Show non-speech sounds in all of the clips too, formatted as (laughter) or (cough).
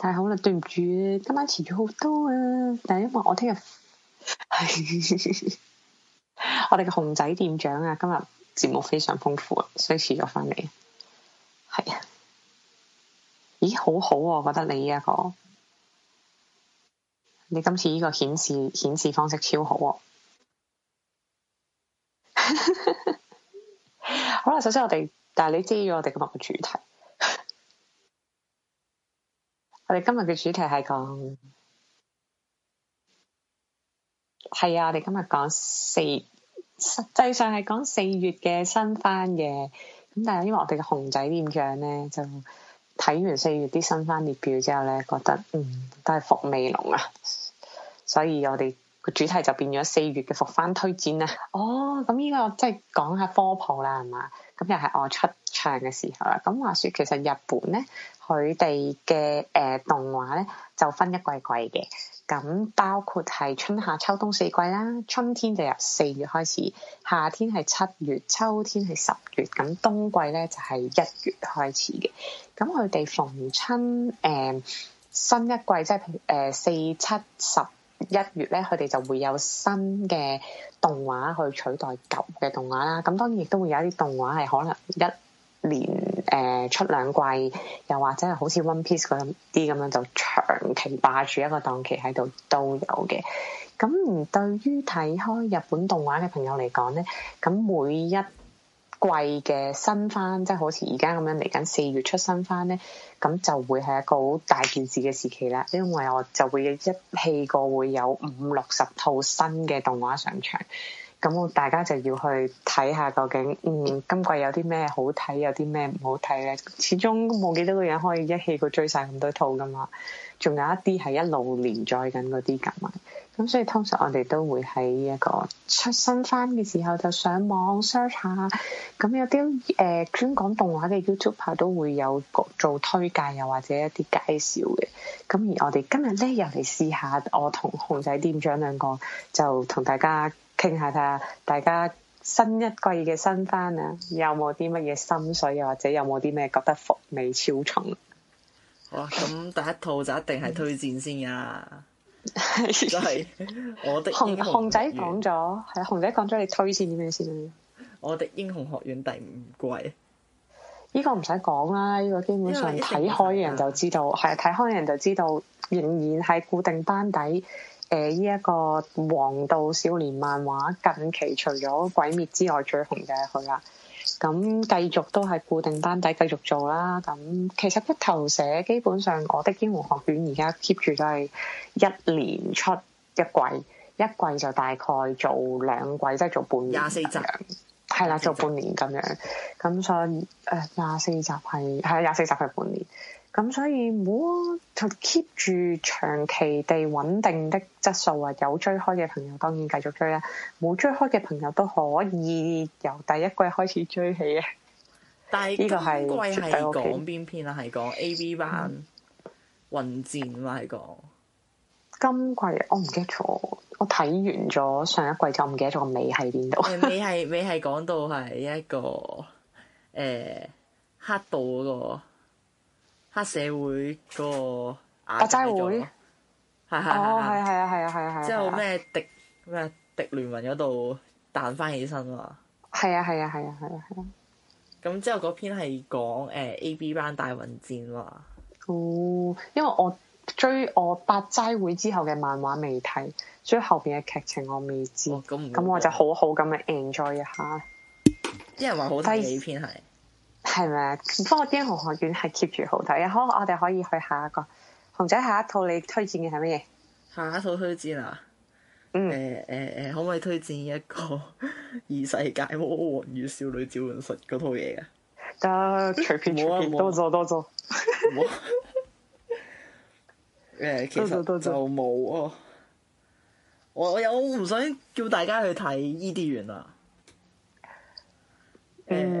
太好啦！對唔住，今晚遲咗好多啊！但係因為我聽日係我哋嘅熊仔店長啊，今日節目非常豐富，所以遲咗翻嚟。係啊，咦，好好啊！我覺得你呢一個，你今次呢個顯示顯示方式超好啊！ (laughs) 好啦，首先我哋，但係你知咗我哋今日嘅主題。我哋今日嘅主題係講，係啊，我哋今日講四，實際上係講四月嘅新番嘅。咁但係因為我哋嘅熊仔店長咧，就睇完四月啲新番列表之後咧，覺得嗯都係伏味龍啊，所以我哋個主題就變咗四月嘅伏番推薦啦。哦，咁呢個即係講下科普啦，係嘛？咁又係我出。嘅時候啦，咁話説其實日本咧，佢哋嘅誒動畫咧就分一季季嘅，咁包括係春夏秋冬四季啦。春天就由四月開始，夏天係七月，秋天係十月，咁冬季咧就係、是、一月開始嘅。咁佢哋逢親誒、呃、新一季，即係譬如誒、呃、四七十一月咧，佢哋就會有新嘅動畫去取代舊嘅動畫啦。咁當然亦都會有一啲動畫係可能一連誒、呃、出兩季，又或者係好似 One Piece 嗰啲咁樣就長期霸住一個檔期喺度都有嘅。咁對於睇開日本動畫嘅朋友嚟講咧，咁每一季嘅新番，即係好似而家咁樣嚟緊四月出新番，咧，咁就會係一個好大件事嘅時期啦。因為我就會一氣過會有五六十套新嘅動畫上場。咁我大家就要去睇下究竟，嗯，今季有啲咩好睇，有啲咩唔好睇咧。始終冇幾多個人可以一氣過追晒咁多套噶嘛。仲有一啲係一路連載緊嗰啲咁啊。咁所以通常我哋都會喺一個出新番嘅時候就上網 search 下。咁有啲誒專講動畫嘅 YouTube 都會有做推介，又或者一啲介紹嘅。咁而我哋今日咧又嚟試下，我同熊仔店長兩個就同大家。傾下睇下，大家新一季嘅新番啊，有冇啲乜嘢心水，又或者有冇啲咩覺得伏味超重？哇！咁第一套就一定係推薦先噶、啊， (laughs) 就係我的熊。熊仔講咗，係啊，熊仔講咗，你推薦啲咩先？我哋英雄學院第五季，呢個唔使講啦，呢、這個基本上睇開嘅人就知道，係啊，睇開嘅人就知道，仍然係固定班底。誒呢一個黃道少年漫畫近期除咗鬼滅之外最紅嘅佢啦。咁、嗯、繼續都係固定班底繼續做啦。咁、嗯、其實一頭寫基本上我的英雄學院而家 keep 住都係一年出一季，一季就大概做兩季，即係做半年廿四集，係啦的，集做半年咁樣。咁、嗯、所以誒廿四集係係廿四集係半年。咁所以唔好就 keep 住長期地穩定的質素啊！有追開嘅朋友當然繼續追啦、啊，冇追開嘅朋友都可以由第一季開始追起啊！但係呢個係講邊篇啊？係講 AB 班混戰嘛？係講今季我唔記得咗，我睇完咗上一季就唔記得咗個尾喺邊度。尾係尾係講到係一個誒、欸、黑道嗰個。黑社會個八齋會，係係係，哦係係啊係啊係啊係。之後咩敵咩敵聯盟嗰度彈翻起身嘛？係啊係啊係啊係啊係。咁之後嗰篇係講誒 A B 班大混戰嘛？哦，因為我追我八齋會之後嘅漫畫未睇，所以後邊嘅劇情我未知。咁咁我就好好咁樣 enjoy 一下。啲人話好睇嘅篇係。係咪啊？唔錯，英雄學院係 keep 住好睇。好，我哋可以去下一個。熊仔，下一套你推薦嘅係乜嘢？下一套推薦啊？嗯，誒誒誒，可唔可以推薦一個異世界魔王與少女召喚術嗰套嘢嘅、啊？得，隨便隨便，多咗多咗。冇。誒，其實就冇啊。我我有唔想叫大家去睇伊甸園啊。嗯。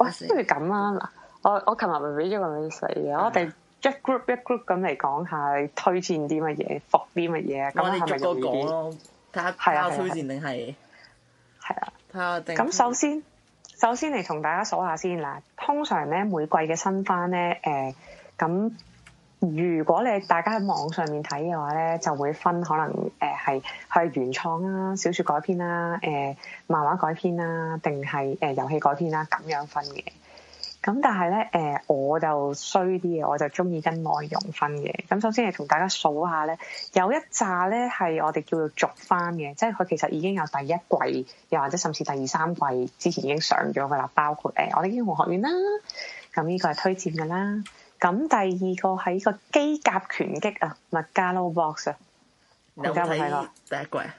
不如住咁啊！嗱時，我我琴日咪俾咗個女仔嘅，我哋一 group 一 group 咁嚟講下，推薦啲乜嘢，伏啲乜嘢啊？咁我哋逐個講咯，睇下點樣推薦定係係啊？睇下、啊。咁首先，首先嚟同、啊、大家數下先啦。通常咧，每季嘅新番咧，誒、呃、咁。如果你大家喺網上面睇嘅話咧，就會分可能誒係係原創啦、小説改編啦、誒、呃、漫畫改編啦，定係誒遊戲改編啦咁樣分嘅。咁但係咧誒，我就衰啲嘅，我就中意跟內容分嘅。咁首先係同大家數下咧，有一紮咧係我哋叫做續番嘅，即係佢其實已經有第一季，又或者甚至第二三季之前已經上咗㗎啦。包括誒、呃、我哋英雄學院啦，咁呢個係推薦㗎啦。咁第二個係呢個機甲拳擊啊，麥加 low box 啊，你有睇咯，第一季，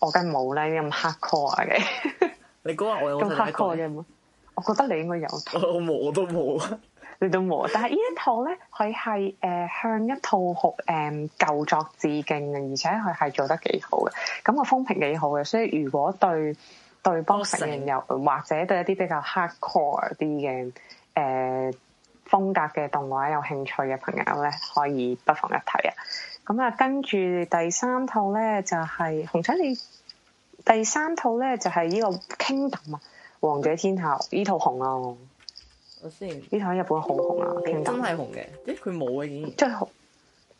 我梗冇啦，咁 hard core 嘅， (laughs) 你嗰日我 core 我睇過嘅，我覺得你應該有，我冇，我都冇啊，你都冇，但係呢一套咧，係誒、呃、向一套好誒舊作致敬嘅，而且佢係做得幾好嘅，咁、嗯、個風評幾好嘅，所以如果對對方承認又或者對一啲比較 hard core 啲嘅誒。呃風格嘅動畫有興趣嘅朋友咧，可以不妨一睇啊！咁、嗯、啊，跟住第三套咧就係、是、紅仔你，你第三套咧就係、是、呢個 Kingdom 啊，《王者天下》，呢套紅啊、哦！我先呢套喺日本好紅啊，Kingdom 真係紅嘅，咦？佢冇啊，竟然真係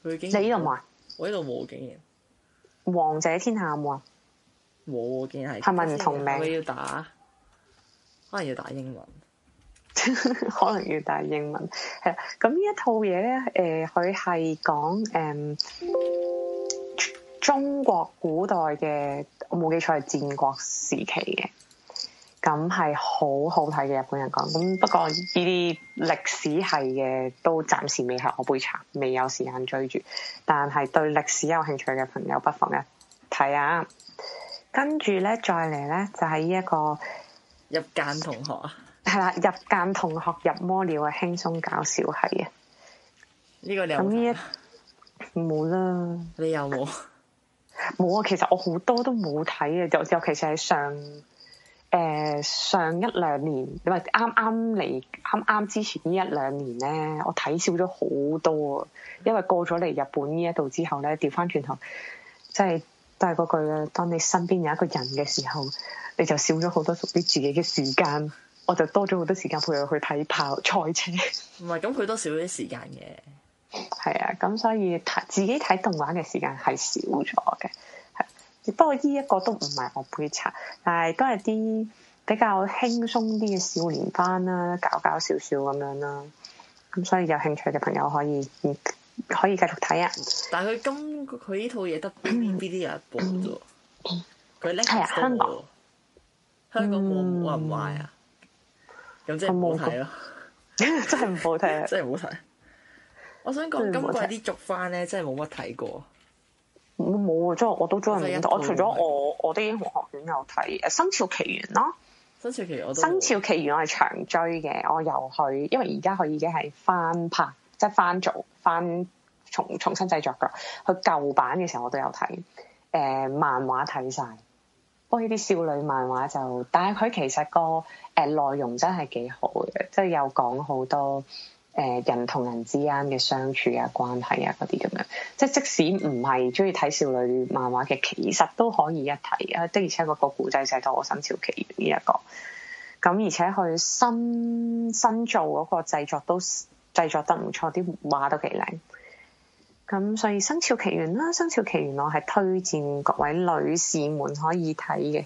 佢驚你呢度冇啊，我呢度冇，竟然《王者天下》有冇啊？冇，竟然係係咪唔同名？佢要打可能要打英文。 (laughs) 可能要帶英文。係咁呢一套嘢咧，誒、呃，佢係講誒中國古代嘅，我冇記錯係戰國時期嘅。咁係好好睇嘅，日本人講。咁不過呢啲歷史系嘅，都暫時未係我杯茶，未有時間追住。但係對歷史有興趣嘅朋友，不妨一睇下。跟住咧，再嚟咧，就係、是、呢一個入間同學。係啦，入間同學入魔了，輕鬆搞笑係啊！呢個你咁呢一冇啦，有你有冇？冇啊！其實我好多都冇睇嘅，就尤其是喺上誒、呃、上一兩年，唔係啱啱嚟啱啱之前呢一兩年咧，我睇少咗好多。因為過咗嚟日本呢一度之後咧，調翻轉頭，即、就、係、是、都係嗰句啊，當你身邊有一個人嘅時候，你就少咗好多屬於自己嘅時間。我就多咗好多時間陪佢去睇跑賽車 (laughs) ，唔係咁佢都少咗啲時間嘅，係啊，咁所以睇自己睇動畫嘅時間係少咗嘅。係，不過呢一個都唔係我杯茶，但係都係啲比較輕鬆啲嘅少年班啦，啊，搞搞少少咁樣啦，啊，咁所以有興趣嘅朋友可以，可以繼續睇啊。但係佢今佢呢套嘢得呢啲日播啫，佢拎。係啊，香港，嗯、香港冇冇咁壞啊！ (laughs) 真係唔好睇咯，真係唔好睇，真係唔好睇。我想講今季啲續翻咧，真係冇乜睇過。啊，即係我都中意唔到。我除咗我我的英雄學院有睇，誒，生肖奇緣咯，生肖奇我生肖奇緣我係長追嘅，我有去，因為而家佢已經係翻拍，即係翻做翻重重新製作噶。佢舊版嘅時候我都有睇，誒、呃、漫畫睇晒。我呢啲少女漫畫就，但係佢其實、那個誒、呃、內容真係幾好嘅，即、就、係、是、有講好多誒、呃、人同人之間嘅相處啊、關係啊嗰啲咁樣。即、就、係、是、即使唔係中意睇少女漫畫嘅，其實都可以一睇啊。的而且確個古仔就係《多新潮奇緣》呢一個。咁而且佢新新做嗰個製作都製作得唔錯，啲畫都幾靚。咁所以生肖奇緣《生肖奇緣》啦，《生肖奇緣》我係推薦各位女士們可以睇嘅，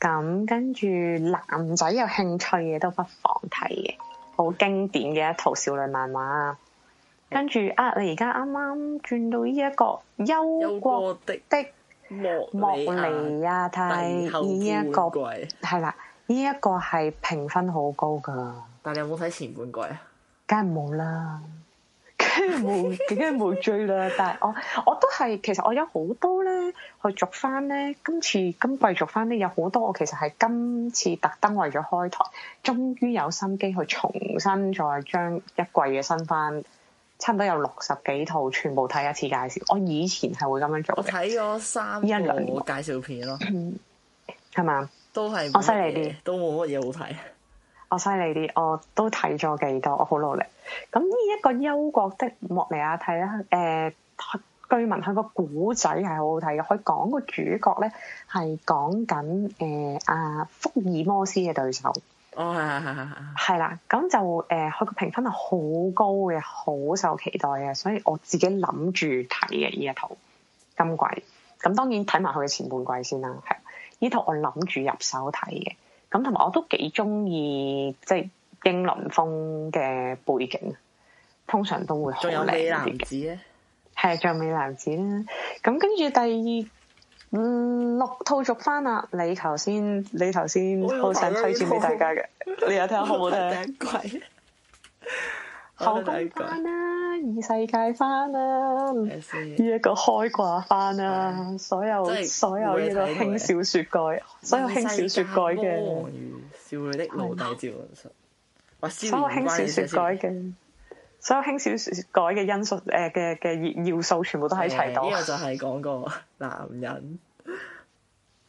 咁跟住男仔有興趣嘅都不妨睇嘅，好經典嘅一套少女漫畫。跟住啊，你而家啱啱轉到呢一個《憂國的莫里亞蒂、這個》，呢一個係啦，呢一個係評分好高噶。但係你有冇睇前半季啊？梗係冇啦。冇，已經冇追啦。但係我我都係，其實我有好多咧，去續番咧。今次今季續番咧，有好多我其實係今次特登為咗開台，終於有心機去重新再將一季嘅新番，差唔多有六十幾套，全部睇一次介紹。我以前係會咁樣做，我睇咗三個一兩、一兩部介紹片咯，係嘛？嗯，都係我犀利啲，都冇乜嘢好睇。我犀利啲，我都睇咗幾多，我好努力。咁呢一個憂國的莫尼亞睇啦，誒據聞佢個古仔係好好睇嘅，佢講個主角咧係講緊誒阿福爾摩斯嘅對手。哦， (laughs) 係係啦，咁就誒佢個評分係好高嘅，好受期待嘅，所以我自己諗住睇嘅呢一套今季。咁當然睇埋佢嘅前半季先啦。係呢套我諗住入手睇嘅。咁同埋我都幾中意即係英倫風嘅背景，通常都會好靚仲有美男子咧，係仲有美男子啦。咁跟住第二、嗯、六套續翻啦，你頭先你頭先好想推薦俾大家嘅，你有聽好冇聽？好恐怖啊！二世界番啦、啊，呢 I see. 一個開掛番啦、啊，的所有所有呢個輕小說改，所有輕小說改嘅，所有輕小說改嘅，所有輕小說改嘅因素誒嘅嘅要素全部都喺齊度。呢、這個就係講個男人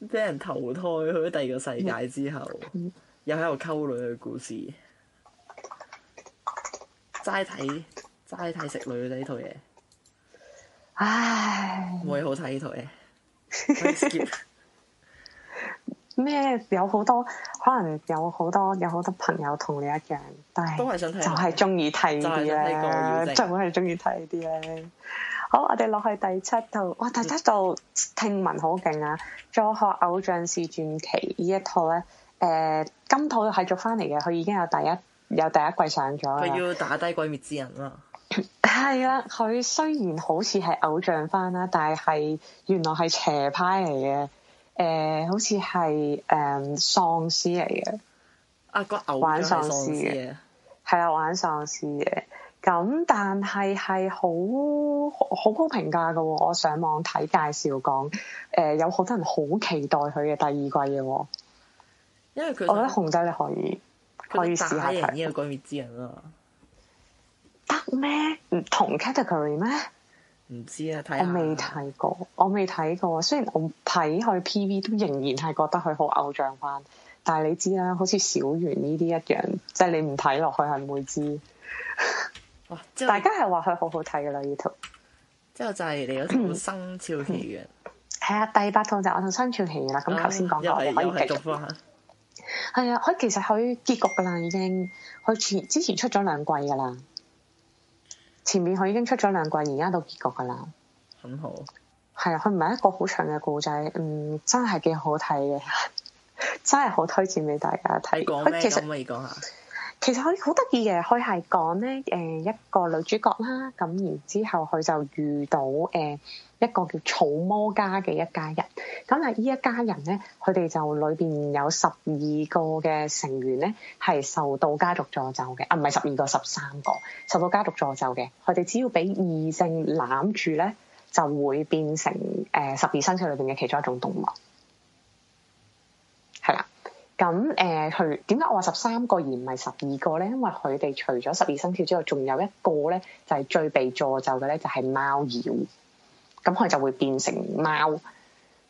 俾人投胎去咗第二個世界之後，又喺度溝女嘅故事，齋睇。齋睇食女啦呢套嘢，唉，唔會好睇呢套嘢。咩 (laughs) 有好多可能有好多有好多朋友同你一樣，都係都係想睇，就係中意睇啲咧，就係中意睇啲咧。好，我哋落去第七套，哇！第七套、嗯、聽聞好勁啊，《佐賀偶像是傳奇》呢一套咧，誒、呃，今套係續翻嚟嘅，佢已經有第一有第一季上咗，佢要打低鬼滅之刃啦。係啊，佢雖然好似係偶像番啦，但係原來係邪派嚟嘅，誒、呃，好似係誒喪屍嚟嘅，呃、喪屍啊，那個偶像係喪屍嘅，係啊，玩喪屍嘅，咁但係係好好高評價噶，我上網睇介紹講，誒、呃，有好多人好期待佢嘅第二季嘅，因為佢，我覺得熊仔你可以可以試下睇《呢個鬼滅之人》啊。得咩？唔同 category 咩？唔知啊，睇我未睇過，我未睇過。雖然我睇佢 PV 都仍然係覺得佢好偶像番，但係你知啦，好似小圓呢啲一樣，即、就、係、是、你唔睇落去係唔會知。 (laughs) 大家係話佢好好睇噶啦，呢套。之後就係嚟咗套生肖前嘅。係啊、嗯嗯嗯，第八套就係我同生肖前嘅啦。咁頭先講過，啊、我可以繼續。係啊，佢其實佢結局噶啦，已經佢前之前出咗兩季噶啦。前面佢已經出咗兩季，而家到結局㗎喇，很好。係啊，佢唔係一個好長嘅故仔，嗯，真係幾好睇嘅， (laughs) 真係好推薦俾大家睇。佢其實可以講下，其實佢好得意嘅，佢係講咧誒一個女主角啦，咁然之後佢就遇到誒，呃一個叫草摩家嘅一家人，咁啊，呢一家人咧，佢哋就裏邊有十二個嘅成員咧，係受到家族詛咒嘅，啊，唔係十二個，十三個受到家族詛咒嘅，佢哋只要俾異性攬住咧，就會變成誒十二生肖裏邊嘅其中一種動物，係啦，咁誒佢點解我話十三個而唔係十二個咧？因為佢哋除咗十二生肖之外，仲有一個咧就係、是、最被詛咒嘅咧，就係、是、貓妖。咁佢就會變成貓，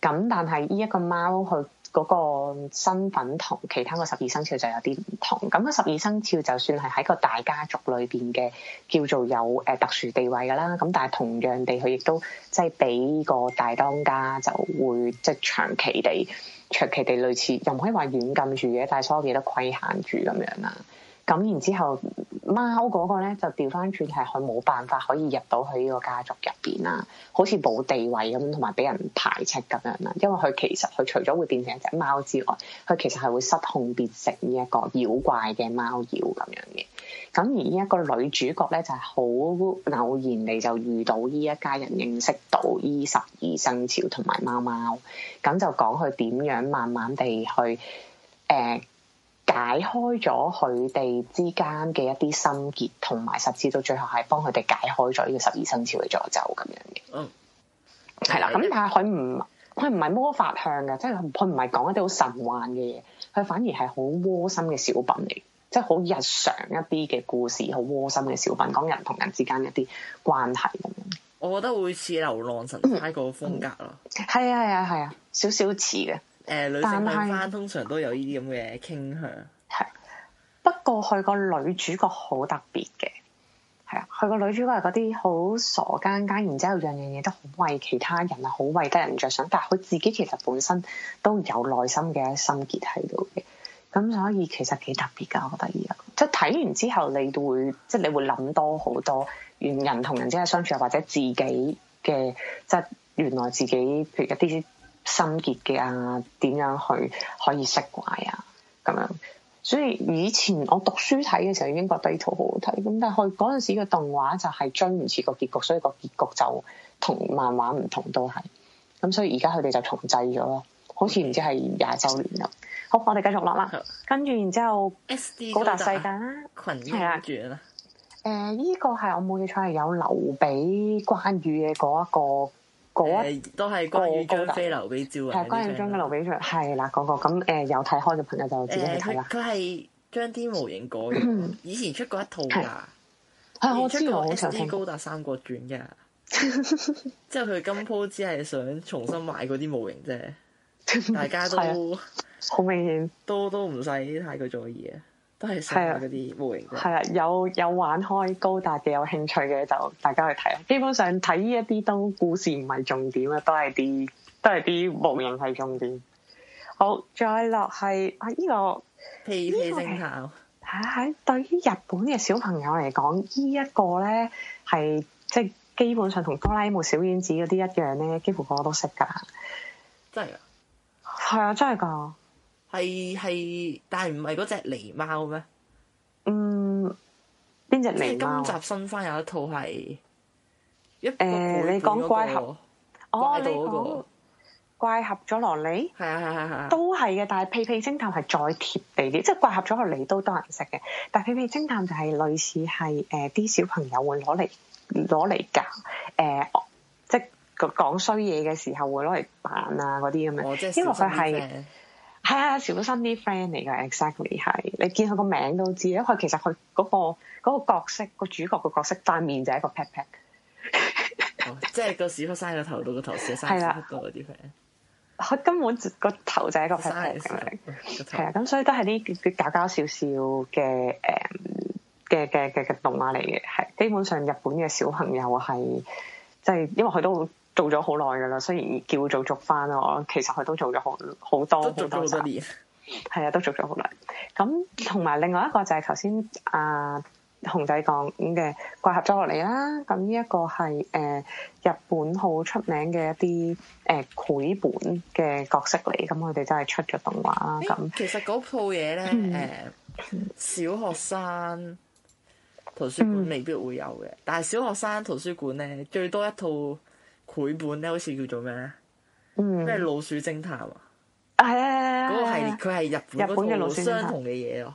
咁但係呢一個貓佢嗰個身份同其他個十二生肖就有啲唔同。咁、個十二生肖就算係喺個大家族裏邊嘅，叫做有誒特殊地位噶啦。咁但係同樣地，佢亦都即係俾個大當家就會即係、就是、長期地、長期地類似，又唔可以話軟禁住嘅，但係所有嘢都規限住咁樣啦。咁然之後貓，貓嗰個咧就調翻轉，係佢冇辦法可以入到佢呢個家族入邊啦，好似冇地位咁，同埋俾人排斥咁樣啦。因為佢其實佢除咗會變成一隻貓之外，佢其實係會失控變成呢一個妖怪嘅貓妖咁樣嘅。咁而呢一個女主角咧就係、是、好偶然地就遇到呢一家人，認識到呢十二生肖同埋貓貓，咁就講佢點樣慢慢地去誒。呃解開咗佢哋之間嘅一啲心結，同埋實施到最後係幫佢哋解開咗呢個十二生肖嘅詛咒咁樣嘅。嗯，係啦。咁但係佢唔佢唔係魔法向嘅，即係佢唔係講一啲好神幻嘅嘢，佢反而係好窩心嘅小品嚟，即係好日常一啲嘅故事，好窩心嘅小品，講人同人之間一啲關係咁樣。我覺得會似流浪神差個風格咯。係啊係啊係啊，少少似嘅。誒、呃，女性但是女通常都有呢啲咁嘅傾向，係不過佢個女主角好特別嘅，係啊，佢個女主角係嗰啲好傻更更，然之後各樣各樣嘢都好為其他人啊，好為得人着想，但係佢自己其實本身都有內心嘅心結喺度嘅，咁所以其實幾特別噶，我覺得即係睇完之後，你都會即係你會諗多好多，原人同人之間相處，或者自己嘅即係原來自己譬如一啲。心結嘅啊，點樣去可以釋懷啊，咁樣，所以以前我讀書睇嘅時候已經覺得呢套好好睇，咁但係佢嗰陣時嘅動畫就係追唔切個結局，所以個結局就同漫畫唔同都係，咁所以而家佢哋就重製咗咯，好似唔知係廿周年咁。好，我哋繼續落啦，跟住然之後，SD 高達世界啦，係啦，誒、啊，呢、呃這個係我冇記錯係有劉備、關羽嘅嗰一個。嗰、嗯、都係關於張飛劉備趙雲嘅，係的的關張嘅劉備趙係啦嗰個咁，誒有睇開嘅朋友就自己去睇啦。佢係將啲模型改， (laughs) 以前出過一套噶，係我 (laughs) 的出我好似高達三國傳嘅。即係佢今鋪只係想重新賣嗰啲模型啫，大家都好 (laughs) 明顯，都都唔使太過在意啊。都係啊，嗰啲模型。係啦、啊，有有玩開高達嘅有興趣嘅就大家去睇。基本上睇呢一啲都故事唔係重點啊，都係啲都係啲模型係重點。好，再落係係呢個皮皮聲下喺喺對於日本嘅小朋友嚟講，這個、呢一個咧係即係基本上同哆啦 A 夢、小丸子嗰啲一樣咧，幾乎個個都識噶。真係啊！係啊，真係噶。係係，但係唔係嗰隻狸貓咩？嗯，邊隻狸今集新翻有一套係，誒、呃，你講怪俠哦，那個、你講怪俠佐羅里，係啊係係係，啊啊、都係嘅。但係屁屁偵探係再貼地啲，即係怪俠佐羅里都多人食嘅，但係屁屁偵探就係類似係誒，啲、呃、小朋友會攞嚟攞嚟教誒，即係講衰嘢嘅時候會攞嚟扮啊嗰啲咁樣，哦、即因為佢係。係、 (music) 嗯、啊，小心啲 friend 嚟㗎，exactly 係。你見佢個名都知，因為其實佢嗰、嗰個嗰個角色，個主角個角色塊面就係一個 pat pat、 (laughs) 哦。即係個屎忽生喺個頭度，個頭屎忽生屎嗰啲 f 佢根本個頭就係一個 pat pat 嚟。係啊，咁樣、 (laughs) 嗯、所以都係啲搞搞笑笑嘅誒嘅嘅嘅動畫嚟嘅，係基本上日本嘅小朋友係即係因為佢都。做咗好耐噶啦，雖然叫做續翻我，其實佢都做咗好好多好都多年，係啊，都做咗好耐。咁同埋另外一個就係頭先阿熊仔講嘅，掛合咗落嚟啦。咁呢一個係誒日本好出名嘅一啲誒繪本嘅角色嚟，咁佢哋真係出咗動畫啦。咁、欸、那其實嗰套嘢咧，誒、嗯呃、小學生圖書館未必會有嘅，嗯嗯、但係小學生圖書館咧最多一套。繪本咧好似叫做咩咧？咩老鼠偵探、嗯、啊？係啊，嗰個係佢係日本日本嘅老鼠偵探嘅嘢咯。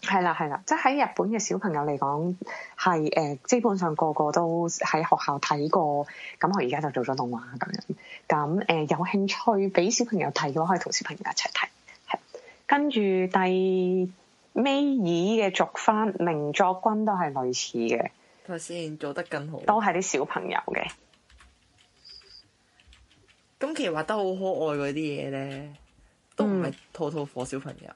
係啦係啦，即係喺日本嘅小朋友嚟講，係誒、呃、基本上個個都喺學校睇過。咁我而家就做咗動畫咁樣。咁誒、呃、有興趣俾小朋友睇嘅話，可以同小朋友一齊睇。係跟住第尾二嘅續翻名作君都係類似嘅。頭先，做得更好，都係啲小朋友嘅。咁其實畫得好可愛嗰啲嘢咧，都唔係套套火小朋友。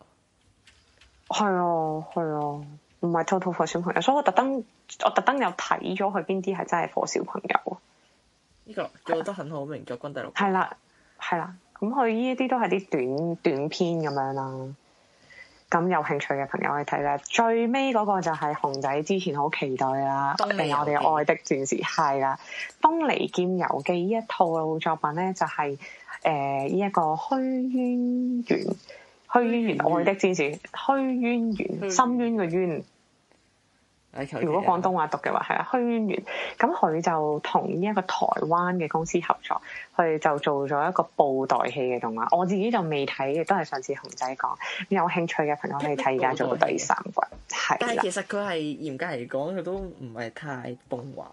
係、嗯、啊，係啊，唔係套套火小朋友，所以我特登，我特登又睇咗佢邊啲係真係火小朋友。呢、這個做得很好，名叫軍第六。係啦，係啦、啊，咁佢呢一啲都係啲短短篇咁樣啦。咁有興趣嘅朋友去睇咧，最尾嗰個就係熊仔之前好期待啦，嚟、呃、我哋《愛的戰士》係啦，《東離劍遊紀》呢一套作品咧就係誒呢一個虛淵玄，虛淵玄、嗯，《愛的戰士，虛淵玄，深淵嘅淵。Okay, okay. 如果廣東話讀嘅話係啊，虛淵，咁佢就同呢一個台灣嘅公司合作，佢就做咗一個布袋戲嘅動畫。我自己就未睇，亦都係上次熊仔講。有興趣嘅朋友可以睇，而家做到第三季。係。但係其實佢係嚴格嚟講，佢都唔係太動畫，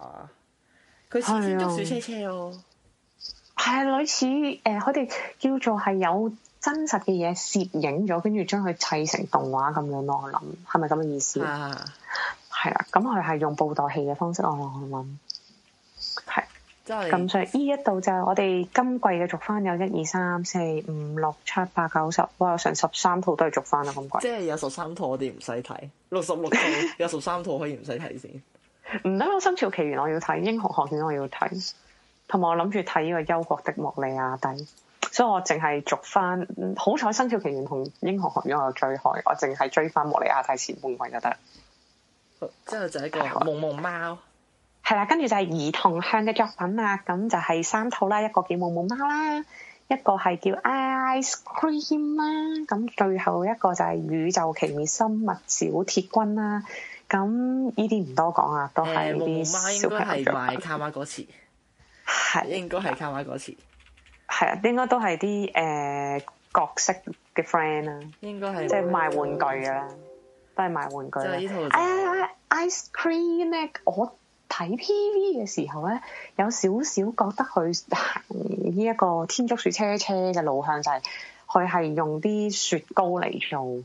佢始終都小車車哦。係啊，類似誒，佢、呃、哋叫做係有真實嘅嘢攝影咗，跟住將佢砌成動畫咁樣咯。我諗係咪咁嘅意思？啊。係啦，咁佢係用布袋戲嘅方式，我諗係，咁、嗯嗯、所以呢一度就係我哋今季嘅續翻有一二三四五六七八九十，哇，有成十三套都係續翻啦，咁貴。即係有十三套，套，我哋唔使睇六十六套，有十三套可以唔使睇先。唔， (laughs) 因我生肖奇緣我要睇，英雄學院我要睇，同埋我諗住睇呢個憂國的莫里亞蒂，所以我淨係續翻。好彩生肖奇緣同英雄學院我有追開，我淨係追翻莫里亞蒂前半季就得。之後就係一個毛毛貓，貓，係啦，跟住就係兒童向嘅作品啦，咁就係三套啦，一個叫毛毛貓啦，一個係叫 Ice Cream 啦，咁最後一個就係宇宙奇妙生物小鐵軍啦，咁呢啲唔多講啊，都係啲小卡咗。毛毛貓應該係賣卡瓦歌詞，係的應該係卡瓦歌詞，係啊，應該都係啲誒角色嘅 friend 啦，應該係即係賣玩具噶啦。嗯都係賣玩具啦。誒、就係啊啊，ice cream 咧，我睇 PV 嘅時候咧，有少少覺得佢行呢一個天竺鼠車車嘅路向，就係佢係用啲雪糕嚟做誒、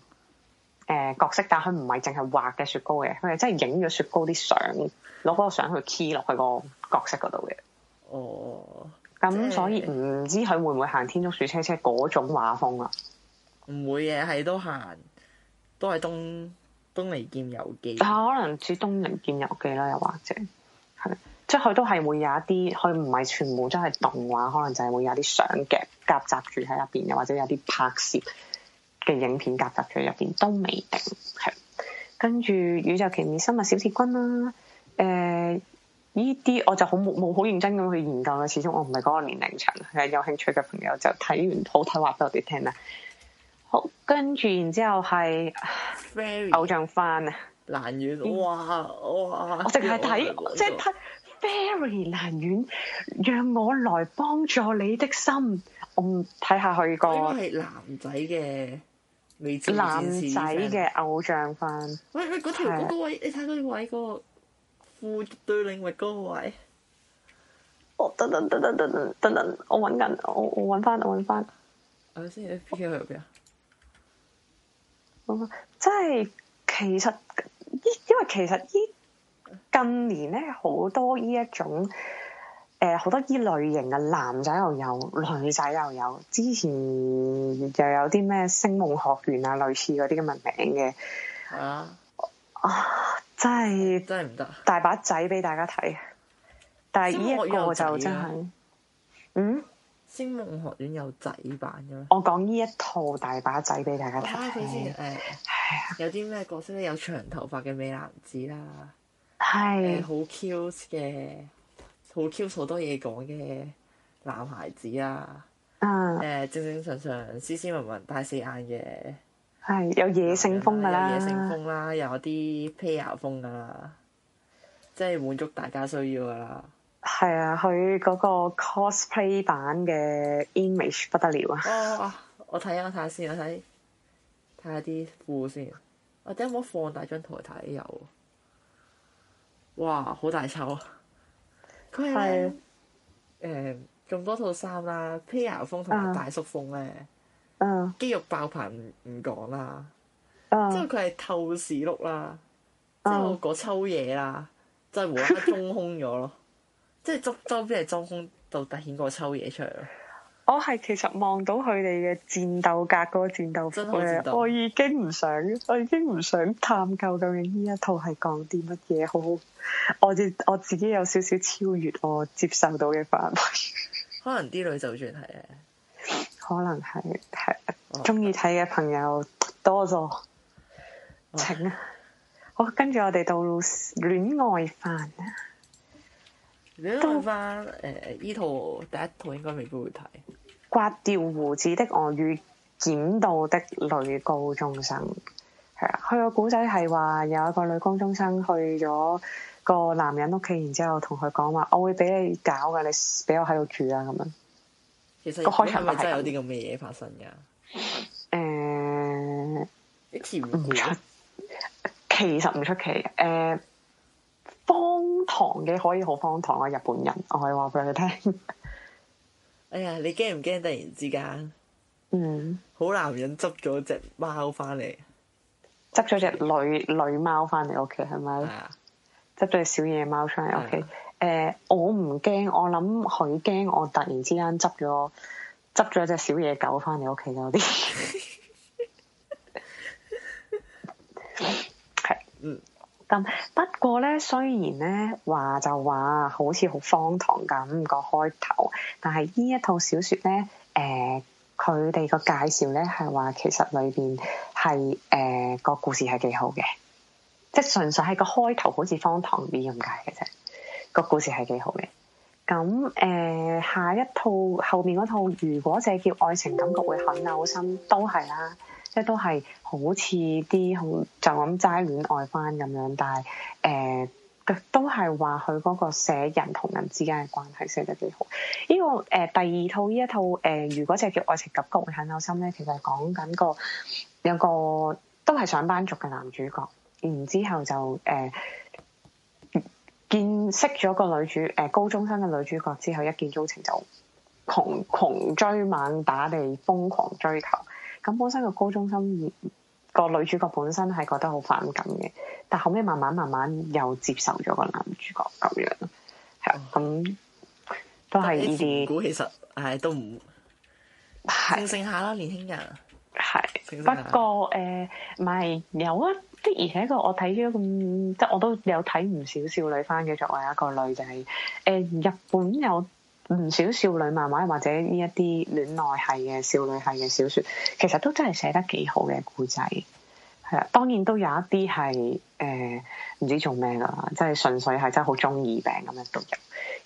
呃、角色，但佢唔係淨係畫嘅雪糕嘅，佢係真係影咗雪糕啲相，攞嗰個相去 key 落佢個角色嗰度嘅。哦，咁所以唔、就係、知佢會唔會行天竺鼠車車嗰種畫風啦、啊？唔會嘅，係都行。都係《東東尼劍遊記》，但可能似《東尼劍遊記，有記》啦，又或者係，即係佢都係會有一啲，佢唔係全部都係動畫，可能就係會有啲相嘅夾雜住喺入邊，又或者有啲拍攝嘅影片夾雜住喺入邊都未定，係。跟住《宇宙奇面生物小鐵君，啊》啦、呃，誒，呢啲我就好冇冇好認真咁去研究啦，始終我唔係嗰個年齡層，係有興趣嘅朋友就睇完好睇話俾我哋聽啦。好，跟住然之後係，Fairy，偶像番啊，難遠，哇哇！我淨係睇，即係睇，Fairy 難遠，讓我來幫助你的心。我唔睇下佢、那個，係男仔嘅，知知男仔嘅偶像番。喂喂，嗰條嗰個位，你睇到個位，嗰、那個副隊領域嗰個位。哦、oh,，等等等等等等等等，我揾緊，我我揾翻，我揾翻。我先喺 Q Q 入邊啊。等等咁啊！即係、嗯、其實因為其實依近年咧，好多呢一種誒，好、呃、多呢類型嘅男仔又有女仔又有，之前又有啲咩星夢學園啊，類似嗰啲咁嘅名嘅，啊，啊，真係真係唔得，大把仔俾大家睇，啊、但係呢一個就真係，啊、嗯。星夢學院有仔版嘅，我講呢一套大把仔俾大家睇先，誒，有啲咩角色咧？有長頭髮嘅美男子啦，係好 cute 嘅，好 cute 好多嘢講嘅男孩子啦，誒、哎、呀正正常常斯斯文文大四眼嘅，係、哎、有野性風㗎啦，有野性風啦，有啲 player 風㗎啦，即係滿足大家需要㗎啦。係啊，佢嗰個 cosplay 版嘅 image 不得了，哦、啊！我睇下，我睇下先，我睇睇下啲褲先。我點解冇放大張圖睇？看看有，哇，好大抽啊！佢係誒咁多套衫啦，P.R. 風同埋大叔風咧，uh, uh, 肌肉爆棚唔講啦，即係佢係透視碌啦，即係我嗰抽嘢啦，即係無啦啦中空咗咯～uh, uh, uh, 即係周周邊係裝空，到凸顯個抽嘢出嚟咯。我係其實望到佢哋嘅戰鬥格、格、嗰個戰鬥真係，我已經唔想，我已經唔想探究究竟呢一套係講啲乜嘢。好，好，我自我自己有少少超越我接受到嘅範圍。可能啲女就算係啊，可能係係中意睇嘅朋友、哦、多咗，請啊、哦、好跟住我哋到戀愛番啊。如果翻，誒誒，呢套也都第一套應該未必會睇。刮掉鬍子的我與撿到的女高中生係啊，佢個古仔係話有一個女高中生去咗個男人屋企，然之後同佢講話：我會俾你搞噶，你俾我喺度住啊！咁樣其實個開場係真係有啲咁嘅嘢發生噶。誒、嗯，唔、欸、出，其實唔出奇。誒、嗯。荒唐嘅可以好荒唐啊！日本人，我可以話俾你聽。 (laughs) 哎呀，你驚唔驚？突然之間，嗯，好男人執咗隻貓翻嚟，執咗隻女的女貓翻嚟屋企，係咪咧？執咗隻小野貓翻嚟屋企。誒的、okay 呃，我唔驚，我諗佢驚。我突然之間執咗執咗隻小野狗翻嚟屋企，有啲。係，嗯。咁不過咧，雖然咧話就話好似好荒唐咁，那個開頭，但係呢一套小説咧，誒佢哋個介紹咧係話其實裏邊係誒個故事係幾好嘅，即係純粹係個開頭好似荒唐啲咁解嘅啫，個故事係幾好嘅。咁誒、呃、下一套後面嗰套如果就係叫愛情感覺會很嘔心，都係啦。即都係好似啲好就咁齋戀愛番咁樣，但係誒、呃、都係話佢嗰個寫人同人之間嘅關係寫得幾好。呢、這個誒、呃、第二套呢一套誒、呃，如果只叫愛情急局會很有心咧，其實係講緊個有個都係上班族嘅男主角，然之後就誒、呃、見識咗個女主誒、呃、高中生嘅女主角之後一見鍾情，情就窮窮追猛打地瘋狂追求。咁本身個高中生個女主角本身係覺得好反感嘅，但後尾慢慢慢慢又接受咗個男主角咁樣。係啊、哦，咁都係呢啲。估其實係都唔正正下咯，年輕人。係。不過誒，唔、呃、係有啊，的而且確我睇咗咁即係我都有睇唔少少女翻嘅作為一個女仔。誒、就是呃，日本有，唔少少女漫畫或者呢一啲戀愛係嘅少女係嘅小說，其實都真係寫得幾好嘅古仔，係啦。當然都有一啲係誒唔知做咩噶啦，即係純粹係真係好中二病咁樣都有。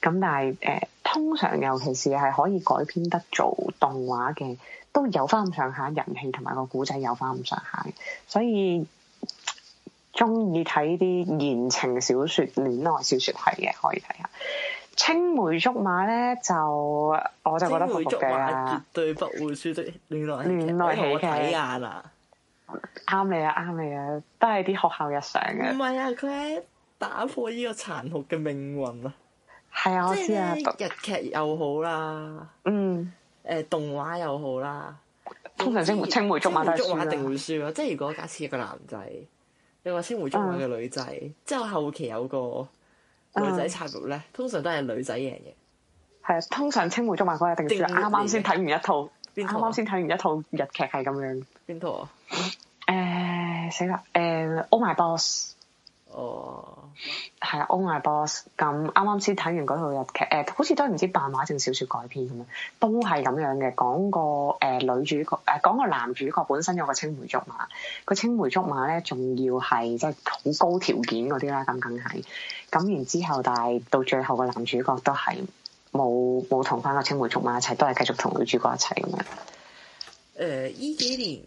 咁但係誒、呃、通常尤其是係可以改編得做動畫嘅，都有翻咁上下人氣同埋個古仔有翻咁上下，所以中意睇啲言情小說、戀愛小說係嘅可以睇下。青梅竹馬咧，就我就覺得好嘅，梅竹馬絕對不會輸的戀愛戀愛喜劇啊！啱你啊，啱你啊，啱你啊，都係啲學校日常嘅。唔係啊，佢係打破呢個殘酷嘅命運啊！係啊，我知啊。日劇又好啦，嗯，誒、啊，動畫又好啦，通常生活青梅竹馬竹馬一定會輸咯。即係如果假設一個男仔，你話青梅竹馬嘅、啊、女仔，嗯、即係我後期有個。女仔插局咧，通常都係女仔贏嘅。係啊，通常青梅竹馬嗰日定輸。啱啱先睇完一套，啱啱先睇完一套日劇係咁樣。邊套啊？誒、 (laughs) 呃，死啦！誒、呃，Oh my boss。哦、oh.。係啊，Oh my boss。咁啱啱先睇完嗰套日劇，誒、呃，好似都係唔知漫畫定小說改編咁樣，都係咁樣嘅，講個誒女主角，誒、呃，講個男主角本身有個青梅竹馬，個青梅竹馬咧，仲要係即係好高條件嗰啲啦，咁梗係。咁然之後，但係到最後個男主角都係冇冇同返個青梅竹馬一齊，都係繼續同女主角一齊咁樣。誒，呢幾年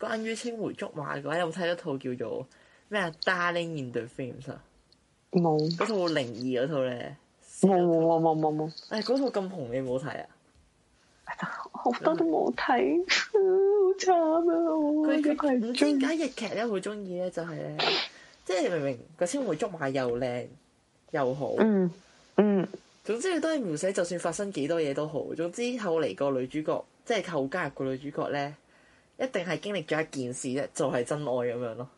關於青梅竹馬嘅話，有冇睇一套叫做咩啊《Darling in the Franxx》？冇。嗰套靈異嗰套咧？冇冇冇冇冇！誒，嗰套咁紅，你冇睇啊？好多都冇睇， (laughs) 好慘啊！佢、那個，佢，唔知點解日劇咧好中意咧，就係、是、咧。即係明明個青梅竹馬又靚又好，嗯嗯，嗯，總之你都係唔寫，就算發生幾多嘢都好。總之後嚟個女主角，即係後加入個女主角咧，一定係經歷咗一件事啫，就係、是、真愛咁樣咯。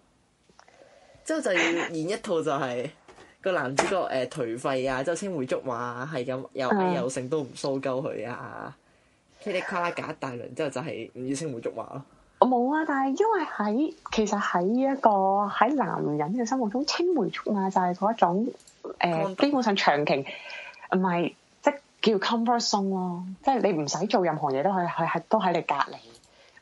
之後就要演一套就係、是、個男主角誒、呃、頹廢啊，之後青梅竹馬係咁又靚又性都唔騷鳩佢啊，噼里、嗯、卡啦搞一大輪，之後就係唔要青梅竹馬咯。我冇啊，但係因為喺其實喺一個喺男人嘅心目中，青梅竹馬就係嗰一種誒、嗯呃，基本上長情，唔係即叫 comfort zone 咯，即係、啊、你唔使做任何嘢都去去喺都喺你隔離，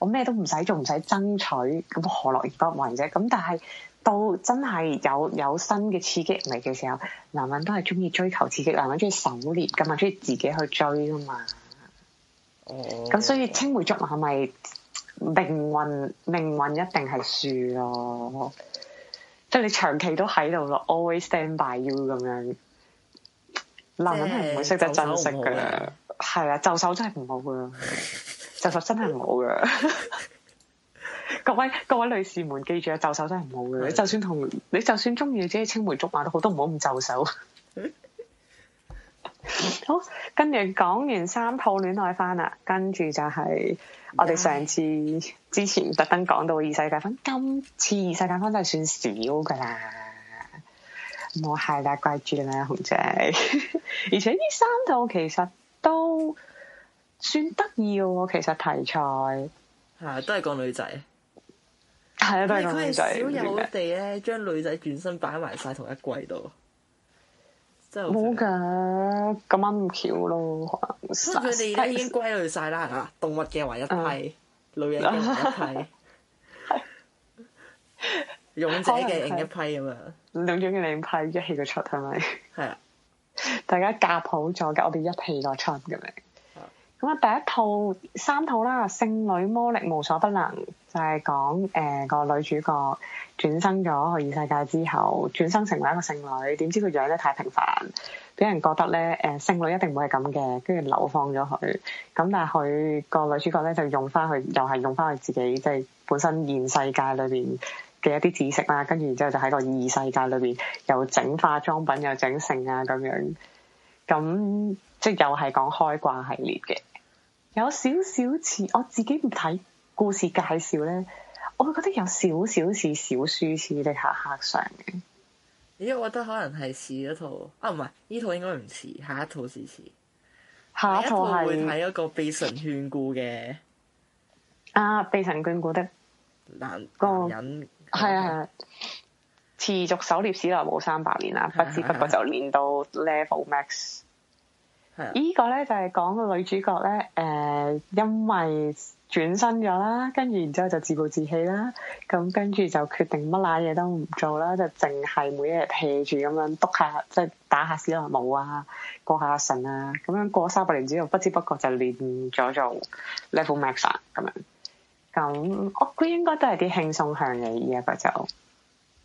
我咩都唔使做，唔使爭取，咁何樂而不為啫？咁但係到真係有有新嘅刺激嚟嘅時候，男人都係中意追求刺激，男人中意狩獵，咁啊中意自己去追噶嘛？哦、嗯，咁所以青梅竹馬係咪？命運命運一定係輸咯，即係你長期都喺度咯，Always stand by you 咁樣，男人係唔會識得珍惜嘅，係啊、欸，就手，就手真係唔好噶，就手真係唔好噶， (laughs) 各位各位女士們，記住啊，就手真係唔好噶的，你就算同你就算中意自己青梅竹馬都好，都唔好咁就手。 (laughs) 好，跟住講完三套戀愛番啦，跟住就係我哋上次之前特登講到異世界番，今次異世界番都係算少噶啦，冇係啦，怪住啦，熊仔，而且呢三套其實都算得意喎，其實題材係都係講女仔，係啊，都係講女仔，好好地咧，將女仔轉身擺埋晒同一季度。冇噶，咁啱咁巧咯。佢哋咧已經歸類晒啦，吓是動物嘅話一批，嗯、女人嘅一批， (laughs) 勇者嘅另一批咁樣。兩種嘅另批一起個出係咪？係啊，的大家夾好咗，我哋一起個出咁樣。咁啊，第一套三套啦，《聖女魔力無所不能》就是，就係講誒個女主角轉生咗去異世界之後，轉生成為一個聖女。點知佢樣咧太平凡，俾人覺得咧誒聖女一定唔會係咁嘅，跟住流放咗佢。咁但係佢、那個女主角咧就用翻佢，又係用翻佢自己即係、就是、本身現世界裏邊嘅一啲知識啦。跟住然之後就喺個異世界裏邊又整化妝品，又整成啊咁樣。咁即係又係講開掛系列嘅。有少少似我自己唔睇故事介紹咧，我會覺得有少少似小說似你下下上嘅。咦，我覺得可能係似一套啊，唔係呢套應該唔似，下一套是似。下一套，下一套會睇一個被神眷顧嘅。啊，被神眷顧的男，嗰、那個係人啊，啊，持續狩獵史萊姆三百年啦、啊，不知不覺就練到 level max。依個咧就係講個女主角咧，誒因為轉身咗啦，跟住然之後就自暴自棄啦，咁跟住就決定乜撚嘢都唔做啦，就淨係每日 hea 住咁樣督下，即係打下史萊姆啊，過下神啊，咁樣過三百年之後，不知不覺就練咗做 level max 咁樣。咁我估應該都係啲輕鬆向嘅依、嗯嗯、一個就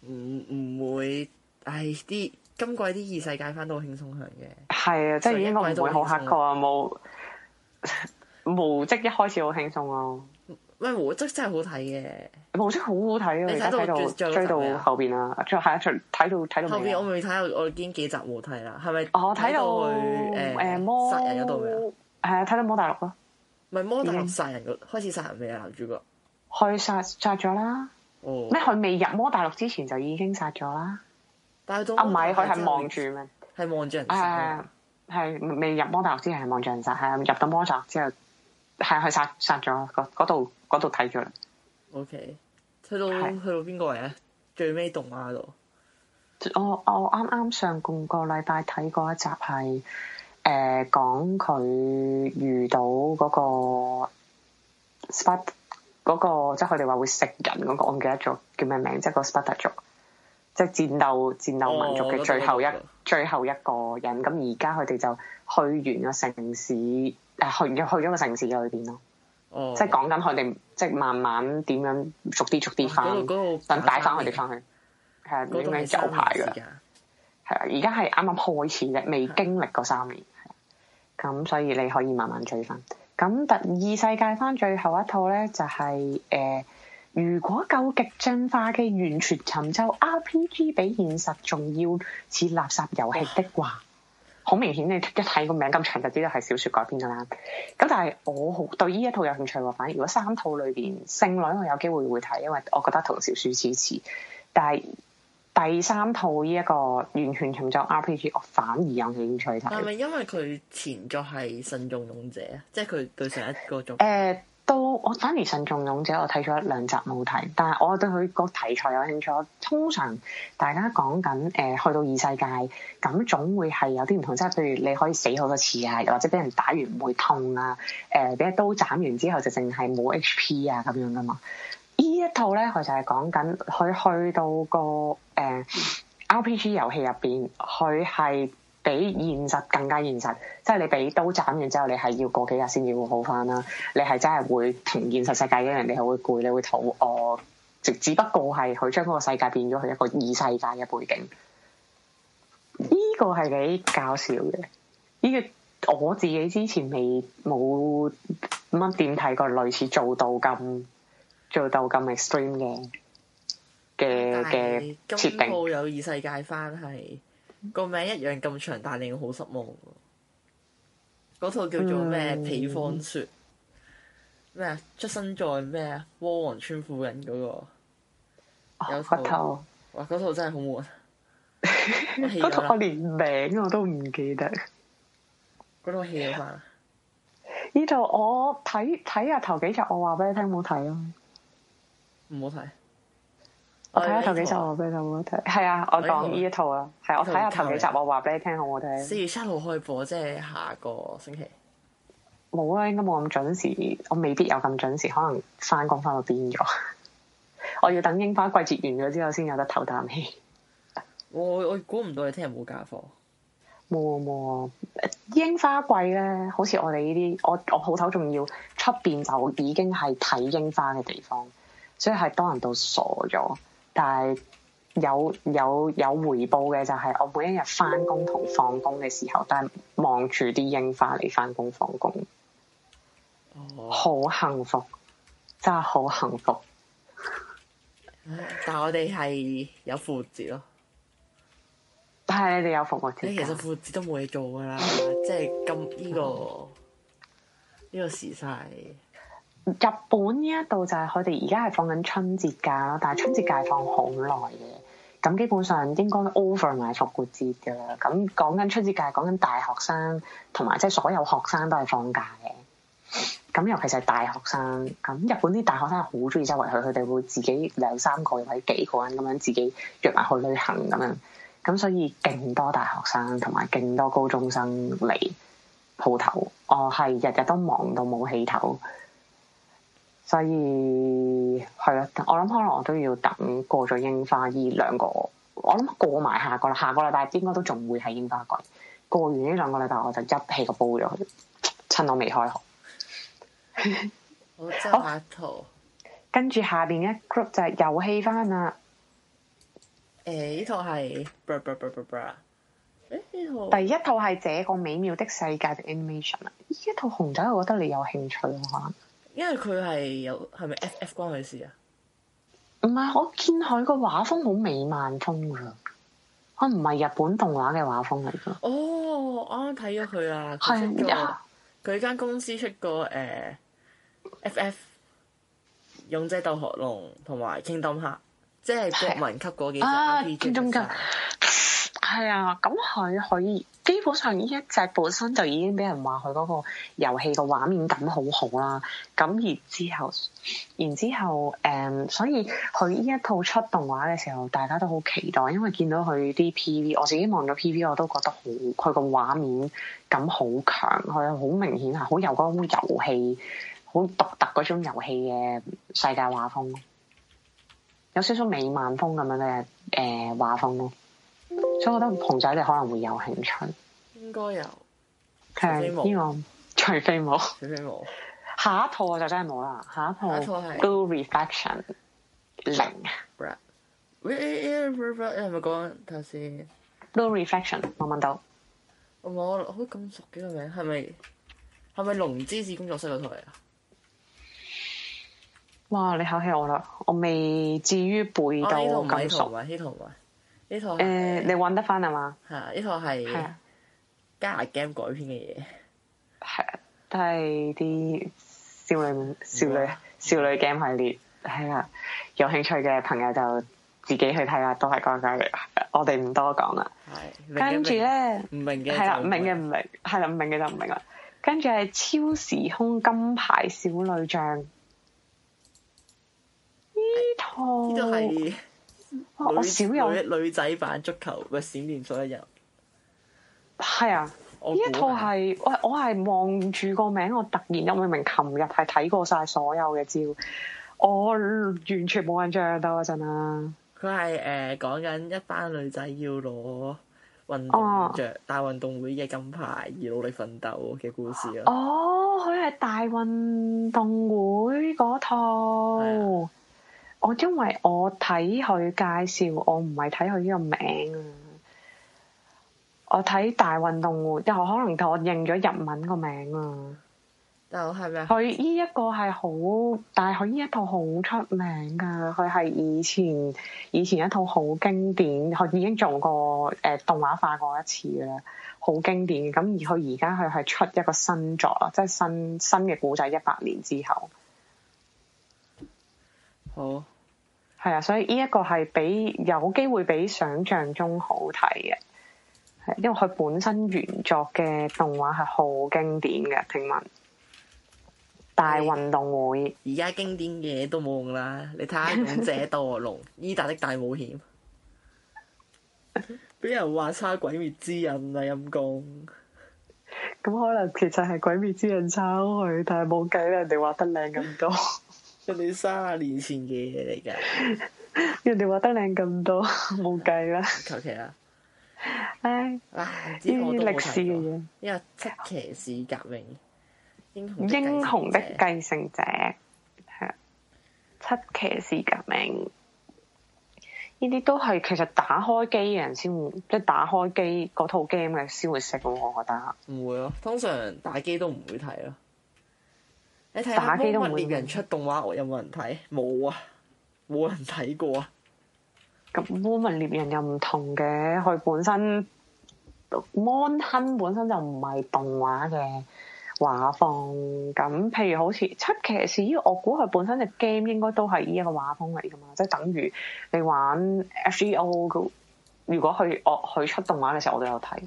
唔唔會係啲。今季啲異世界番都好輕鬆向嘅。係啊，即係應該唔會好吓 call 啊，冇。無職一開始好輕鬆啊。喂，無職真係好睇嘅無職好好睇啊。你睇到追到後邊啊？追下一出睇到睇到後邊，我咪睇到。我已經幾集冇睇啦，係咪？哦，睇到誒誒，魔殺人嗰度未啊？係啊，睇到魔大陸咯。唔係魔大陸殺人嗰，開始殺人未啊？男主角，佢殺殺咗啦。咩？佢未入魔大陸之前就已經殺咗啦。但都，啊，唔係佢係望住咩？係望住人殺。係係，啊，未入魔大學之前係望住人殺，係入到魔大學之後係佢殺上咗嗰度嗰度睇咗。O K，去，okay. 到去是到邊個嚟？啊？最尾動畫度。我我啱啱上個個禮拜睇過一集係，誒講佢遇到嗰，嗰個 spart 嗰個，即係佢哋話會食人嗰個，我唔記得咗叫咩名，即係個 sparta 族即係戰鬥戰鬥民族嘅最後一最後一個人，咁而家佢哋就去完個城市，誒去去咗個城市裏邊咯。哦，即係講緊佢哋，即係慢慢點樣逐啲逐啲翻，等帶翻佢哋翻去，係慢慢走排噶啦。係啦，而家係啱啱開始啫，未經歷過三年，咁所以你可以慢慢追翻。咁第二世界翻最後一套咧，就係誒。如果究極進化嘅完全尋奏 RPG 比現實仲要似垃圾遊戲的話，好哇明顯，你一睇個名咁長就知係小說改編噶啦。咁但係我好對呢一套有興趣喎。反而如果三套裏邊聖女我有機會會睇，因為我覺得同小說似似。但係第三套呢一個完全尋奏 RPG，我反而有興趣睇。係咪因為佢前作係慎重勇者啊？即係佢對上一個作誒。呃都我反而《慎重勇者》我睇咗一兩集冇睇，但係我對佢個題材有興趣。通常大家講緊誒去到異世界，咁總會係有啲唔同，即係譬如你可以死好多次啊，或者俾人打完唔會痛啊，誒、呃、俾一刀斬完之後就淨係冇 H P 啊咁樣噶嘛。呢一套咧佢就係講緊佢去到、嗰個誒 R P G 遊戲入邊，佢、呃、係。比現實更加現實，即係你俾刀斬完之後，你係要過幾日先至會好翻啦。你係真係會同現實世界一樣，你係會攰，你會肚餓。只只不過係佢將嗰個世界變咗佢一個異世界嘅背景。呢、這個係幾搞笑嘅。呢、這個我自己之前未冇乜點睇過類似做到咁做到咁 extreme 嘅嘅嘅設定，有異世界翻係。個名一樣咁長，但係你會好失望。嗰套叫做咩？嗯《彼方雪》咩？《出生在咩？魔王村附近》嗰、嗰個。有套、啊、頭。哇！嗰套真係好悶。嗰套 (laughs) 我， (laughs) 我連名我都唔記得。嗰套棄有晒。呢套 (laughs) 我睇睇下頭幾集，我話畀你聽，冇睇咯。唔好睇。Oh, 我睇下頭幾集我俾你睇好好睇？係啊，我講呢一套啊。係對我睇下頭幾集我話俾你聽好唔好睇？四月三號開播，即係下個星期。冇啊，應該冇咁準時。我未必有咁準時，可能翻工翻到癲咗。 (laughs) 我要等櫻花季節完咗之後先有得唞啖氣。我我估唔到你聽日冇假貨。冇啊，冇櫻花季咧，好似我哋呢啲，我我鋪頭仲要出邊就已經係睇櫻花嘅地方，所以係多人到傻咗。但係有有有回報嘅就係我每一日翻工同放工嘅時候都上班上班，都係望住啲櫻花嚟翻工放工，好幸福，真係好幸福。 (laughs) 但係我哋係有復活節咯，但係 (laughs) 你哋有復活節？其實復活節都冇嘢做噶啦，即係咁呢個呢個時勢。日本呢一度就係佢哋而家係放緊春節假咯，但係春節假放好耐嘅，咁基本上應該都 over 埋復活節噶啦。咁講緊春節假，講緊大學生同埋即係所有學生都係放假嘅。咁尤其是係大學生，咁日本啲大學生好中意周圍去，佢哋會自己兩三個或者幾個人咁樣自己約埋去旅行咁樣。咁所以勁多大學生同埋勁多高中生嚟鋪頭我係日日都忙到冇氣頭。所以係咯，我諗可能我都要等過咗櫻花兩個，呢兩個我諗過埋下個啦，下個禮拜，但應該都仲會喺櫻花季。過完呢兩個禮拜，我就一氣個煲咗佢，趁我未開學。 (laughs) 好，跟住下邊、欸、一 group 就係遊戲番啦。誒，呢套係，誒呢套係誒第一套係這個美妙的世界的 animation 啦。呢一套熊仔，我覺得你有興趣可能。因為佢係有係咪 F F 關佢事啊？唔係，我見佢個畫風好美漫風噶，我唔係日本動畫嘅畫風嚟噶。哦，我啱啱睇咗佢啊。佢出佢間公司出過誒、呃啊、F F 勇者鬥惡龍同埋 k i n 即係國民級嗰幾集 k i n g d 係啊，咁佢可以。基本上呢一隻本身就已經俾人話佢嗰個遊戲個畫面感好好啦，咁而之後，然之後，後，誒、嗯，所以佢呢一套出動畫嘅時候，大家都好期待，因為見到佢啲 PV，我自己望咗 PV，我都覺得好，佢個畫面感好強，佢好明顯啊，好有嗰種遊戲，好獨特嗰種遊戲嘅世界畫風，有少少美漫風咁樣嘅誒畫風咯。所以我覺得熊仔你可能會有興趣，應該有。佢係呢個《除非冇》，《除非冇》 (laughs) 下。下一套我就真係冇啦，下一套。下一套係《Blue Reflection》。零。唔係。喂喂喂，係咪講頭先？《Blue Reflection》冇問到。我我好咁熟嘅個名，係咪係咪龍之子工作室嗰套嚟啊？哇！你考起我啦，我未至於背到咁熟。啊，呢套呢呢套誒，欸、你搵得翻係嘛？係啊，呢套係《加勒 game》改編嘅嘢，係都係啲少女少女、嗯、少女 game 系列，係啦。有興趣嘅朋友就自己去睇下，都係講解嘅。我哋唔多講啦。係。跟住咧，唔明嘅係啦，唔明嘅唔明，係啦，唔明嘅就唔明啦。跟住係超時空金牌少女將，呢套呢套係。女我少有女仔版足球嘅《閃電十一人》係啊，呢一套係我我係望住個名，我突然又明明琴日係睇過晒所有嘅招，我完全冇印象。到我陣啊，佢係誒講緊一班女仔要攞運動着、哦、大運動會嘅金牌而努力奮鬥嘅故事、哦、啊。哦，佢係大運動會嗰套。我因為我睇佢介紹，我唔係睇佢呢個名啊。我睇大運動會，又可能同我認咗日文名、哦、個名啊。就係咪？佢呢一個係好，但係佢呢一套好出名噶。佢係以前以前一套好經典，佢已經做過誒、呃、動畫化過一次啦，好經典。咁而佢而家佢係出一個新作啦，即係新新嘅古仔一百年之後。好。係啊，所以呢一個係比有機會比想象中好睇嘅，係因為佢本身原作嘅動畫係好經典嘅，聽聞大運動會而家經典嘢都冇用啦，你睇下《勇者鬥惡龍》《伊達的大冒險，》 (laughs) 俾人話差《鬼滅之刃》啊陰功，咁可能其實係《鬼滅之刃》抄佢，但係冇計啦，人哋畫得靚咁多。 (laughs) 你哋卅啊年前嘅嘢嚟噶， (laughs) 人哋畫得靚咁多，冇計啦！求其啦，唉唉，呢啲歷史嘅嘢，因為七騎士革命，英雄的繼承者係七騎士革命，呢啲都係其實打開機嘅人先會，即、就、係、是、打開機嗰套 game 嘅先會識我我覺得唔會咯、啊，通常打機都唔會睇咯。打機都冇人獵人出動畫，我有冇人睇？冇啊，冇人睇過啊。咁《魔物獵人》又唔同嘅，佢本身《Mon Hun》本身就唔係動畫嘅畫風。咁譬如好似《七騎士》，我估佢本身嘅 game 應該都係依一個畫風嚟噶嘛，即係等於你玩 FGO。如果佢我佢出動畫嘅時候，我都有睇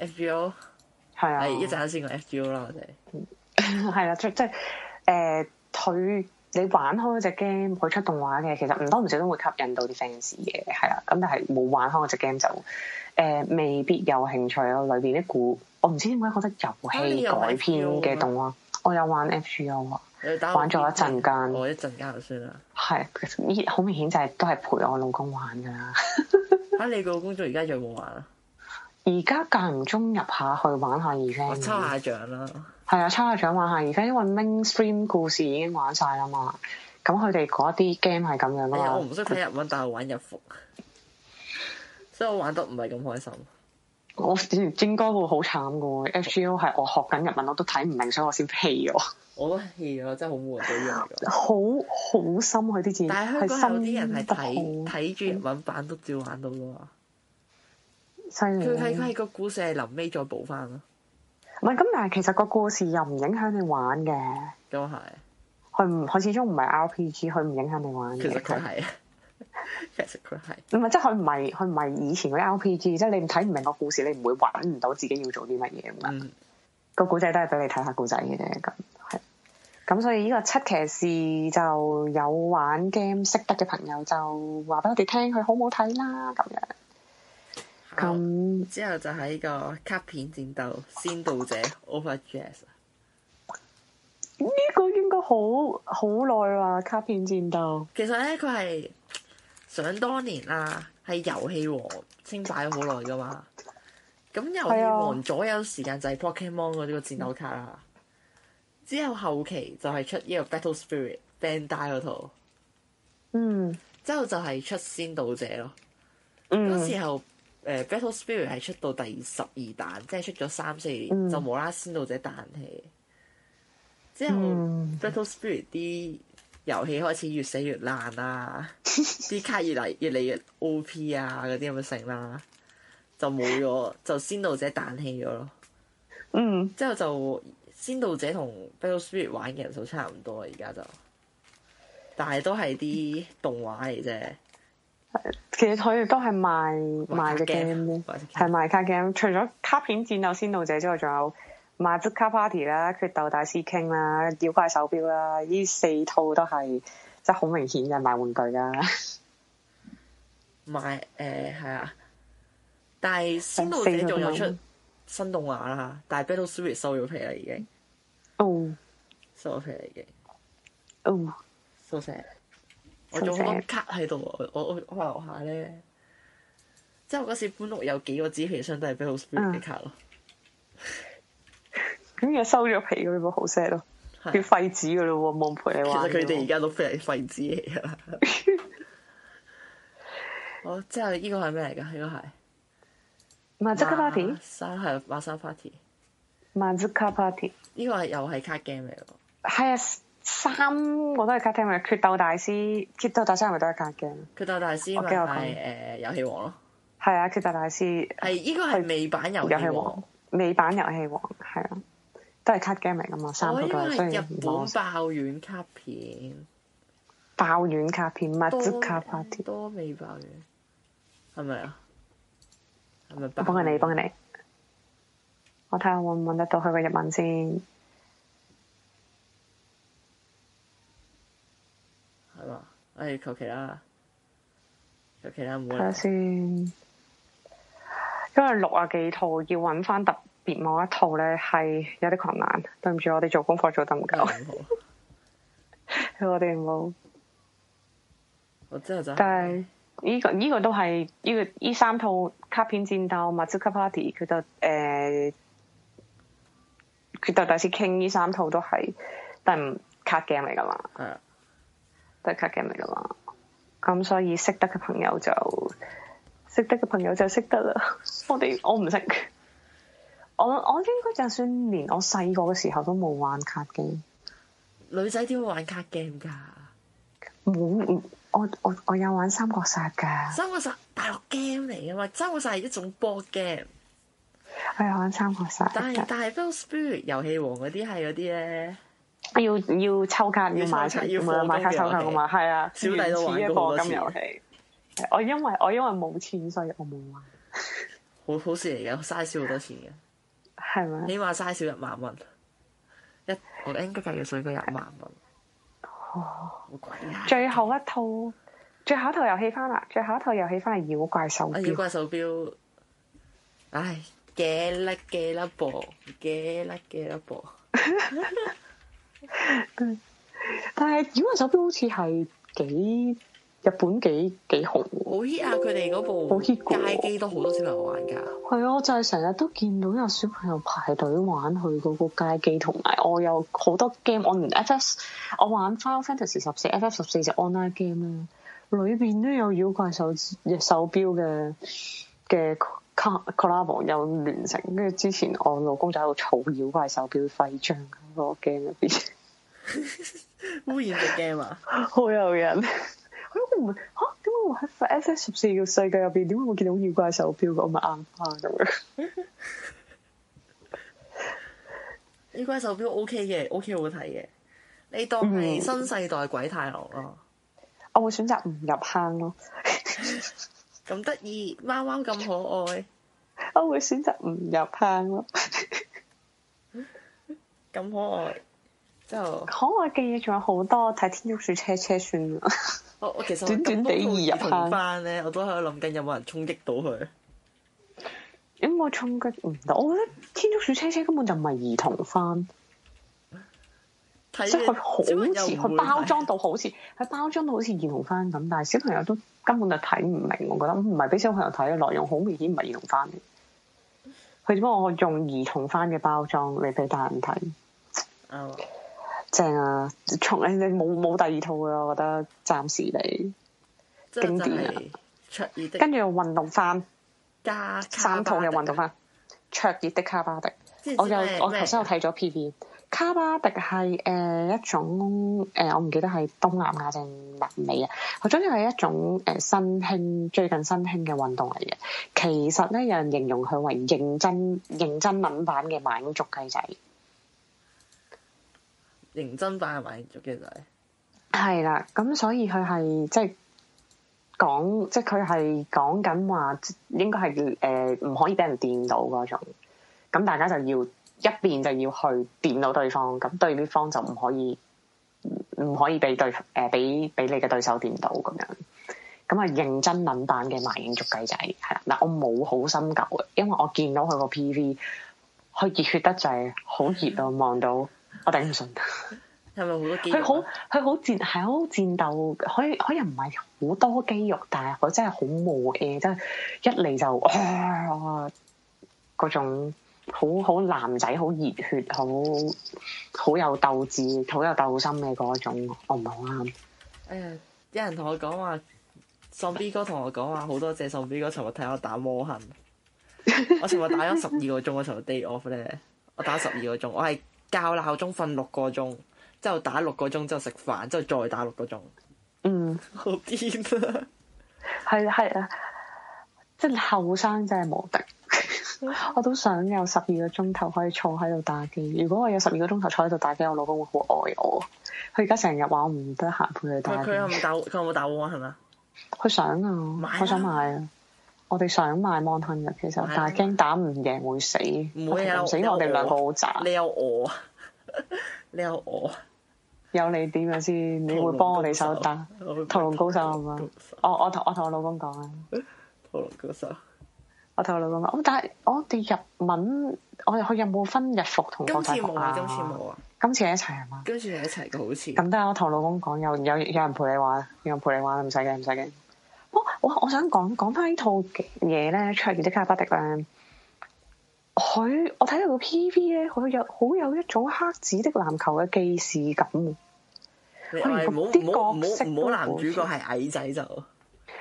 FGO。係啊係，一陣先講 FGO 啦，我哋。係啦， (laughs) 即係誒，佢、呃、你玩開隻 game 佢出動畫嘅，其實唔多唔少都會吸引到啲 fans 嘅，係啦。咁但係冇玩開嗰隻 game 就誒、呃，未必有興趣咯。裏邊啲故，我唔知點解覺得遊戲改編嘅動畫，我有玩 FGO 啊，你啊玩咗一陣間，我一陣間就算啦。係，好明顯就係都係陪我老公玩噶啦。吓、 (laughs) 啊，你個工作而家仲有冇玩？而家間唔中入下去玩下二番，我抽下獎啦。係啊，抽下獎玩下，而家因為 mainstream 故事已經玩晒啦嘛，咁佢哋嗰啲 game 係咁樣噶嘛、哎。我唔識睇日文，我但係玩日服，所以我玩得唔係咁開心。我應該會好慘噶 FGO 係我學緊日文，我都睇唔明，所以我先棄咗。我都棄咗，真係好悶，對人嚟講。好好深佢啲字，但係香港有啲人係睇睇住日文版都照玩到噶嘛。犀利的。佢睇翻個故事係臨尾再補翻咯。唔係，咁但係其實個故事又唔影響你玩嘅。都係、嗯，佢唔佢始終唔係 RPG，佢唔影響你玩嘅。其實佢係，其實佢係。唔係，即係佢唔係佢唔係以前嗰啲 RPG，即係你唔睇唔明個故事，你唔會玩唔到自己要做啲乜嘢咁樣。個古仔都係俾你睇下古仔嘅啫，咁係。咁所以呢個七騎士就有玩 game 識得嘅朋友就話俾我哋聽佢好唔好睇啦，咁樣。咁、oh, 之後就係呢個卡片戰鬥先導者 Overdress 啊！呢個應該好好耐喇，卡片戰鬥。其實咧，佢係想當年啦、啊，係遊戲王清咗好耐噶嘛。咁遊戲王左右時間就係 Pokemon 嗰啲個戰鬥卡啦。嗯、之後後期就係出呢個 Battle Spirit Bandai 嗰套。嗯，之後就係出先導者咯。嗰、嗯、時候。誒、uh, Battle Spirit 係出到第十二彈，即係出咗三四年、mm. 就冇啦，先導者彈氣。之後、mm. Battle Spirit 啲遊戲開始越寫越爛啦，啲 (laughs) 卡越嚟越嚟越 OP 啊，嗰啲咁嘅成啦，就冇咗，就先導者彈氣咗咯。嗯，mm. 之後就先導者同 Battle Spirit 玩嘅人數差唔多啦，而家就，但係都係啲動畫嚟啫。其實佢哋都係賣賣嘅 game 啫，係賣卡 game。卡卡除咗卡片戰鬥先導者之外，仲有 Party, King,《馬積卡 Party》啦，《決鬥大師 King》啦，《妖怪手錶》啦，呢四套都係即係好明顯嘅賣玩具啦。賣，誒係啊，但係《先導者》仲有出新動畫啦，但係《Battle Suite》收咗皮啦已經。哦，收咗皮啦已經。哦，收晒。我仲卡喺度，我我我喺樓下咧，即係我嗰時搬屋有幾個紙皮箱都係俾好少嘅卡咯，咁又、嗯、收咗皮咁樣好 set 咯，叫廢紙噶咯喎，冇人陪你玩。其實佢哋而家都非係廢紙嚟噶。我 (laughs) 即係呢個係咩嚟噶？呢山個係馬扎卡 party，生係馬生 party，馬卡 party 呢個係又係卡 game 嚟噶。嗯嗯三個都係卡 game 嘅，決鬥大師、決鬥大師係咪都係卡 game？決鬥大師同埋誒遊戲王咯，係啊，決鬥大師係呢個係美版遊戲王，美版遊戲王係啊，都係卡 game 嚟噶嘛？三個都係、哦、日本爆軟卡片，爆軟卡片，乜都卡片，多美爆軟係咪啊？係咪爆我幫幫？我幫緊你，幫緊你，我睇下搵唔搵得到佢個日文先。誒，求其啦，求其啦，唔會睇下先。因為六啊幾套要揾翻特別某一套咧，係有啲困難。對唔住，我哋做功課做得唔夠。哎、 (laughs) 我哋唔好。我真係真。但係呢個呢、這個都係呢、這個呢三套卡片戰鬥、物質卡 party，佢就誒，佢、呃、就第一次傾呢三套都係但係唔卡 game 嚟噶嘛。哎玩卡 game 嚟噶嘛？咁所以識得嘅朋友就識得嘅朋友就識得啦。 (laughs) 我哋我唔識。我我應該就算連我細個嘅時候都冇玩卡 game。女仔點會玩卡 game 噶？冇，我我我有玩三國殺噶。三國殺大陸 game 嚟噶嘛？三國殺係一種 board game。我有玩三國殺。但係但係《Battle Spirits》遊戲王嗰啲係嗰啲咧。要要抽卡要買卡，買卡收香嘛？係啊，小弟都玩過嗰個遊戲。我因為我因為冇錢，所以我冇玩。好好事嚟嘅，嘥少好多錢嘅，係咪？起碼嘥少一萬蚊。一我應該計嘅稅，嗰一萬蚊。好鬼啊！最後一套最後一套遊戲翻啦，最後一套遊戲翻嚟妖怪手妖怪手表。唉，get 啦 get 啦寶，get 啦 get 啦寶 (laughs) 但係妖怪手表好似係幾日本幾幾紅，好 hit 啊！佢哋嗰部街機都好多小朋友玩噶。係啊，我就係成日都見到有小朋友排隊玩佢嗰個街機，同埋我有好多 game。我唔 FF 我玩 Final Fantasy 十四 FF 十四隻 online game 啦，裡邊都有妖怪手手表嘅嘅 collabo 有聯成。跟住之前我老公就喺度儲妖怪手表徽章。個 game 嗰邊，污染嘅 game 啊， (laughs) 好有人。佢點解唔吓？點解我喺《F. S. 十四》嘅世界入邊，點解我見到妖怪手表咁咪啱花咁樣？呢塊 (laughs) 手表 O. K. 嘅，O. K. 好睇嘅。你當係新世代鬼太郎咯、啊嗯。我會選擇唔入坑咯 (laughs) (laughs) 咁得意，貓貓咁可愛， (laughs) 我會選擇唔入坑咯。咁可愛，之後可愛嘅嘢仲有好多，睇天竺鼠車車算啦。我 (laughs) 我、哦、其實短短地兒童翻咧， (laughs) 我都喺度諗緊有冇人衝擊到佢。有冇衝擊唔到？我覺得天竺鼠車車根本就唔係兒童翻。看即係佢好似佢包裝到好似，佢 (laughs) 包裝到好似兒童翻咁，但係小朋友都根本就睇唔明。我覺得唔係俾小朋友睇，內容好明顯唔係兒童翻嚟。佢只不過我用兒童翻嘅包裝嚟俾大人睇？啊，oh. 正啊，從你你冇冇第二套嘅。我覺得暫時嚟、就是、經典啊，卓跟住運動翻加三套嘅運動翻，灼熱的卡巴迪，我又我頭先我睇咗 P 片麼，卡巴迪係誒、呃、一種誒、呃，我唔記得係東南亞定南美啊，佢總之係一種誒、呃、新興，最近新興嘅運動嚟嘅，其實咧有人形容佢為認真認真版嘅慢速雞仔。認真版嘅埋影捉雞仔，係啦，咁所以佢係即係講，即係佢係講緊話，是是說說應該係誒，唔可以俾人掂到嗰種。咁大家就要一邊就要去掂到對方，咁對方就唔可以唔可以俾對誒俾俾你嘅對手掂到咁樣。咁啊認真撚版嘅埋影捉雞仔，係啦，嗱我冇好深究，因為我見到佢個 P V，佢熱血得滯係好熱啊，望到。 (laughs) 我頂唔順，係咪好多肌？佢好佢好戰，係好戰鬥。可以可以唔係好多肌肉，但係佢真係好武嘅，真係一嚟就嗰、啊、種好好男仔，好熱血，好好有鬥志，好有鬥心嘅嗰種。我唔係好啱。哎有人同我講話，送 B 哥同我講話好多謝送 B 哥，尋日睇我打魔痕， (laughs) 我尋日打咗十二個鐘我尋日 day off 咧，我打十二個鐘，我係。教鬧鐘，瞓六個鐘，之後打六個鐘，之後食飯，之後再打六個鐘。嗯， (laughs) 好癲啊了！係啊係啊，即係後生真係無敵。我都想有十二個鐘頭可以坐喺度打機。如果我有十二個鐘頭坐喺度打機，我老公會好愛我。佢而家成日話我唔得閒陪佢打機。佢有冇打？佢有冇打我係咪？佢 (laughs) 想啊，我、啊、想買啊。我哋想買 m o u n 嘅，其實，但係驚打唔贏會死。唔會啊！死我哋兩個好渣。你有我，你有我， (laughs) 有你點樣先？你會幫我哋手打？屠龍，龍高手咁樣？我我同我同我老公講啊。屠龍高手。我同我老公講，哦，但係我哋日文，我哋佢有冇分日服同國服啊？今次冇啊、哦！今次冇啊！今次一齊係嘛？跟住一齊嘅好似。咁得我同老公講有有有人陪你玩，有人陪你玩，唔使驚唔使驚。我、哦、我想講講翻呢套嘢咧，卓不呢《灼熱的卡巴迪》咧，佢我睇到個 P V 咧，佢有好有一種黑子的籃球嘅既視感。你話唔好唔好唔好男主角係矮仔就，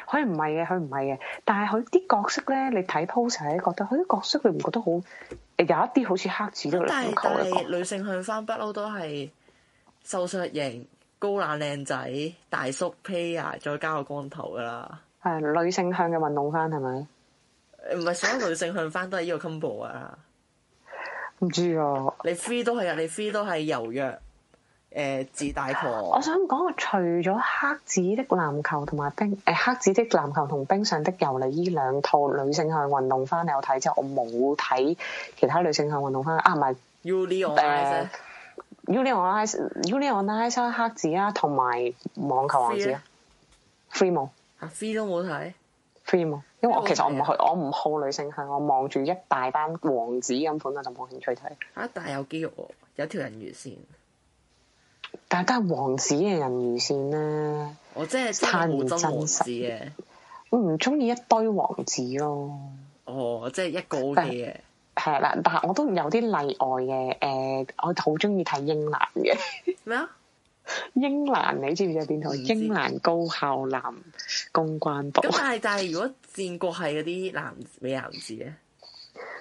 佢唔係嘅，佢唔係嘅，但係佢啲角色咧，你睇 poster 咧，覺得佢啲角色你唔覺得好有一啲好似黑子的籃球的，但係女性向翻不嬲都係瘦削型、高冷靚仔、大叔胚啊，再加個光頭噶啦。係、呃、女性向嘅運動翻係咪？唔係所有女性向翻都係呢個 combo 啊？唔知啊你。你 free 都係啊，你 free 都係柔弱誒、呃，自大破。我想講，除咗黑子的籃球同埋冰誒、呃，黑子的籃球同冰上的尤里呢兩套女性向運動翻，你有睇之後我冇睇其他女性向運動翻。啊，唔係 Yuri on Ice、Yuri on Ice、Yuri on Ice 黑子啊，同埋網球王子是啊，Free 冇。Free、啊、都冇睇，Free 嘛？因為我其實我唔去麼，我唔好女性向，我望住一大班王子咁款我就冇興趣睇。啊，但係有肌肉，有條人魚線。但係都係王子嘅人魚線咧、啊，我真係太唔真實嘅，我唔中意一堆王子咯、啊。哦，即係一個好嘅，係啦，但係我都有啲例外嘅。誒、呃，我好中意睇英男嘅咩啊？ (laughs) 櫻蘭，你知唔知係邊台？櫻蘭高校男公關部。咁但係就係如果戰國係嗰啲男美男子咧，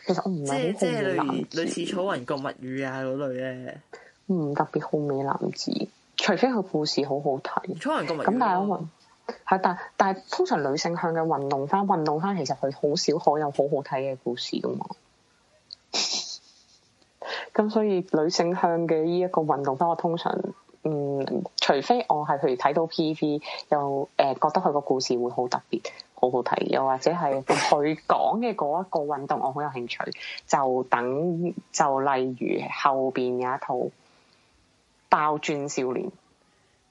其實我唔係好鍾意男類，類似彩雲國物語啊嗰類咧，唔特別好美男子，除非佢故事好好睇。彩雲國物語咁，但係係但但係通常女性向嘅運動番運動番，其實佢好少可有好好睇嘅故事噶嘛。咁 (laughs) 所以女性向嘅呢一個運動番，我通常。嗯，除非我係譬如睇到 P V，又誒、呃、覺得佢個故事會特別好特別，好好睇，又或者係佢講嘅嗰一個運動我好有興趣，就等就例如後邊有一套爆轉少年，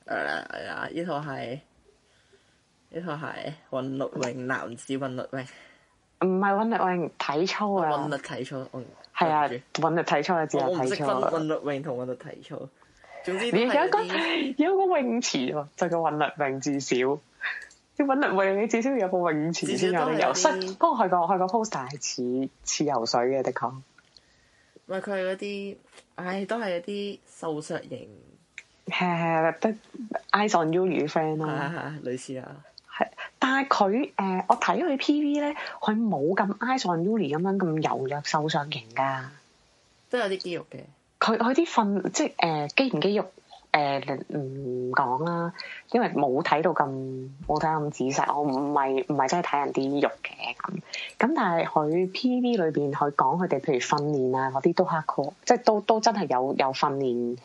啊，呢套係呢套係韻律泳，男子韻律泳，唔係韻律泳，體、嗯、操啊，韻律體操，係啊，韻律體操啊，我唔識分，韻律泳同韻律體操。你有， (laughs) 有一個 (laughs) 有一個泳池啊，就叫韻律泳，至少要韻律泳，你至少要有個泳池先有得游。先，不過去過去個 poster 係似似游水嘅，的確。唔佢係嗰啲，唉、哎，都係嗰啲瘦削型，誒，啲 Island Yuli friend 咯，係係類似啊。係、 (laughs) 啊， (laughs) 但係佢誒，我睇佢 PV 咧，佢冇咁 Island y u i e 咁樣咁柔弱瘦削型噶，都有啲肌肉嘅。佢佢啲訓即係誒肌唔肌肉誒唔講啦，因為冇睇到咁冇睇到咁仔細，我唔係唔係真係睇人啲肉嘅咁。咁但係佢 PV 裏邊佢講佢哋譬如訓練啊嗰啲都 hardcore，即係都都真係有有訓練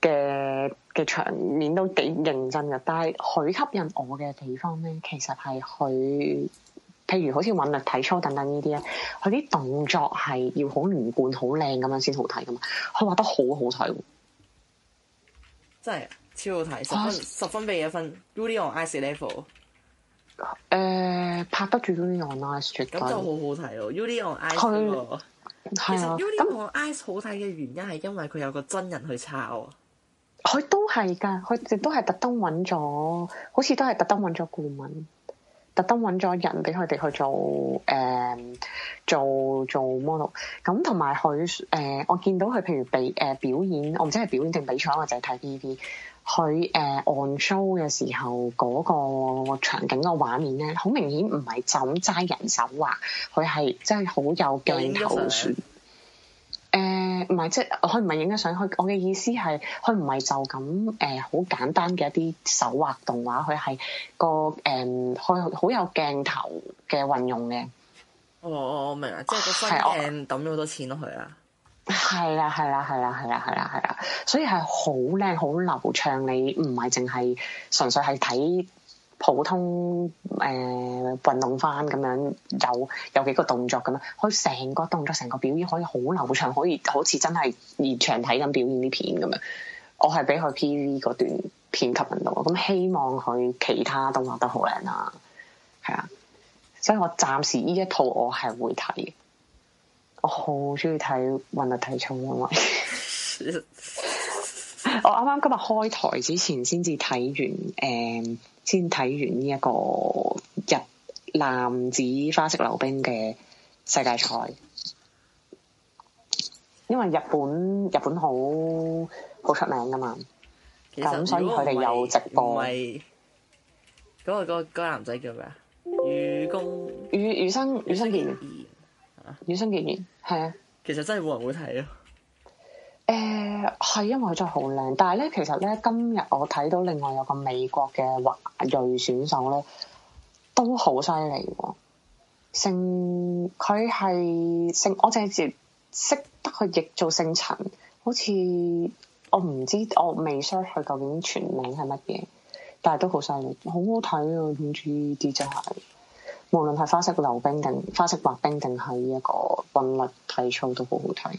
嘅嘅場面都幾認真嘅。但係佢吸引我嘅地方咧，其實係佢。譬如好似韻律體操等等呢啲咧，佢啲動作係要好連貫、好靚咁樣先好睇噶嘛，佢畫得好好睇，真係超好睇，十、uh, 分十分俾一分。Uh, Yuri on Ice level，誒、uh, 拍得住 Yuri on Ice 咁最拍好好睇咯。Yuri on Ice，其實 Yuri、uh, on Ice 好睇嘅原因係因為佢有個真人去抄，佢都係噶，佢亦都係特登揾咗，好似都係特登揾咗顧問。特登揾咗人俾佢哋去做誒、呃、做做 model，咁同埋佢誒我見到佢譬如比誒、呃、表演，我唔知係表演定比賽，我就係睇 PV 佢誒、呃、on show 嘅時候、嗰個場景個畫面咧，好明顯唔係就咁齋人手畫，佢係真係好有鏡頭。誒，唔係、uh，即係佢唔係影緊相，佢我嘅意思係，佢唔係就咁誒，好簡單嘅一啲手畫動畫，佢係個誒，佢、嗯、好有鏡頭嘅運用嘅。哦哦，我明啦，即係個新鏡抌咗好多錢咯，佢啊。係啦係啦係啦係啦係啦係啦，所以係好靚好流暢，你唔係淨係純粹係睇。普通誒，呃、運動翻咁樣有有幾個動作咁樣，可以成個動作，成個表演可以好流暢，可以好似真係現場睇緊表演啲片咁樣。我係俾佢 P V 嗰段片吸引到，咁希望佢其他動畫都好靚啦，係啊！所以我暫時依一套我係會睇，我好中意睇韻律體操，因為我啱啱今日開台之前先至睇完誒。嗯先睇完呢一個日男子花式溜冰嘅世界賽，因為日本日本好好出名噶嘛，咁所以佢哋又直播。嗰個嗰個嗰個男仔叫咩啊？羽公羽羽生羽生結弦，羽生結弦係啊。其實真係冇人會睇啊。誒，係、呃、因為佢真係好靚，但係咧，其實咧今日我睇到另外有個美國嘅華裔選手咧，都好犀利。姓，佢係姓，我淨係知識得佢譯做姓陳，好似我唔知我未 search 佢究竟全名係乜嘢，但係都好犀利，好好睇啊！呢啲真係，無論係花式溜冰定花式滑冰定係一個韻律體操都，都好好睇。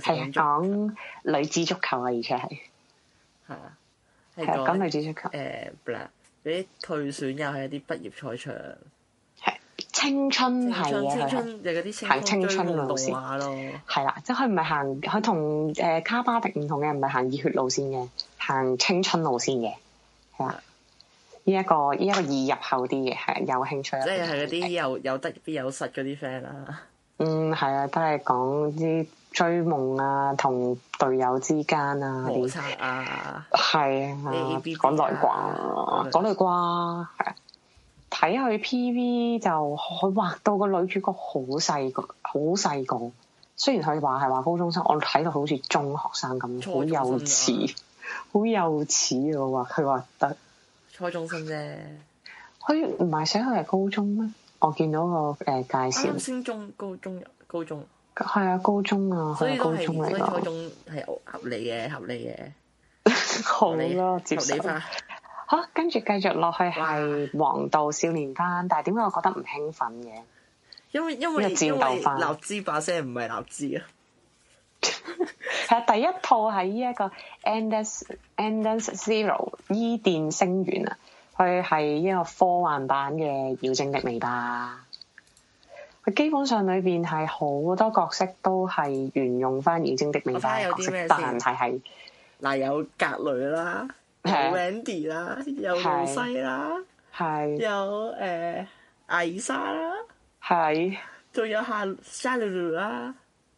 係講女子足球啊，而且係係啊，係講女子足球誒，嗰啲退選又係一啲畢業賽場，係青春係啊，行青春路線咯，係啦，即係佢唔係行，佢同誒卡巴迪唔同嘅，唔係行熱血路線嘅，行青春路線嘅，係啊，呢一個呢一個易入口啲嘅，係有興趣，即係係嗰啲有有得必有失嗰啲 friend 啦，嗯，係啊，都係講啲。追夢啊，同隊友之間啊，冇錯啊，係啊，講嚟啩，講嚟啩。係啊。睇佢、啊、對 P. V. 就佢畫到個女主角好細個，好細個。雖然佢話係話高中生，我睇到好似中學生咁，好幼稚，好幼稚。啊！話佢話得初中生啫，佢唔係，寫佢係高中咩？我見到個誒介紹，升、呃、中高中，高中。高中係啊，高中啊，所以都係，高中嚟。所以高中係合理嘅，合理嘅，好啦，接你翻。好，跟住繼續落去係黃道少年班，哇但係點解我覺得唔興奮嘅？因為戰鬥班因為因為立姿把聲唔係立姿啊。係啊 (laughs) 第一套係呢一個 Edens Edens Zero 伊甸星原啊，佢係呢個科幻版嘅妖精的尾巴。佢基本上裏邊係好多角色都係沿用翻《妖精的尾巴》角色，但係係嗱，有格雷啦，有 Wendy 啦，有露西啦，係，有誒、呃、艾莎啦，係是，仲有下沙魯啦。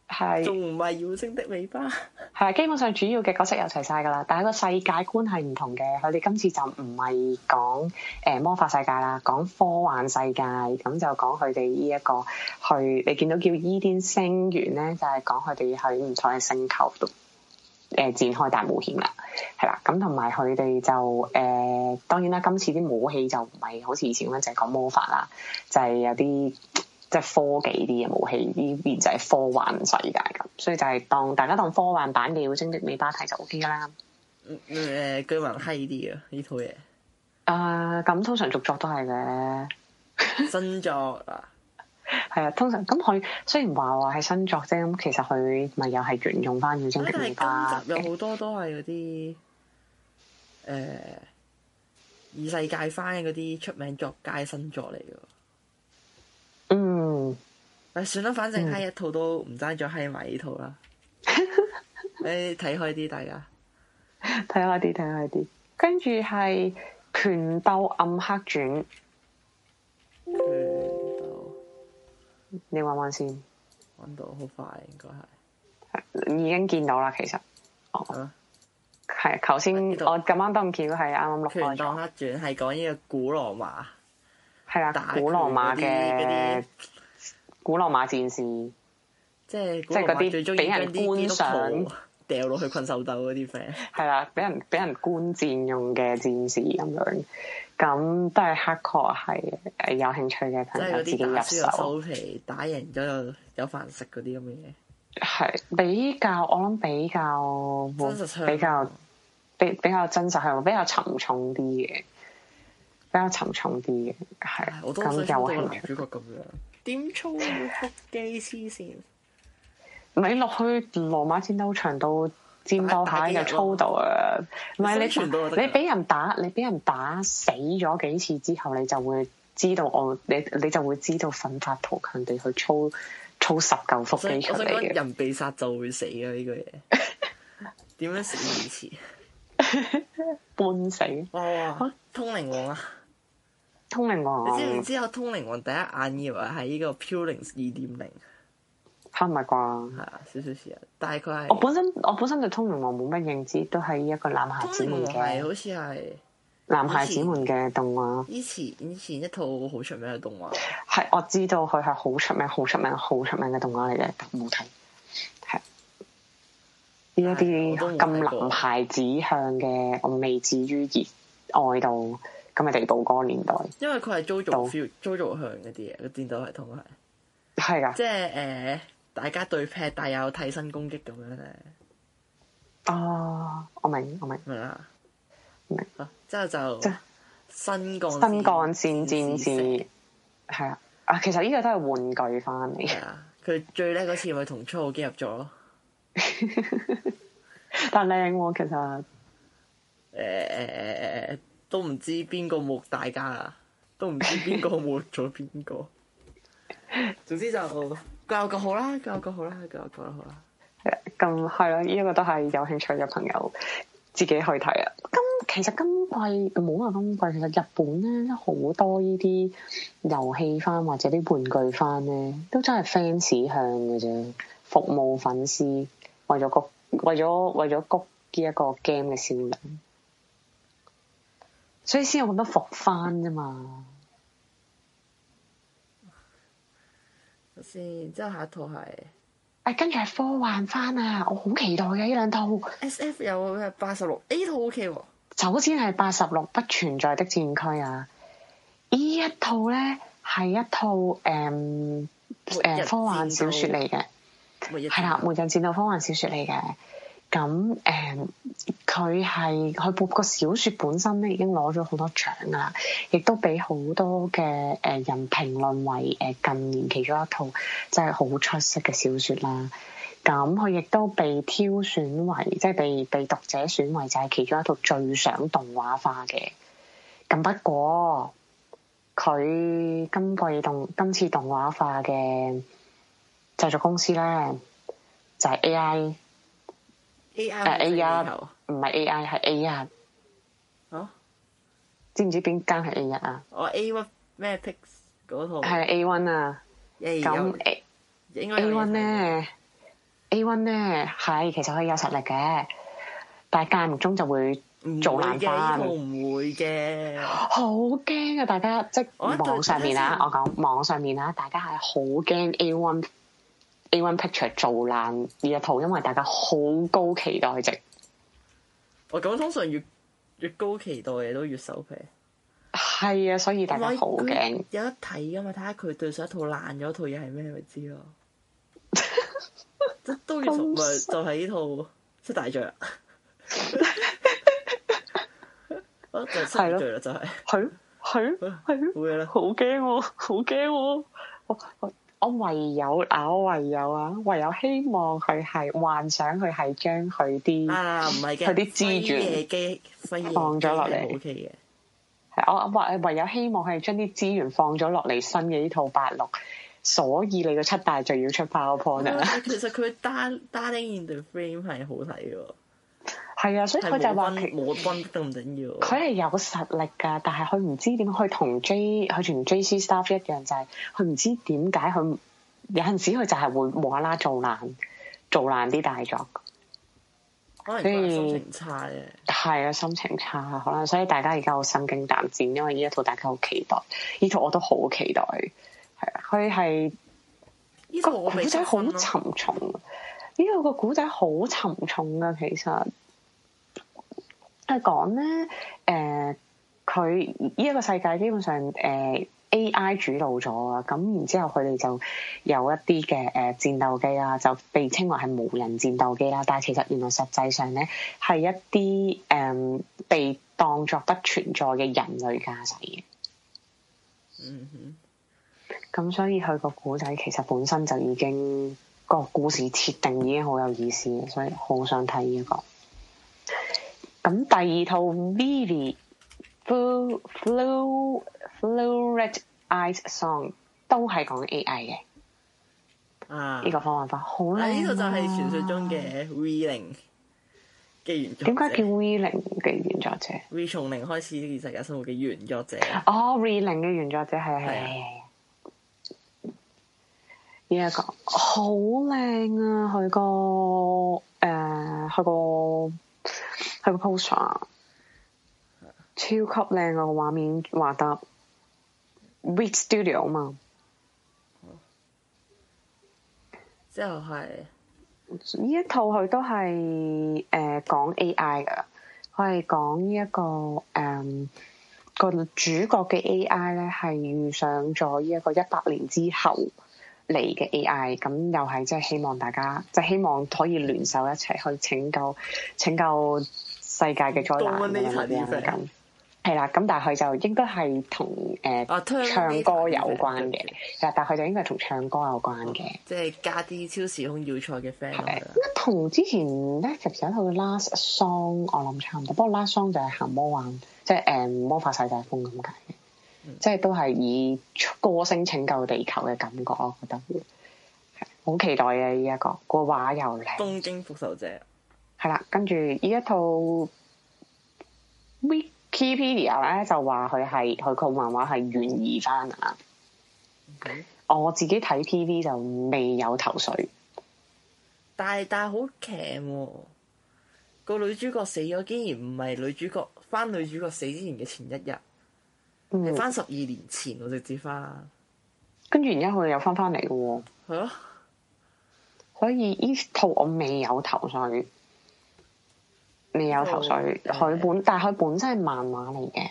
係，仲唔係妖精的尾巴？係啊，基本上主要嘅角色有齊晒噶啦，但係個世界觀係唔同嘅。佢哋今次就唔係講誒魔法世界啦，講科幻世界，咁就講佢哋呢一個去，你見到叫伊甸星原咧，就係講佢哋去唔同嘅星球度誒、呃、展開大冒險啦，係啦。咁同埋佢哋就誒、呃，當然啦，今次啲武器就唔係好似以前咁，就講、是、魔法啦，就係、是、有啲。即係科技啲嘅武器，呢邊就係科幻世界咁，所以就係當大家當科幻版嘅《妖精的尾巴》睇就 OK 噶啦。誒、呃，據聞嗨啲啊，呢套嘢。啊、呃，咁通常續作都係嘅。新作啊，係 (laughs) (laughs) 啊，通常咁佢以。雖然話話係新作啫，咁其實佢咪又係沿用翻《妖精的尾巴》。有好多都係嗰啲，誒、欸，異世界翻嘅嗰啲出名作家新作嚟嘅。嗯，唉，算啦，反正係一套都唔爭在係埋呢套啦。你睇、 (laughs) 哎、開啲，大家睇 (laughs) 開啲，睇開啲。跟住係《拳鬥暗黑傳》，拳鬥，你搵搵先，搵到好快，應該係已經見到啦。其實，哦，啊，係啊，頭先我咁啱都唔咁巧，係啱啱落。拳鬥暗黑傳係講呢個古羅馬。係啊，古羅馬嘅古羅馬戰士，即係即係嗰啲俾人觀賞、掉落去困獸鬥嗰啲 friend。係 (laughs) 啦，俾人俾人觀戰用嘅戰士咁樣，咁都係黑殼係誒有興趣嘅，朋友自己入手。收皮打贏咗有飯食嗰啲咁嘅嘢，係比較我諗比較比較比比較真實係比較沉重啲嘅。比較沉重啲嘅，係咁有趣。是主角咁樣點操腹肌先？唔係落去羅馬戰鬥場度戰鬥下就操到啊！唔係 (laughs) 是你你俾人打，你俾人打死咗幾次之後，你就會知道我你你就會知道奮發圖強地去操操十嚿腹肌出嚟嘅。人被殺就會死啊！呢、這個嘢點 (laughs) 樣死兩次？以前 (laughs) 半死哦，通靈王啊！通靈王你？你知唔知我通靈王第一眼以為係呢個《Pure Links》二點零？唔係啩？係啊，少少事啊。但係佢係我本身，我本身對通靈王冇乜認知，都係一個男孩子們嘅。係好似係男孩子們嘅動畫。以前以前一套好出名嘅動畫，係我知道佢係好出名、好出名、好出名嘅動畫嚟嘅，冇睇。係呢一啲咁男孩子向嘅，我未至於熱愛到。咁咪地道嗰年代，因為佢係 JoJo feel、JoJo 向嗰啲嘢，戰鬥系統係噶，的即係誒、呃，大家對劈，但又有替身攻擊咁樣咧。哦，我明，我明，了我明啦，明，之後就，就新幹新幹線戰，戰士係啊的，啊，其實呢個都係玩具翻嚟。佢最叻嗰次咪同初號機入咗， (laughs) 但靚喎、啊，其實誒誒誒誒。呃都唔知邊個木大家啦，都唔知邊個抹咗邊個。 (laughs) 總之就各有各好啦，各有各好啦，各有各啦好啦。咁係啦，呢一、嗯嗯這個都係有興趣嘅朋友自己去睇啊。金其實今季冇啊，今季，其實日本咧好多呢啲遊戲翻或者啲玩具翻咧，都真係 fans 向嘅啫，服務粉絲為咗谷，為咗為咗谷呢一個 game 嘅銷量。所以先有咁多伏番啫嘛。先，之後下一套係，誒跟住係科幻番啊！我好期待嘅呢兩套。S. F. 有八十六？呢套 O. K. 喎？首先係八十六不存在的戰區啊！呢一套咧係一套誒誒、嗯嗯、科幻小説嚟嘅，係啦，末日戰鬥、啊、科幻小説嚟嘅。咁誒佢係佢部個小說本身咧已經攞咗好多獎啦，亦都俾好多嘅誒人評論為誒近年其中一套即係好出色嘅小說啦。咁佢亦都被挑選為即係被被讀者選為就係其中一套最想動畫化嘅。咁不過佢今季動今次動畫化嘅製作公司咧就係、是、AI。A I 啊，A one 唔係 A I 係 A one。啊？知唔知邊間係 A one 啊？我 A one 咩 pics 嗰套係 A one 啊。咁 A，應該 A one 咧，A one 咧係，其實佢有實力嘅，但係間唔中就會做爛翻。唔會嘅，好驚啊！大家即係網上面啊，我講網上面啊，大家係好驚 A one。A-1 Picture 做爛呢一套，因為大家好高期待值。我咁、哦、通常越越高期待嘅都越收皮。係啊，所以大家好驚。哎、有得睇噶嘛，睇下佢對上一套爛咗套嘢係咩，咪知咯。 (laughs) 都要唔係就係、是、呢套，即係大罪啦。 (laughs) (laughs) (laughs) 哎就是、啊，就係新罪啦，就係、啊。係咯、啊，係咯 (laughs) 的，係咯、 (laughs) 啊。好嘅啦、啊，好驚，好驚。我我。我我唯有啊，我唯有啊，唯有希望佢係幻想佢係將佢啲啊唔係嘅佢啲資源嘅放咗落嚟，ok 嘅，係我話係唯有希望係將啲資源放咗落嚟新嘅呢套八六，所以你個七大就要出爆 point 啦。 (laughs) 其實佢《Dar Darling in the Frame》係好睇嘅。係啊，所以佢就話佢係有實力噶，但係佢唔知點去同 J 佢同 JC Staff 一樣，就係佢唔知點解佢有陣時佢就係會無啦啦做爛做爛啲大作，所以心情差嘅係啊，心情差啊。可能所以大家而家好心驚膽戰，因為呢一套大家好期待，呢套我都好期待，係啊，佢係呢個古仔好沉重，呢、啊、個個古仔好沉重啊，其實。佢講咧，誒，佢呢一個世界基本上，誒、呃、A. I. 主導咗啊，咁然之後佢哋就有一啲嘅誒戰鬥機啊，就被稱為係無人戰鬥機啦，但係其實原來實際上咧係一啲誒、呃、被當作不存在嘅人類駕駛嘅。嗯哼。咁所以佢個古仔其實本身就已經、個故事設定已經好有意思，所以好想睇呢一個。咁第二套《Vivi Flu Flu Red Eyes Song 都 AI》都係講 A I 嘅，啊！呢個方法好靚，呢度、啊啊這個、就係傳說中嘅《Re 零》嘅原作者。點解叫《Re 零》嘅原作者？Re 從零開始，異世界生活嘅原作者。哦，Re《Re 零》嘅原作者係係。呢一的、這個好靚啊！佢個誒，佢、呃、個。係個 poster，超級靚，個畫面畫得，Wit Studio 啊嘛。之後係呢一套佢都係誒講 AI 噶，佢係講呢一個誒、嗯、個主角嘅 AI 咧，係遇上咗呢一個一百年之後嚟嘅 AI，咁又係即係希望大家即係、就是、希望可以聯手一齊去拯救拯救。世界嘅災難咁、啊、樣咁，係啦咁，但係佢就應該係同誒唱歌有關嘅，啊嗯、但但佢就應該係同唱歌有關嘅，即係加啲超時空要塞嘅 friend。咁同的之前 Netflix 一套《Last Song》，我諗差唔多，不過《Last Song》就係行魔幻，即係誒魔法世界風咁解嘅，嗯、即係都係以歌聲拯救地球嘅感覺咯，我覺得好期待嘅、啊、呢、這個、一個個畫又靚，那個、東京復仇者。係啦，跟住呢一套 Wikipedia 咧就話佢係佢個漫畫係原意翻啊。Mm hmm. 我自己睇 PV 就未有頭緒，但係但係好強，個女主角死咗，竟然唔係女主角，翻女主角死之前嘅前一日，係翻十二年前，我就接翻。跟住而家佢又翻翻嚟嘅喎， (laughs) 所以依套我未有頭緒。未有頭緒，佢、哦、本的但係佢本身係漫畫嚟嘅，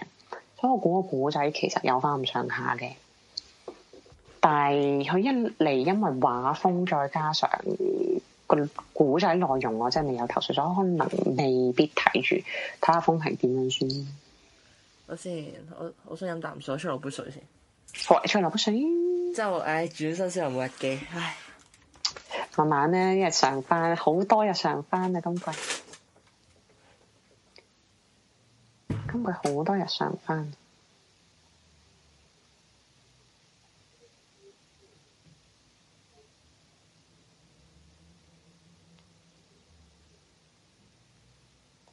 所以我估個古仔其實有翻咁上下嘅。但係佢一嚟因為畫風，再加上、個古仔內容，我真係未有頭緒，所以可能未必睇住。睇下風評點樣先。我先，我我想飲啖水，出去攞杯水先。好，出去攞杯水，之後唉，轉身先又冇嘅，唉。唉慢慢咧，一日上班，好多，日上班，啊，今季。今日好多日上班，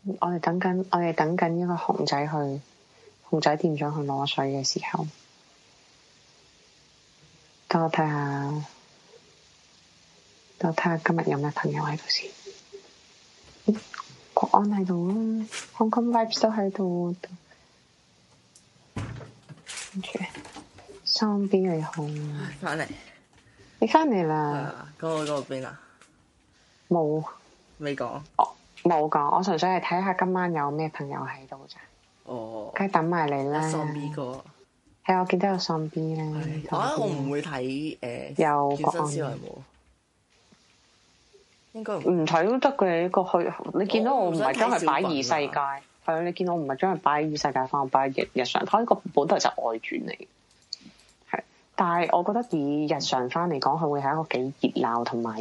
我哋等緊，我哋等緊呢個熊仔去熊仔店長去攞水嘅時候，等我睇下，等我睇下今日有咩朋友喺度先。嗯國安喺度啊，Hong Kong vibes 都喺度，跟住雙 B 嚟好，翻嚟，你翻嚟啦，咁去嗰邊啊？冇，未講，我冇講，我純粹係睇下今晚有咩朋友喺度咋，哦，梗係等埋你啦，雙 B 哥，係啊，我見到有雙 B 咧，我唔會睇誒，有國安。應該唔睇都得嘅一個去，你見到我唔係將佢擺異世界，係啊，你見到我唔係將佢擺異世界翻，擺日日常台，呢、這個本嚟就外傳嚟，係。但係我覺得以日常翻嚟講，佢會係一個幾熱鬧，同埋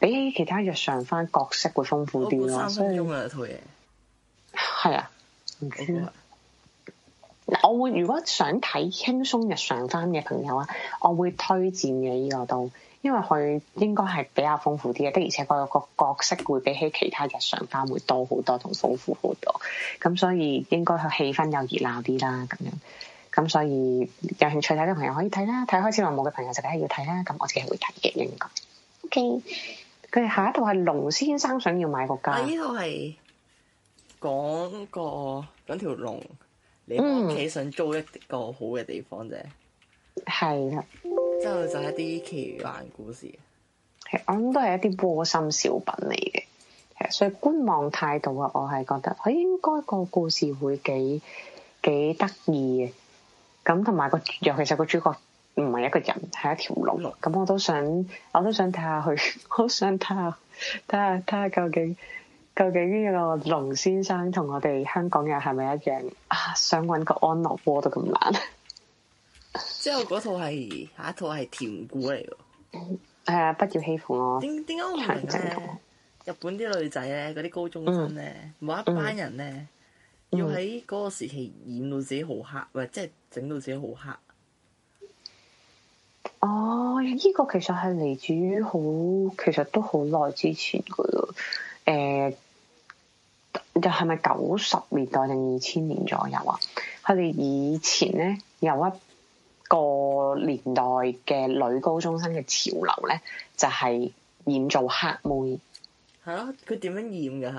比起其他日常翻角色會豐富啲咯。所以，用嘢，係啊。唔知嗱，我會如果想睇輕鬆日常翻嘅朋友啊，我會推薦嘅呢個都。因為佢應該係比較豐富啲嘅，的而且確個角色會比起其他日常番會多好多同豐富好多，咁所以應該佢氣氛又熱鬧啲啦，咁樣，咁所以有興趣睇啲朋友可以睇啦，睇開始浪母嘅朋友就梗係要睇啦，咁我自己係會睇嘅應該。OK，佢哋 Okay. 下一套係龍先生想要買個家，依套係講個講條龍嚟屋企想租一個好嘅地方啫。嗯。係啦，之後就係一啲奇幻故事，係我諗都係一啲窩心小品嚟嘅，所以觀望態度啊，我係覺得，誒、欸，應該個故事會幾幾得意嘅，咁同埋個，尤其是個主角唔係一個人，係一條龍，咁我都想，我都想睇下佢，好想睇下， (laughs) 下，睇下睇下究竟，究竟呢個龍先生同我哋香港人係咪一樣啊？想搵個安樂窩都咁難。之後嗰套係，下一套係甜故嚟嘅，係啊、嗯，不要欺負我。點點解我唔明咧？日本啲女仔咧，嗰啲高中生咧，某一班人咧，要喺嗰個時期演到自己好黑，或者係整到自己好黑。哦，呢、這個其實係嚟自於好，其實都好耐之前噶咯。誒，就係咪九十年代定二千年左右啊？佢哋以前咧有一。個年代嘅女高中生嘅潮流咧，就係、是、染做黑妹，係咯、啊，佢點樣染嘅係？誒、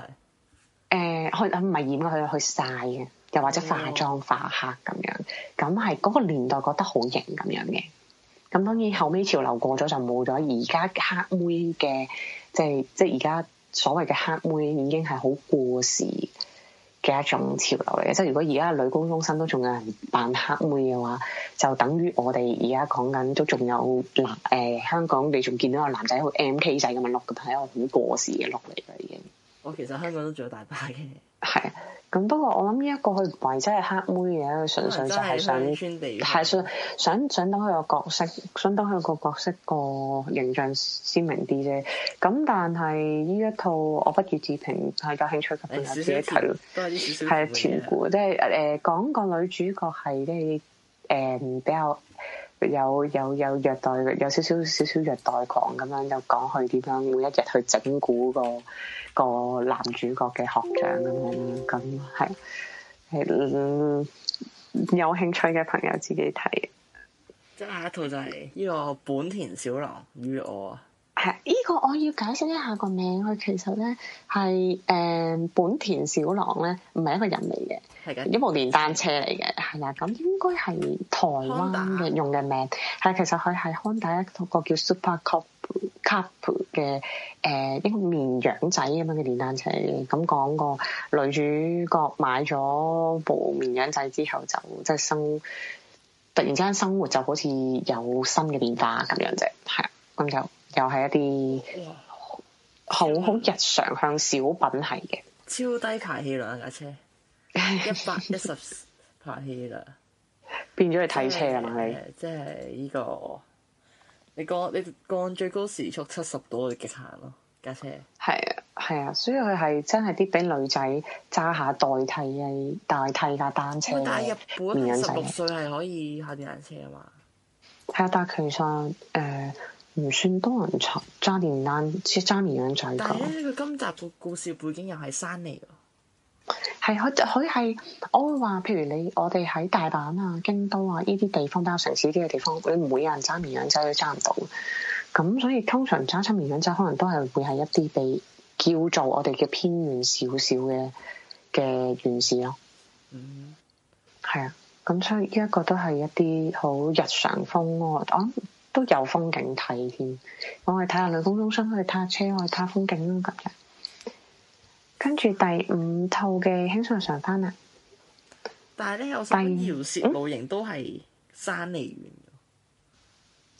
呃，佢唔係染嘅，佢去晒嘅，又或者化妝化黑咁樣，咁係嗰個年代覺得好型咁樣嘅。咁當然後尾潮流過咗就冇咗，而家黑妹嘅即係即係而家所謂嘅黑妹已經係好過時嘅一種潮流嚟嘅，即係如果而家女高中生都仲有人扮黑妹嘅話，就等於我哋而家講緊都仲有男、呃、香港，你仲見到有男 MK 仔好 MK 仔咁樣 look 嘅，係一個好過時嘅 look 嚟啦已經。我其實香港都仲有大把嘅。係，咁不過我諗呢一個佢唔係真係黑妹嘅，佢純粹就係想，係、啊、想想想等佢個角色，想等佢個角色個形象鮮明啲啫。咁但係呢一套我不屑置評，係有興趣嘅朋友自己睇咯。係、哎、一團古，即係誒講個女主角係啲誒比較有有有虐待，有少少少少虐待狂咁樣，又講佢點樣每一日去整蠱個。個男主角嘅學長咁樣，咁、嗯、係，係、嗯、有興趣嘅朋友自己睇。即下一套就係呢個本田小狼與我。係呢、啊，這個我要解釋一下個名，佢其實咧係誒本田小狼咧唔係一個人嚟嘅，係嘅的，一部電單車嚟嘅，係啦。咁應該係台灣嘅用嘅名，係 Honda? 其實佢係康大一套，個叫 Super Cub Cub 嘅，誒一個綿羊仔咁樣嘅電單車嘅，咁講個女主角買咗部綿羊仔之後就即係生，突然之間生活就好似有新嘅變化咁樣啫，係啊，咁就又係一啲好好日常向小品係嘅，超低排氣量架車，一百一十排氣量，變咗去睇車啊嘛，係即係呢個。你降你降最高時速七十度，你極限咯，架車。係啊，係啊，所以佢係真係啲俾女仔揸下代替嘅，代替架單車。但係日本十六歲係可以下電單車啊嘛。係啊，但係其實誒唔、呃、算多人揸揸電單，即揸綿羊仔。但係佢今集個故事背景又係山嚟。係佢佢係我會話，譬如你我哋喺大阪啊、京都啊呢啲地方，包括城市啲嘅地方，佢唔會有人揸綿羊仔，你揸唔到。咁所以通常揸出綿羊仔，可能都係會係一啲被叫做我哋嘅偏遠少少嘅嘅原始咯。嗯，係啊，咁所以呢一個都係一啲好日常風，我諗都有風景睇添。我哋睇下女高中生，去睇下車，去睇下風景咯，今日。跟住第五套嘅《輕鬆上番》啊，但係咧，我蛇苗涉露營都係山梨縣，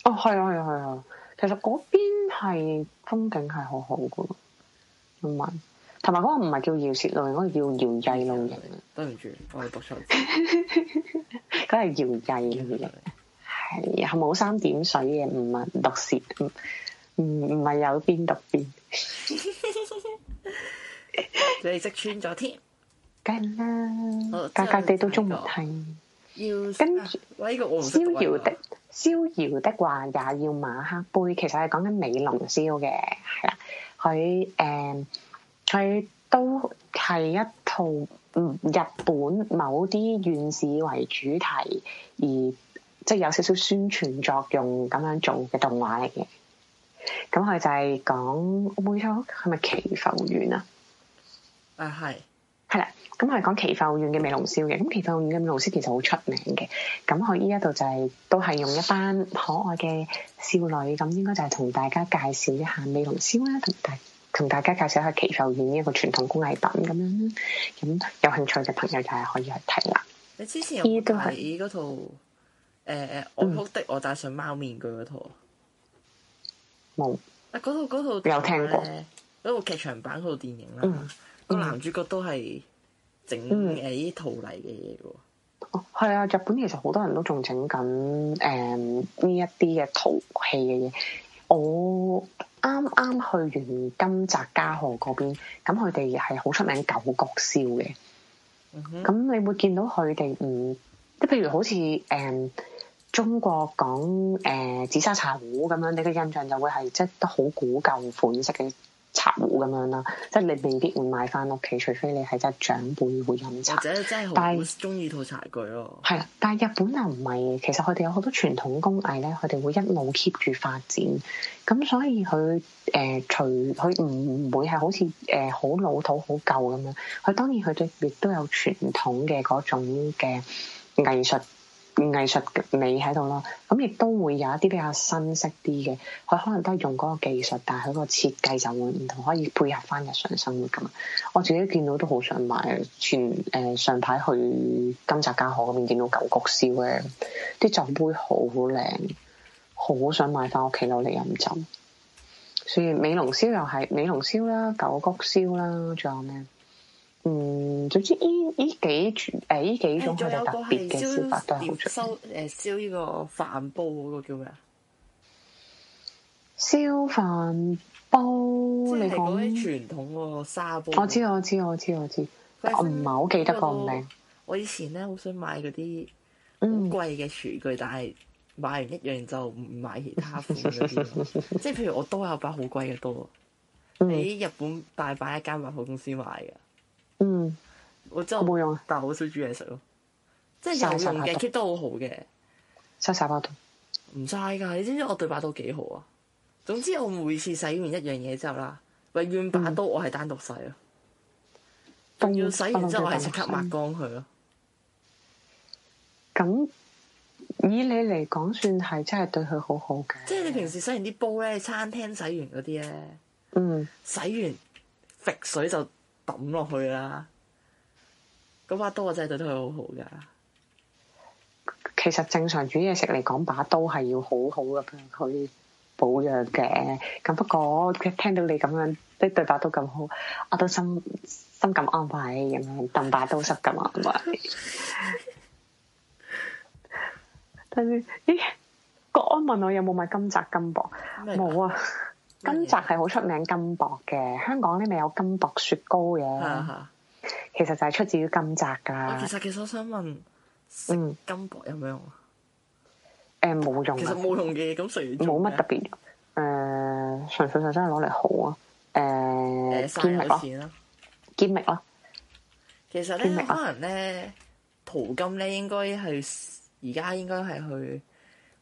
嗯。哦，係啊，係啊，係啊，其實嗰邊係風景係好好噶，同埋同埋嗰個唔係叫搖涉露營，嗰、嗰個叫搖曳露營啊。對唔住，我係讀錯嚟。佢係搖曳露營，係係冇三點水嘅，唔係讀涉，唔唔唔係有邊讀邊。 (laughs) 你識穿咗添，梗啦 (laughs) 了，格格哋都中意睇。是要跟住著、啊，哇！呢、這個我唔識唔識逍遙的，逍遙的話也要馬克杯。其實係講緊美龍燒嘅，係啦，佢誒，佢、嗯、都係一套日本某啲院士為主題，而即係有少少宣傳作用咁樣做嘅動畫嚟嘅。咁佢就係講我冇錯，係咪祈浮院啊？啊係，係啦，咁係講祈浮院嘅美龍燒嘅，咁祈浮院嘅美龍燒其實好出名嘅，咁我依一度就係、是、都係用一班可愛嘅少女，咁應該就係同大家介紹一下美龍燒啦，同大同大家介紹一下祈浮院呢一個傳統工藝品咁樣，咁有興趣嘅朋友就係可以去睇啦。你之前有睇嗰套誒是、呃，我哭的我戴上貓面具嗰套，冇啊嗰套嗰套，套，套有聽過嗰個劇場版嗰套電影啦。嗯個、嗯、男主角都係整誒啲嚟嘅嘢喎，嗯、哦係啊，日本其實好多人都仲整緊誒呢一啲嘅陶器嘅嘢。我啱啱去完金澤加賀嗰邊，咁佢哋係好出名九谷燒嘅。咁、嗯、哼你會見到佢哋唔即譬如好似誒、嗯、中國講誒、呃、紫砂茶壺咁樣，你嘅印象就會係即係都好古舊款式嘅。茶壺咁樣啦，即係你未必會買翻屋企，除非你係真係長輩會飲茶，或者或真係好中意套茶具咯。係啦，但係日本又唔係，其實佢哋有好多傳統工藝咧，佢哋會一路 keep 住發展，咁所以佢誒、呃、除佢唔會係好似誒好老土好舊咁樣，佢當然佢哋亦都有傳統嘅嗰種嘅藝術。藝術美喺度咯，咁亦都會有一啲比較新式啲嘅，佢可能都係用嗰個技術，但係佢個設計就會唔同，可以配合翻日常生活咁嘛。我自己見到都好想買，全誒、呃、上排去金澤家河嗰邊見到九谷燒咧，啲酒杯好靚，好想買翻屋企攞嚟飲酒。所以美濃燒又係美濃燒啦，九谷燒啦，仲有咩？嗯，總之依依幾誒依幾種佢就特別嘅燒法都好出。誒，燒依燒也個飯煲嗰個叫咩啊？燒飯煲，你講啲傳統個沙煲我道。我知道我知道我知道是我知，但唔係好記得個名個。我以前咧好想買嗰啲好貴嘅廚具，嗯、但係買完一樣就唔買其他款嗰啲。 (laughs) 即係譬如我都有把好貴嘅刀，喺、嗯、日本大把一間百貨公司買噶。嗯，我真係冇用啊，但係好少煮嘢食咯，即係有用嘅，keep 得好好嘅。洗晒把刀，唔齋噶，你知唔知我對把刀幾好啊？總之我每次洗完一樣嘢之後啦，永遠把刀我係單獨洗咯，仲、嗯、要洗完之後我係即刻抹乾佢咯。咁以你嚟講，算係真係對佢好好嘅。即係你平時洗完啲煲咧，餐廳洗完嗰啲咧，嗯，洗完甩水，水就。抌落去啦！咁把刀我真係對得佢好好噶。其實正常煮嘢食嚟講，把刀係要好好咁去保養嘅。咁不過佢聽到你咁樣，即係對把刀咁好，我都深深咁安慰，咁樣抌把刀濕噶嘛，係咪？但先，咦？國安問我有冇買金澤金箔，冇麼啊。金澤係好出名金箔嘅，香港咧咪有金箔雪糕嘅，啊、其實就係出自於金澤噶、啊、其實，其實我想問，有有嗯，金箔有咩用啊？誒，冇用，其實冇用嘅，咁純冇乜特別誒，純粹就真係攞嚟好啊，誒，慳下錢咯，揭秘。咯，其實咧，可能咧淘金咧，應該係而家應該係去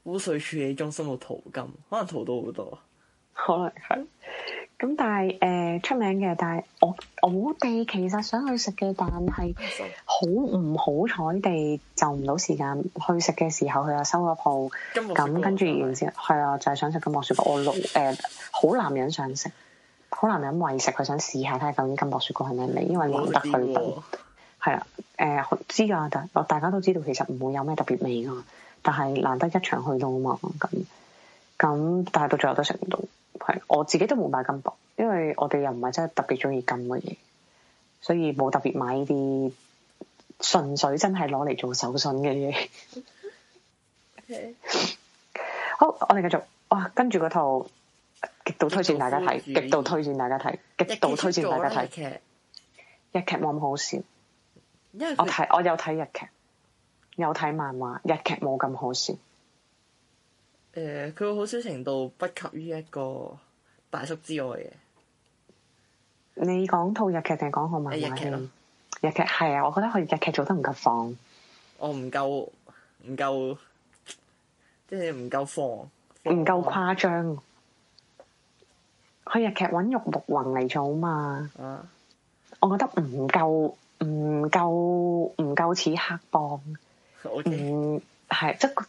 污水處理中心度淘金，可能淘到好多。可能係，咁但係誒、呃、出名嘅，但係我我哋其實想去食嘅，但係好唔好彩地就唔到時間去食嘅時候，佢又收咗鋪。金箔雪糕。咁跟住完之後，係啊的的，就係、是、想食金箔雪糕。我六誒好男人想食，好男人為食，佢想試下睇下究竟金箔雪糕係咩味，因為難得去到。係啊但，誒、呃、知啊，但大家都知道，其實唔會有咩特別味噶，但係難得一場去到啊嘛咁。咁但係到最後都食唔到，係我自己都冇買金箔，因為我哋又唔係真係特別中意金嘅嘢，所以冇特別買呢啲，純粹真係攞嚟做手信嘅嘢。Okay. (laughs) 好，我哋繼續，哇！跟住嗰套，極度推薦大家睇，極度推薦大家睇，極度推薦大家睇。日劇冇咁好笑，我睇我有睇日劇，有睇漫畫，日劇冇咁好笑。誒，佢會好少程度不及於一個大叔之外嘅。你講套日劇定係講韓漫？日劇咯，日劇係啊，我覺得佢日劇做得唔夠放，我唔夠唔夠，即係唔夠放，唔夠誇張。佢日劇搵玉木宏嚟做啊嘛，啊我覺得唔夠唔夠唔夠似黑幫，唔係即。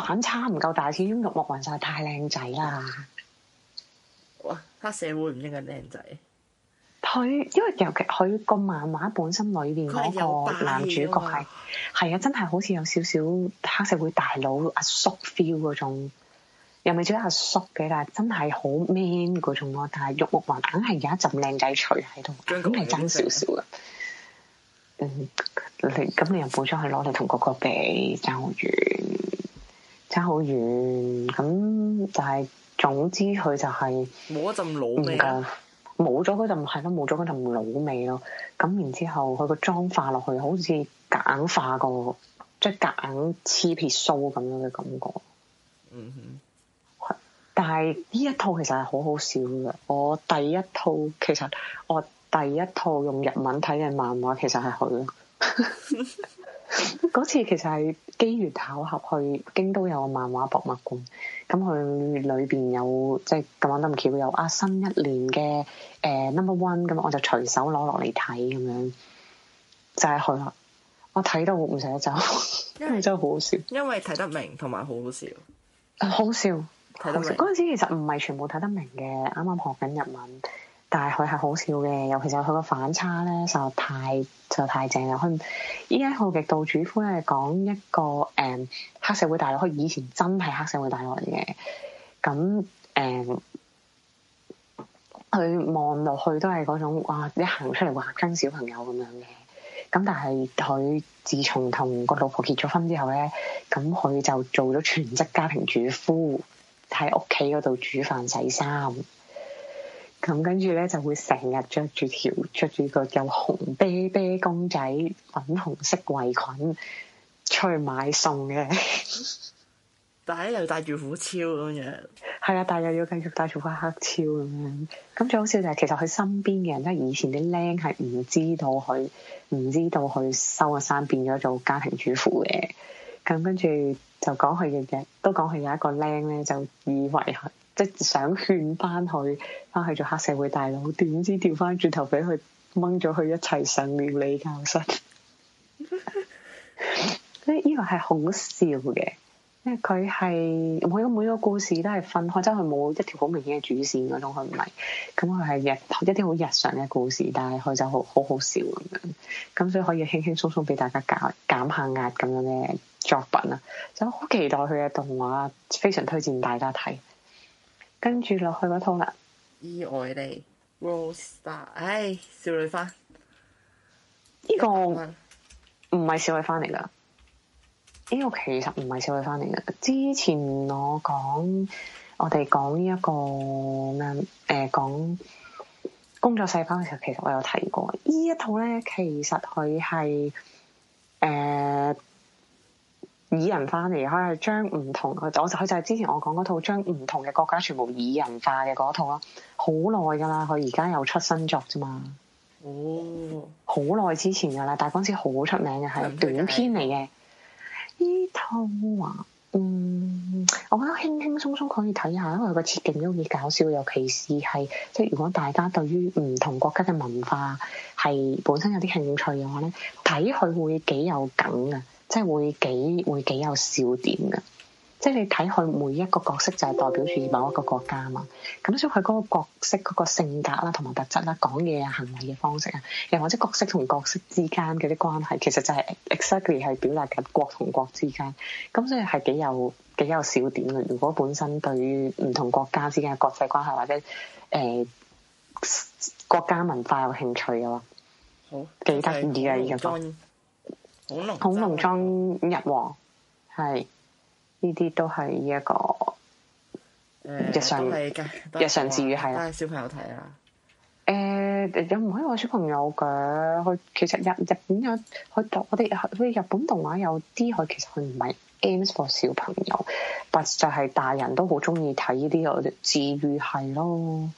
反差唔夠大，始終玉木雲曬太靚仔啦。哇！黑社會唔應該靚仔，佢因為尤其佢個漫畫本身裏邊嗰個男主角係係啊，啊，真係好似有少少黑社會大佬阿叔 feel 嗰種，又咪似阿叔嘅，但係真係好 man 嗰種咯。但係玉木雲梗係有一陣靚仔趣喺度，咁係爭少少嘅。啊、嗯，咁你又補咗去攞嚟同嗰個比爭好遠。差好遠，咁但係總之佢就係冇一陣老味啊！冇咗嗰陣係咯，冇咗嗰陣老味咯。咁然後之後，佢個妝化落去好似夾硬化過，即係夾硬黐撇蘇咁樣嘅感覺。嗯哼但係呢一套其實係好好笑嘅。我第一套其實我第一套用日文睇嘅漫畫，其實係好嘅。 (laughs) 嗰 (laughs) 次其實係機緣巧合去京都，有個漫畫博物館，咁佢裏邊有，即係咁啱得唔巧有阿、啊、新一年嘅誒 number one，咁我就隨手攞落嚟睇咁樣，就係佢啦。我睇到唔捨得走， (laughs) 因為真係好好笑，因為睇得明同埋好好笑，呃、好笑睇得明嗰陣時其實唔係全部睇得明嘅，啱啱學緊日文。但係佢係好笑嘅，尤其係佢個反差咧實在太、實在太正啦。佢依家號極道主夫咧講一個誒、呃、黑社會大佬，佢以前真係黑社會大佬嘅。咁誒，佢望落去都係嗰種哇你行出嚟話跟小朋友咁樣嘅。咁但係佢自從同個老婆結咗婚之後咧，咁佢就做咗全職家庭主夫喺屋企嗰度煮飯洗衫。咁跟住咧就會成日着住條着住個有紅啤啤公仔、粉紅色圍裙出去買餸嘅， (laughs) 但係又戴住虎超咁樣，係 (laughs) 啊！但係又要繼續戴住塊黑超咁樣。咁最好笑就係其實佢身邊嘅人，即以前啲靚係唔知道佢唔知道佢收阿生變咗做家庭主婦嘅。咁跟住就講佢嘅嘢，都講佢有一個靚咧，就以為佢。想勸翻佢，翻去做黑社會大佬，點知調翻轉頭俾佢掹咗，佢一齊上料理教室。呢呢個係好笑嘅，因為佢係每個每個故事都係分開，即係佢冇一條好明顯嘅主線嗰種，佢唔係。咁佢係日一啲好日常嘅故事，但係佢就好好好笑咁樣。咁所以可以輕輕鬆鬆俾大家減減下壓咁樣嘅作品啦，就好期待佢嘅動畫，非常推薦大家睇。跟住落去嗰套啦，意外地，Rose，唉，少女花，呢個唔係少女花嚟噶？呢個，這個其實唔係少女花嚟噶。之前我講，我哋講呢、這、一個咩？誒、呃，講工作細胞嘅時候，其實我有提過呢一套咧。其實佢係誒。呃擬人化嚟，佢係將唔同佢，我就佢就係之前我講嗰套將唔同嘅國家全部擬人化嘅嗰套咯，好耐㗎啦，佢而家又出新作啫嘛。哦、嗯，好耐之前㗎啦，但嗰陣時好出名嘅係短片嚟嘅。呢套啊，嗯，我覺得輕輕鬆鬆可以睇下，因為佢個設定都幾搞笑，尤其是係即係如果大家對於唔同國家嘅文化係本身有啲興趣嘅話咧，睇佢會幾有梗啊！即係會幾會幾有笑點噶即係你睇佢每一個角色就係代表住某一個國家嘛，咁所以佢嗰個角色嗰個性格啦，同埋特質啦，講嘢啊，行為嘅方式啊，又或者角色同角色之間嘅啲關係，其實就係 exactly 係表達緊國同國之間，咁所以係幾有幾有笑點嘅。如果本身對於唔同國家之間嘅國際關係或者誒國家文化有興趣嘅話，好、嗯、幾得意嘅呢個。嗯恐龍裝日王係呢啲都係一個日常日常治癒系啦，欸、小朋友睇啦。誒，又唔可以話小朋友嘅佢其實日日本有佢讀我哋佢日本動畫有啲佢其實佢唔係 aims for 小朋友，但就係大人都好中意睇呢啲我哋治癒系咯。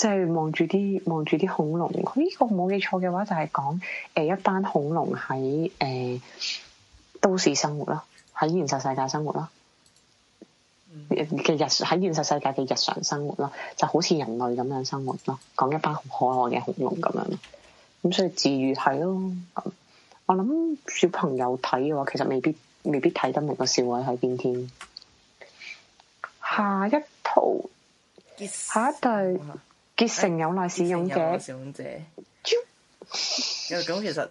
即係望住啲望住啲恐龍，佢、這、呢個冇記錯嘅話就係、是、講誒、呃、一班恐龍喺誒、呃、都市生活啦，喺現實世界生活啦，嘅日喺現實世界嘅日常生活啦，就好似人類咁樣生活咯，講一班可愛嘅恐龍咁樣，咁所以治愈系咯。我諗小朋友睇嘅話，其實未必未必睇得明個笑位喺邊添。下一套，Yes. 下一代。結城友奈是勇，、哎、勇者，咁 (laughs) 其實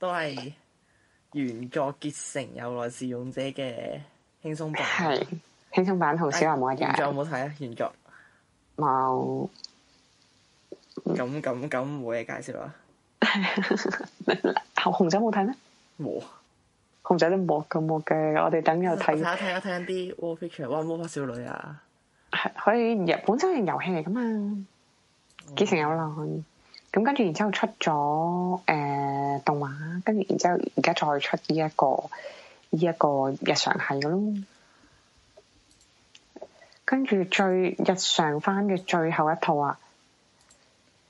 都係原作結城友奈是勇者嘅輕鬆版。係輕鬆版同小人冇嘅、哎。原作有冇睇啊？原作冇。咁咁咁冇嘢介紹啦。 (laughs) 熊仔有冇睇咩？冇哇。熊仔都冇咁我嘅。我哋等又睇睇一睇一啲、哦、War p i c t u r e 哇魔法少女啊。可以 (laughs) 日本真人遊戲嚟噶嘛。劇成有啦，咁跟住，然之後出咗誒、呃、動畫，跟住，然之後而家再出呢一個呢一個日常系嘅咯。跟住最日常翻嘅最後一套啊，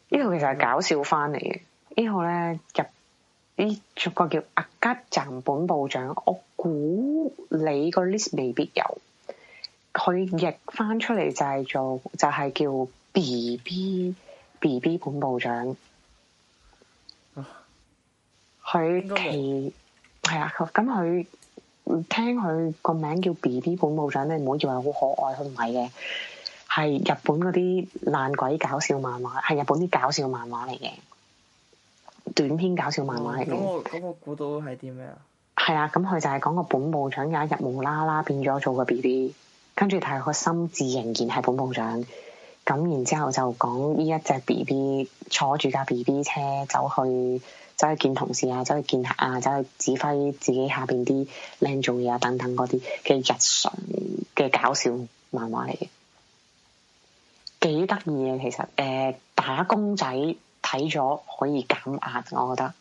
呢、這、套、個、其實係搞笑翻嚟嘅。這個、呢套咧入呢、這個叫阿吉站本部長，我估你個 list 未必有。佢譯翻出嚟就係、是、做就係、是、叫 B B，B B 本部長，佢 (laughs) 奇，係 (laughs) 是啊，咁佢聽佢個名叫 B B 本部長咧，你唔好以為好可愛，佢唔係嘅，係日本嗰啲爛鬼搞笑漫畫，係日本啲搞笑漫畫嚟嘅，短篇搞笑漫畫嚟嘅。咁 (laughs) 我咁我估到係啲咩啊？係、嗯、啊，咁佢就係講個本部長有一日無啦啦變咗做個 B B，跟住但係個心智仍然係本部長。咁然之後就講呢一隻 B B 坐住架 B B 車走去走去見同事啊，走去見客啊，走去指揮自己下邊啲靚做嘢啊，等等嗰啲嘅日常嘅搞笑漫畫嚟嘅，幾得意嘅，其實誒、呃、打工仔睇咗可以減壓，我覺得。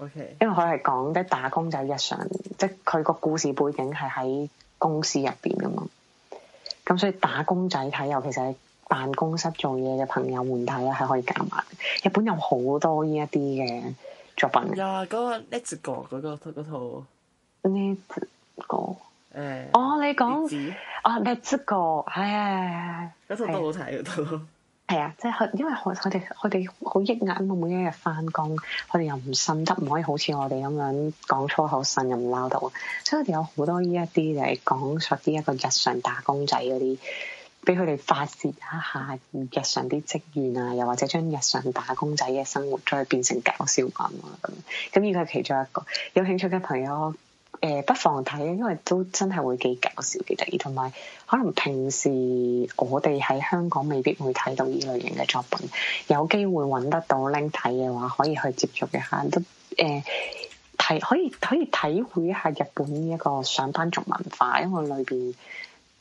O Okay . K，因為佢係講啲打工仔日常，即係佢個故事背景係喺公司入邊咁樣，咁所以打工仔睇，尤其係辦公室做嘢嘅朋友換體咧係可以夾埋。日本有好多呢一啲嘅作品。有嗰、yeah, 嗰個 Let's Go 嗰套 Let's Go。哦，你講啊 Let's Go，係，係嗰套都好睇，嗰套。係啊，即、那、係因為我哋我哋好抑壓啊嘛，每一日返工，我哋又唔呻得，唔可以好似我哋咁樣講粗口呻又唔鬧到，所以我哋有好多呢一啲就係、是、講述啲一,一個日常打工仔嗰啲。俾佢哋發泄一下日常啲積怨啊，又或者將日常打工仔嘅生活再變成搞笑品咁。咁呢個係其中一個有興趣嘅朋友，誒不妨睇，因為都真係會幾搞笑、幾得意。同埋可能平時我哋喺香港未必會睇到呢類型嘅作品，有機會揾得到 link 睇嘅話，可以去接觸一下，都誒體、呃、可以可以體會一下日本呢一個上班族文化，因為裏邊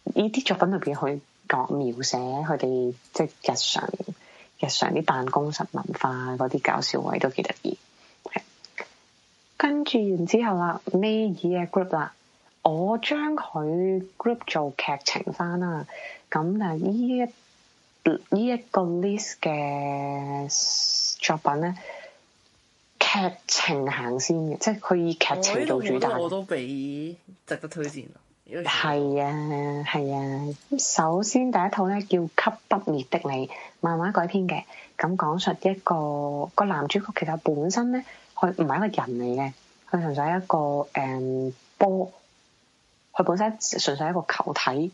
呢啲作品裏邊可以。講描寫佢哋即係日常，日常啲辦公室文化嗰啲搞笑位都幾得意。係，跟住然之後啦，尾二嘅 group 啦，我將佢 group 做劇情翻啦。咁、嗯、誒，呢一呢一個 list 嘅作品咧，劇情行先嘅，即係佢以劇情做主打。我都俾值得推薦。係啊，係啊。首先第一套咧叫《致不滅的你》，漫畫改編嘅，咁講述一個個男主角其實本身咧，佢唔係一個人嚟嘅，佢純粹係一個誒、嗯、波，佢本身純粹係一個球體。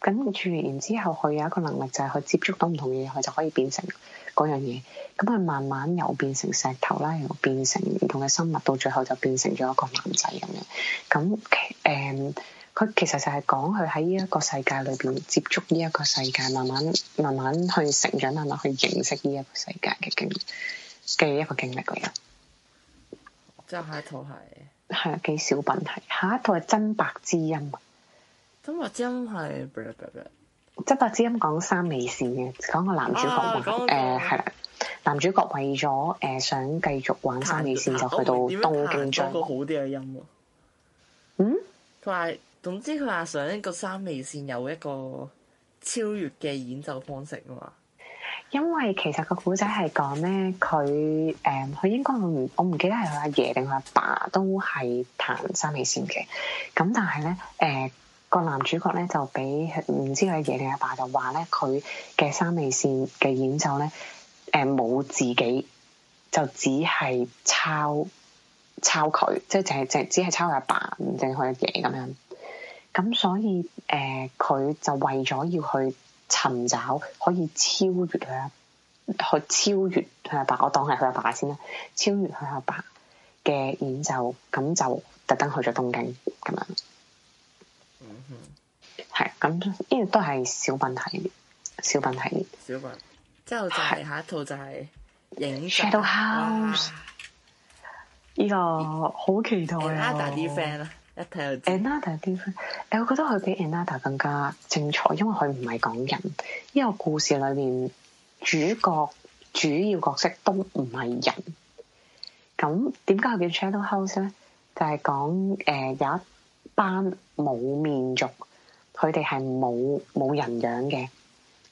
咁住，然之後佢有一個能力就係佢接觸到唔同嘢，佢就可以變成。嗰樣嘢，咁佢慢慢又變成石頭啦，又變成唔同嘅生物，到最後就變成咗一個男仔咁樣。咁誒，佢、嗯、其實就係講佢喺呢一個世界裏邊接觸呢一個世界，慢慢慢慢去成長，慢慢去認識呢一個世界嘅經嘅一個經歷嗰樣。之後下一套係，係啊，幾小品係。下一套係《真白之音》。《真白之音》係。即係柏音咁講三味線嘅，講個男主角，誒係啦，男主角為咗誒、呃、想繼續玩三味線，就去到東京，彈、啊、一個好啲嘅音樂。嗯，佢話總之佢話想個三味線有一個超越嘅演奏方式啊嘛。因為其實個古仔係講咧，佢誒佢應該我唔我唔記得係佢阿爺定佢阿爸都係彈三味線嘅，咁但係咧誒。呃個男主角咧，就俾唔知佢阿爺定阿爸就話咧，佢嘅三味線嘅演奏咧，誒冇自己就只係抄抄佢，即係淨係淨只係抄佢阿爸，唔淨係佢阿爺咁樣。咁所以誒佢、呃、就為咗要去尋找可以超越佢阿，去超越佢阿爸，我當係佢阿爸先啦，超越佢阿爸嘅演奏，咁就特登去咗東京咁樣。嗯哼，係咁，呢個都係小品嚟，小品嚟。小品，之後就係、是、 (noise) 下一套就係《Shadow House》呢哇、這個好 (noise) 期待啊！Another 啲 f r i e n d 一睇就知。Another 啲 f r i e n d 誒，我覺得佢比 Another 更加精彩，因為佢唔係講人，呢個故事裏面，主角主要角色都唔係人。咁點解佢叫《Shadow House》咧？就係講誒有一班冇面族，佢哋係冇冇人樣嘅，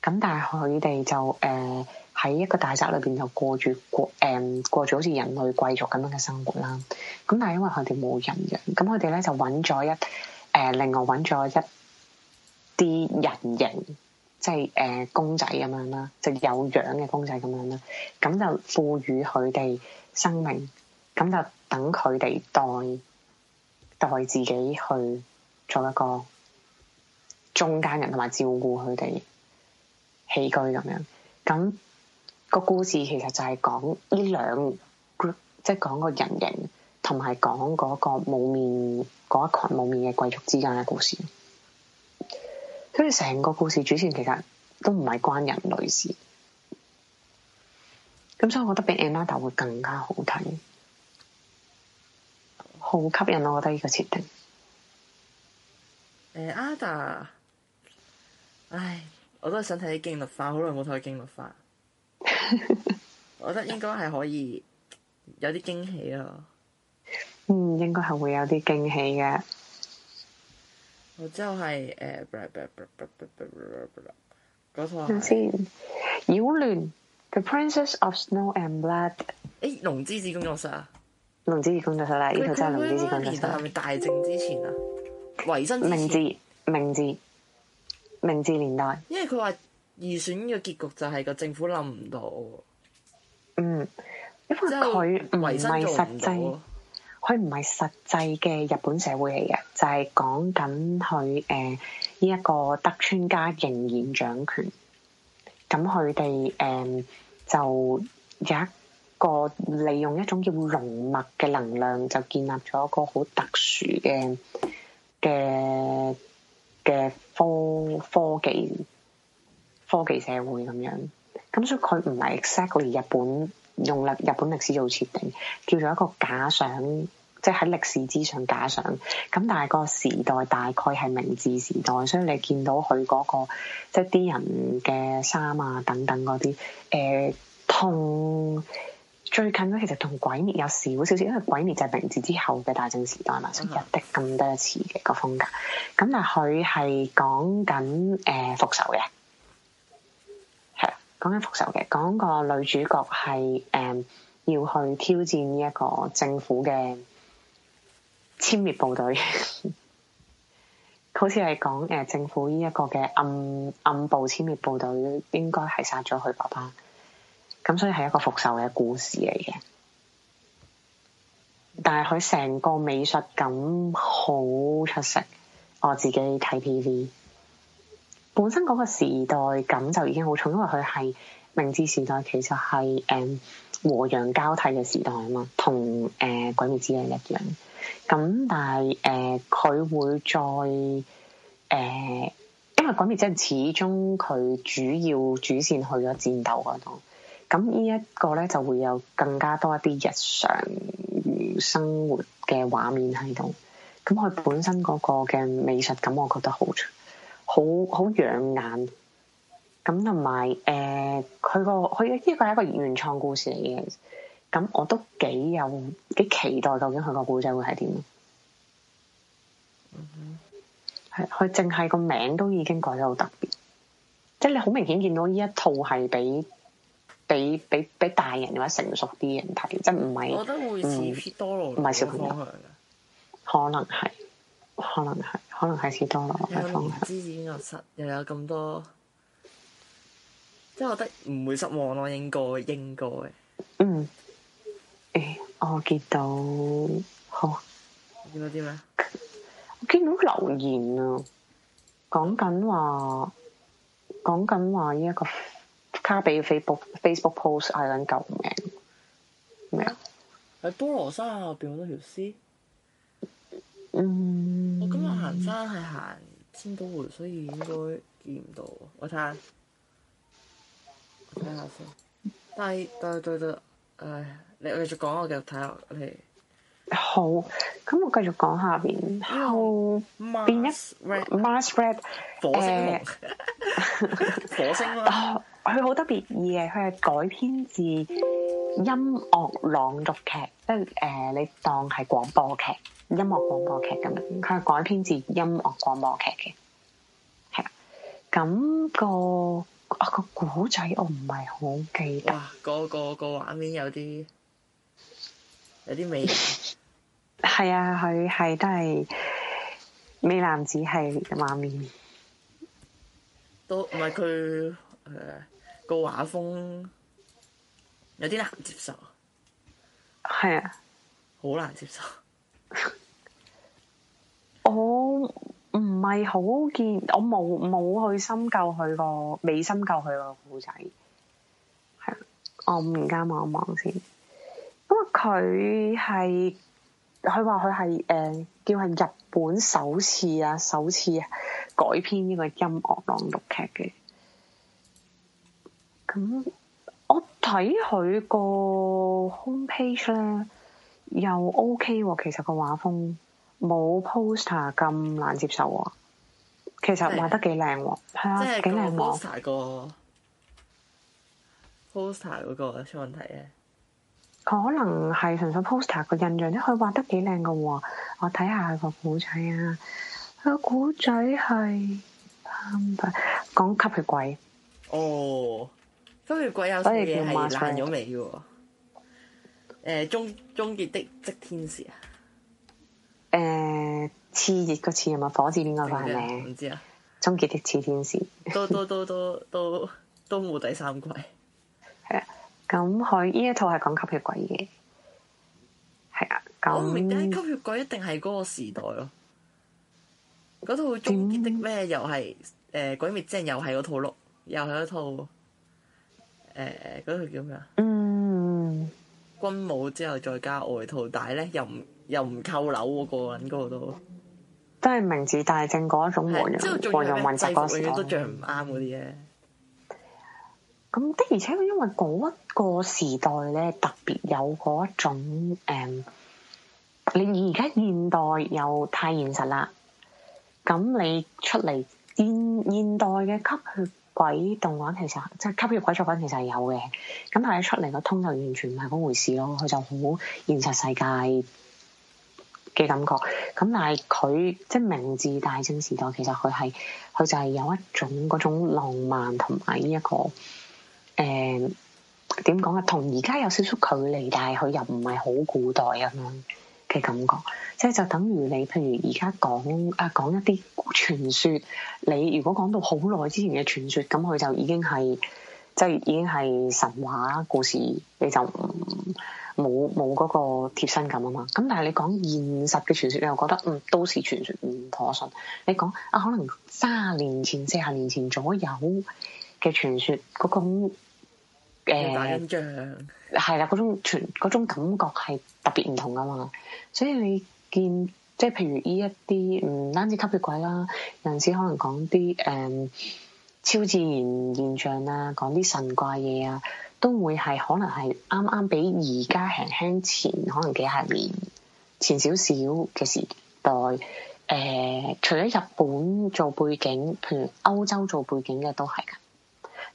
咁但係佢哋就誒喺，呃、一個大宅裏邊就過住，呃、過誒過住好似人類貴族咁樣嘅生活啦。咁但係因為佢哋冇人樣，咁佢哋咧就搵咗一誒，呃，另外搵咗一啲人形，即係誒、呃、公仔咁樣啦，就有樣嘅公仔咁樣啦，咁就賦予佢哋生命，咁就等佢哋代。代自己去做一個中間人同埋照顧佢哋起居咁樣，咁個故事其實就係講呢兩 group，即係講個人形同埋講嗰個冇面嗰一群冇面嘅貴族之間嘅故事。所以成個故事主線其實都唔係關人類事，咁所以我覺得比《Enrata 會更加好睇。好吸引啊，我，覺得呢個設定。誒 Ada，唉，我都係想睇啲《鏡律法》，好耐冇睇《鏡律法》，我覺得應該係可以有啲驚喜咯。嗯，應該係會有啲驚喜嘅。我就係誒，嗰套係先《妖戀 The Princess of Snow and Blood》。誒，龍、欸、之子工作室啊。龍之子工作室啦，呢套真係龍之子工作室。係咪大政之前啊？維新明治，明治，明治年代。因為佢話二選嘅結局就係個政府諗唔到。嗯，因為佢唔係實際，維新做唔到。佢唔係實際嘅日本社會嚟嘅，就係講緊佢誒呢一個德川家仍然掌權。咁佢哋誒就有一。個利用一種叫龍脈嘅能量，就建立咗一個好特殊嘅嘅嘅科科技科技社會咁樣。咁所以佢唔係 exactly 日本用歷日本歷史做設定，叫做一個假想，即係喺歷史之上假想。咁但係個時代大概係明治時代，所以你見到佢嗰、那個即係啲人嘅衫啊等等嗰啲，誒、呃、通。最近咧，其實同《鬼滅》有少少似，因為《鬼滅》就係明治之後嘅大正時代嘛，嗯、哼所以一的咁多一次嘅個風格。咁但係佢係講緊誒復仇嘅，係啦，講緊復仇嘅，講個女主角係誒、呃、要去挑戰呢一個政府嘅殲滅部隊。 (laughs) 好似係講誒政府呢一個嘅暗暗部殲滅部隊，應該係殺咗佢爸爸。咁所以係一個復仇嘅故事嚟嘅，但係佢成個美術感好出色。我自己睇 PV 本身嗰個時代感就已經好重，因為佢係明治時代，其實係誒、嗯、和洋交替嘅時代啊嘛，同誒、呃、鬼滅之刃一樣。咁、嗯、但係誒佢會再誒、呃，因為鬼滅之刃始終佢主要主線去咗戰鬥嗰度。咁呢一個咧就會有更加多一啲日常生活嘅畫面喺度，咁佢本身嗰個嘅美術感，我覺得好，好好養眼。咁同埋誒，佢、呃、個佢呢個係一個原創故事嚟嘅，咁我都幾有幾期待，究竟佢個故仔會係點？係佢淨係個名都已經改得好特別，即係你好明顯見到呢一套係畀。俾俾俾大人或者成熟啲人睇，即係唔係。我覺得會是、嗯《切多羅》嘅方向嘅，可能係，可能係，可能係《切多羅》嘅方向。又知自己有失，又有咁多，即係我覺得唔會失望咯、啊，應該，應該。嗯，誒、欸，我見到，好，你見到啲咩？我見到留言啊，講緊話，講緊話呢一個。卡俾 Facebook Facebook post 嗌緊救命咩？yeah. 啊？喺菠羅山下邊好多條屍。嗯。我今日行山係行千島湖，所以應該見唔到。我睇下，睇下先。看看 (noise) 但係但係但係，唉你！你繼續講，我繼續睇啊！你。好，咁我繼續講一下邊。Hello Mars Red 火星。呃、 (laughs) 火星咯，啊。 (laughs) 佢好特別意嘅，佢係改編自音樂朗讀劇，即係誒，你當係廣播劇、音樂廣播劇咁樣。佢係改編自音樂廣播劇嘅，係啦、啊。咁、個、啊、個古仔，我唔係好記得。個、個個畫面有啲有啲美，係 (laughs) 啊，佢係都係美男子係面，係媽咪都唔係佢誒。個畫風有啲難接受，係啊，好難接受。 (laughs) 我唔係好見，我冇冇去深究佢個，未深究佢個故仔。係啊，我唔而家望一望先。不過佢係佢話佢係誒叫係日本首次啊，首次啊改編呢個音樂朗讀劇嘅。咁、嗯、我睇佢個 homepage 咧又 OK 喎，其實畫、欸嗯、個畫風冇 poster 咁難接受喎。其實畫得幾靚喎，係啊，幾靚喎。個 poster 嗰個出問題啊，可能係純粹 poster 個印象咧，佢畫得幾靚噶。我睇下個古仔啊，個古仔係講吸血鬼哦。吸血鬼有啲嘢係爛咗味嘅。誒、呃，終終結的即天使啊，誒，熾熱嗰次係咪火字煉金怪名？唔知啊，終結的熾天使、呃，都都都都都都冇第三季，係啊， (laughs) 咁佢呢一套係講吸血鬼嘅。係啊，咁吸血鬼一定係嗰個時代咯，嗰套終結的咩又係，誒麼、呃，鬼滅即係又係嗰套咯，又係一套。誒，嗰套，欸那個，叫咩啊？嗯，軍帽之後再加外套呢，但係咧又唔又唔扣鈕嗰，啊那個人嗰個都，都係明治，大正嗰一種模樣。即係仲要係細嘅都着唔啱嗰啲嘢。咁的而且確因為嗰個時代咧特別有嗰一種誒、嗯，你而家現代又太現實啦。咁你出嚟現現代嘅吸血鬼動畫其實即係吸血鬼作品其實係有嘅，咁但係出嚟個通就完全唔係嗰回事咯，佢就好現實世界嘅感覺。咁但係佢即係明治大正時代，其實佢係佢就係有一種嗰種浪漫同埋呢一個誒點講啊，同而家有少少距離，但係佢又唔係好古代咁樣。嘅感覺，即係就等於你，譬如而家講啊講一啲傳說，你如果講到好耐之前嘅傳說，咁佢就已經係即係已經係神話故事，你就冇冇嗰個貼身感啊嘛。咁但係你講現實嘅傳說，你又覺得嗯都市傳說唔可信。你講啊，可能三十年前、四十年前左右嘅傳說，嗰、嗰個。誒，印象係啦，嗰種全嗰種感覺係特別唔同噶嘛，所以你見即係譬如呢一啲唔單止吸血鬼啦，有陣時可能講啲誒超自然現象啊，講啲神怪嘢啊，都會係可能係啱啱比而家輕輕前可能幾廿年前少少嘅時代，誒、呃，除咗日本做背景，譬如歐洲做背景嘅都係噶。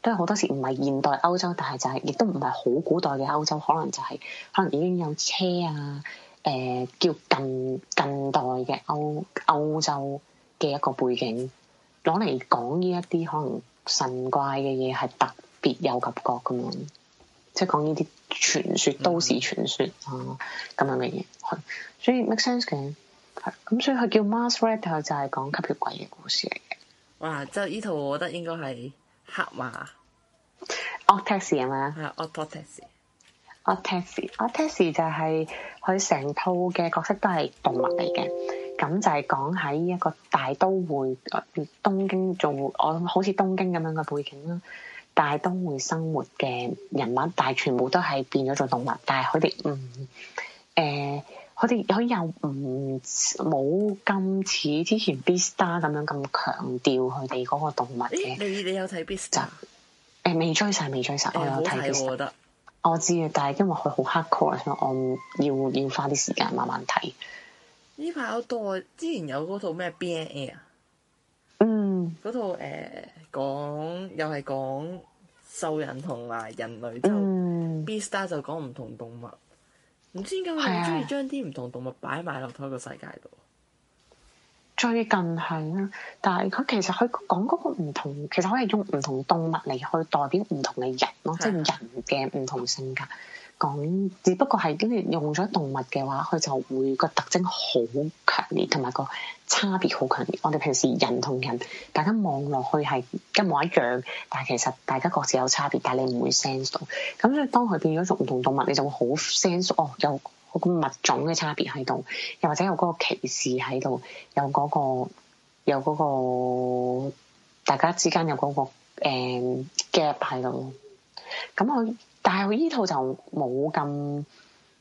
都係好多時唔係現代歐洲，但係就係亦都唔係好古代嘅歐洲，可能就係、是、可能已經有車啊，誒、呃、叫近近代嘅歐歐洲嘅一個背景，攞嚟講呢一啲可能神怪嘅嘢係特別有感覺咁樣，即係講呢啲傳說、嗯、都市傳說啊咁樣嘅嘢，係所以 make sense 嘅，係咁所以佢叫 Mars Red 就係講吸血鬼嘅故事嚟嘅。哇！即係呢套我覺得應該係。黑馬，Odd Taxi 係咪？係 Odd Taxi，Odd Taxi 就係佢成套嘅角色都係動物嚟嘅，咁就係講喺一個大都會東京做，我好似東京咁樣嘅背景啦，大都會生活嘅人物，但係全部都係變咗做動物，但係佢哋唔誒。嗯呃佢哋佢又唔冇咁似之前 B Star 咁樣咁強調佢哋嗰個動物嘅。你你有睇 B Star？誒未、欸、追晒，未追晒。欸、我有睇 B Star，我，我知啊，但係因為佢好黑確啊，所以我要要花啲時間慢慢睇。呢排好多之前有嗰套咩 B N A 啊？嗯。嗰套誒、欸、講又係講獸人同埋人類就 B Star、嗯、就講唔同動物。唔知點解佢中意將啲唔同動物擺埋落喺個世界度。最近係吖，但係佢其實佢講嗰個唔同，其實可以用唔同動物嚟去代表唔同嘅人咯，是啊、即係人嘅唔同性格。講，只不過係，跟住用咗動物嘅話，佢就會個特徵好強烈，同埋個差別好強烈。我哋平時人同人，大家望落去係一模一樣，但係其實大家各自有差別，但係你唔會 sense 到。咁所以當佢變咗做唔同動物，你就會好 sense 哦，有個物種嘅差別喺度，又或者有嗰個歧視喺度，有嗰個有嗰個大家之間有嗰個誒 gap 喺度。咁、嗯、我。但係佢依套就冇咁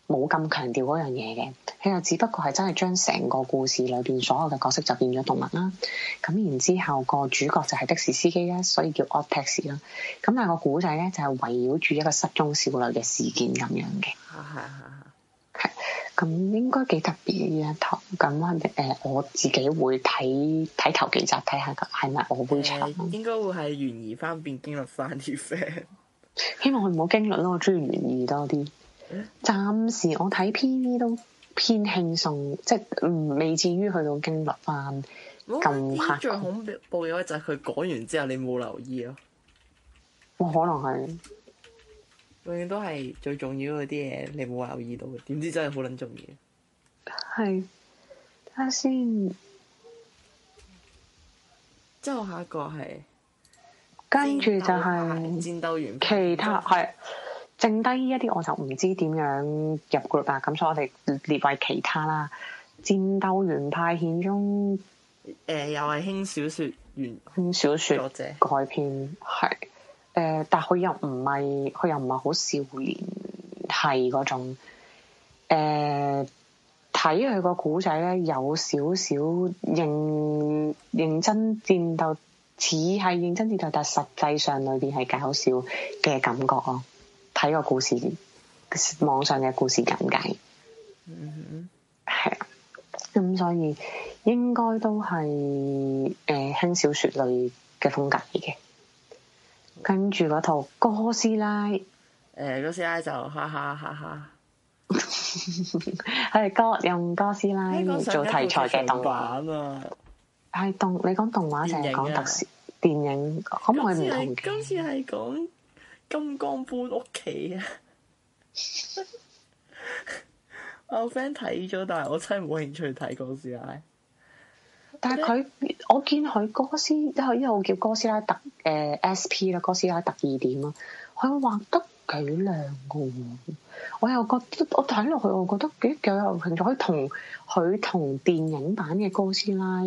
冇咁強調嗰樣嘢嘅，佢就只不過係真係將成個故事裏邊所有嘅角色就變咗動物啦，咁然之後個主角就係的士司機啦，所以叫 Odd Taxi 啦，咁但係個古仔咧，就係、是，圍繞住一個失蹤少女嘅事件咁樣嘅。係咁、啊啊、應該幾特別嘅。一套，咁我誒我自己會睇睇頭幾集睇下個係咪我會搶，應該會係懸疑方面驚慄翻啲 friend。 (laughs) 希望佢唔好驚慄咯，我中意懸疑多啲。暫時我睇 PV 都偏輕鬆，即係未至於去到驚慄番。咁最、哦、恐怖嘅就係，佢講完之後，你冇留意咯。我、哦、可能係永遠都係最重要嗰啲嘢，你冇留意到，嘅。點知真係好捻重要。係睇下先，即係我下一個係。跟住就係戰鬥員，其他係 (laughs) 剩低呢一啲我就唔知點樣入 group 啊，咁所以我哋列為其他啦。戰鬥員派遣中，誒、呃、又係輕小，小，小說，原輕小說作者改編係誒，但佢又唔係，佢又唔係好少年，係嗰種誒睇佢個古仔咧，呃、有少少認認真戰鬥。似係認真啲，但實際上裏邊係搞笑嘅感覺咯。睇個故事，網上嘅故事簡介，嗯哼，係啊。咁所以應該都係誒輕小說類嘅風格嚟嘅。跟住嗰套哥斯拉，誒哥、欸、斯拉就哈哈哈，哈！係哥 (laughs) 用哥斯拉做題材嘅動畫啊。嗯係動，你講動畫成日講特攝電影，咁我係唔同嘅。今次係講《金剛搬屋企》啊！我 friend 睇咗，但係我真係冇興趣睇哥斯拉。但係佢，欸、我見佢哥斯，之後之後叫哥斯拉特誒 S P 啦，哥、呃、斯拉特異點啦，佢畫得幾靚噶。我又覺得，我睇落去，我覺得幾幾有興趣，同佢同電影版嘅哥斯拉。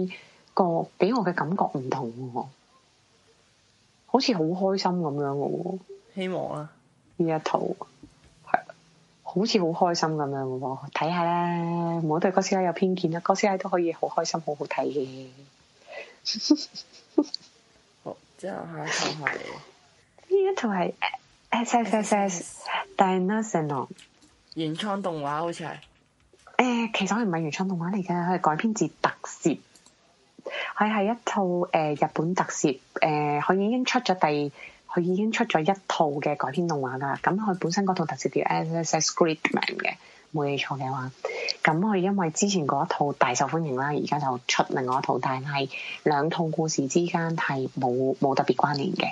個俾我嘅感覺唔同，好似好開心咁樣嘅喎。希望啦，呢一套係好似好開心咁樣嘅喎。睇下咧，唔好對哥斯拉有偏見啦，哥斯拉都可以好開心，好好睇嘅。好，即係睇下先。呢一套係誒，S S S，Dinosaurs，原創動畫好似係誒，其實我唔係原創動畫嚟嘅，佢係改編自特攝。佢係一套誒、呃、日本特攝誒，佢，呃、已經出咗第，佢已經出咗一套嘅改編動畫啦。咁佢本身嗰套特攝叫《SSSS.GRIDMAN》嘅，冇記錯嘅話。咁佢因為之前嗰一套大受歡迎啦，而家就出另外一套，但係兩套故事之間係冇冇特別關聯嘅。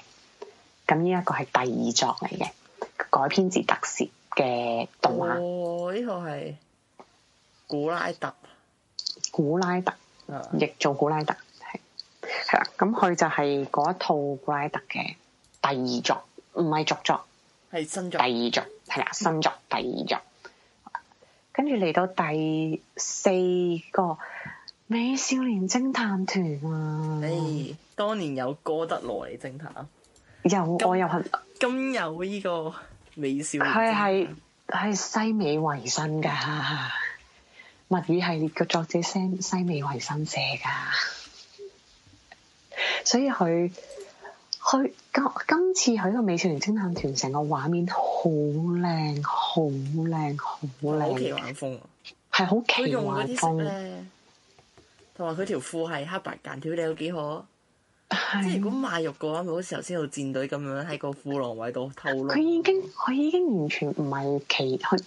咁呢一個係第二作嚟嘅改編自特攝嘅動畫。哦，呢套係古拉特。古拉特。亦做古拉特，係係啦，咁佢就係嗰一套古拉特嘅第二作，唔係續作，係新作，第二作係啦，新作第二作，跟住嚟到第四個美少年偵探團啊！誒、哎，當年有哥德羅尼偵探，啊有，又甘我又係今有呢個美少年，佢係係西美維新噶。物語系列嘅作者姓西尾維新寫噶，所以佢佢今今次喺個美少年偵探團成個畫面好靚，好靚，好靚。奇幻風係好奇幻風，同埋佢條褲係黑白間條，你有幾好？即係如果賣肉嘅話，咪好似頭先套戰隊咁樣喺個褲浪位度透。佢已經，佢已經完全唔係奇幻。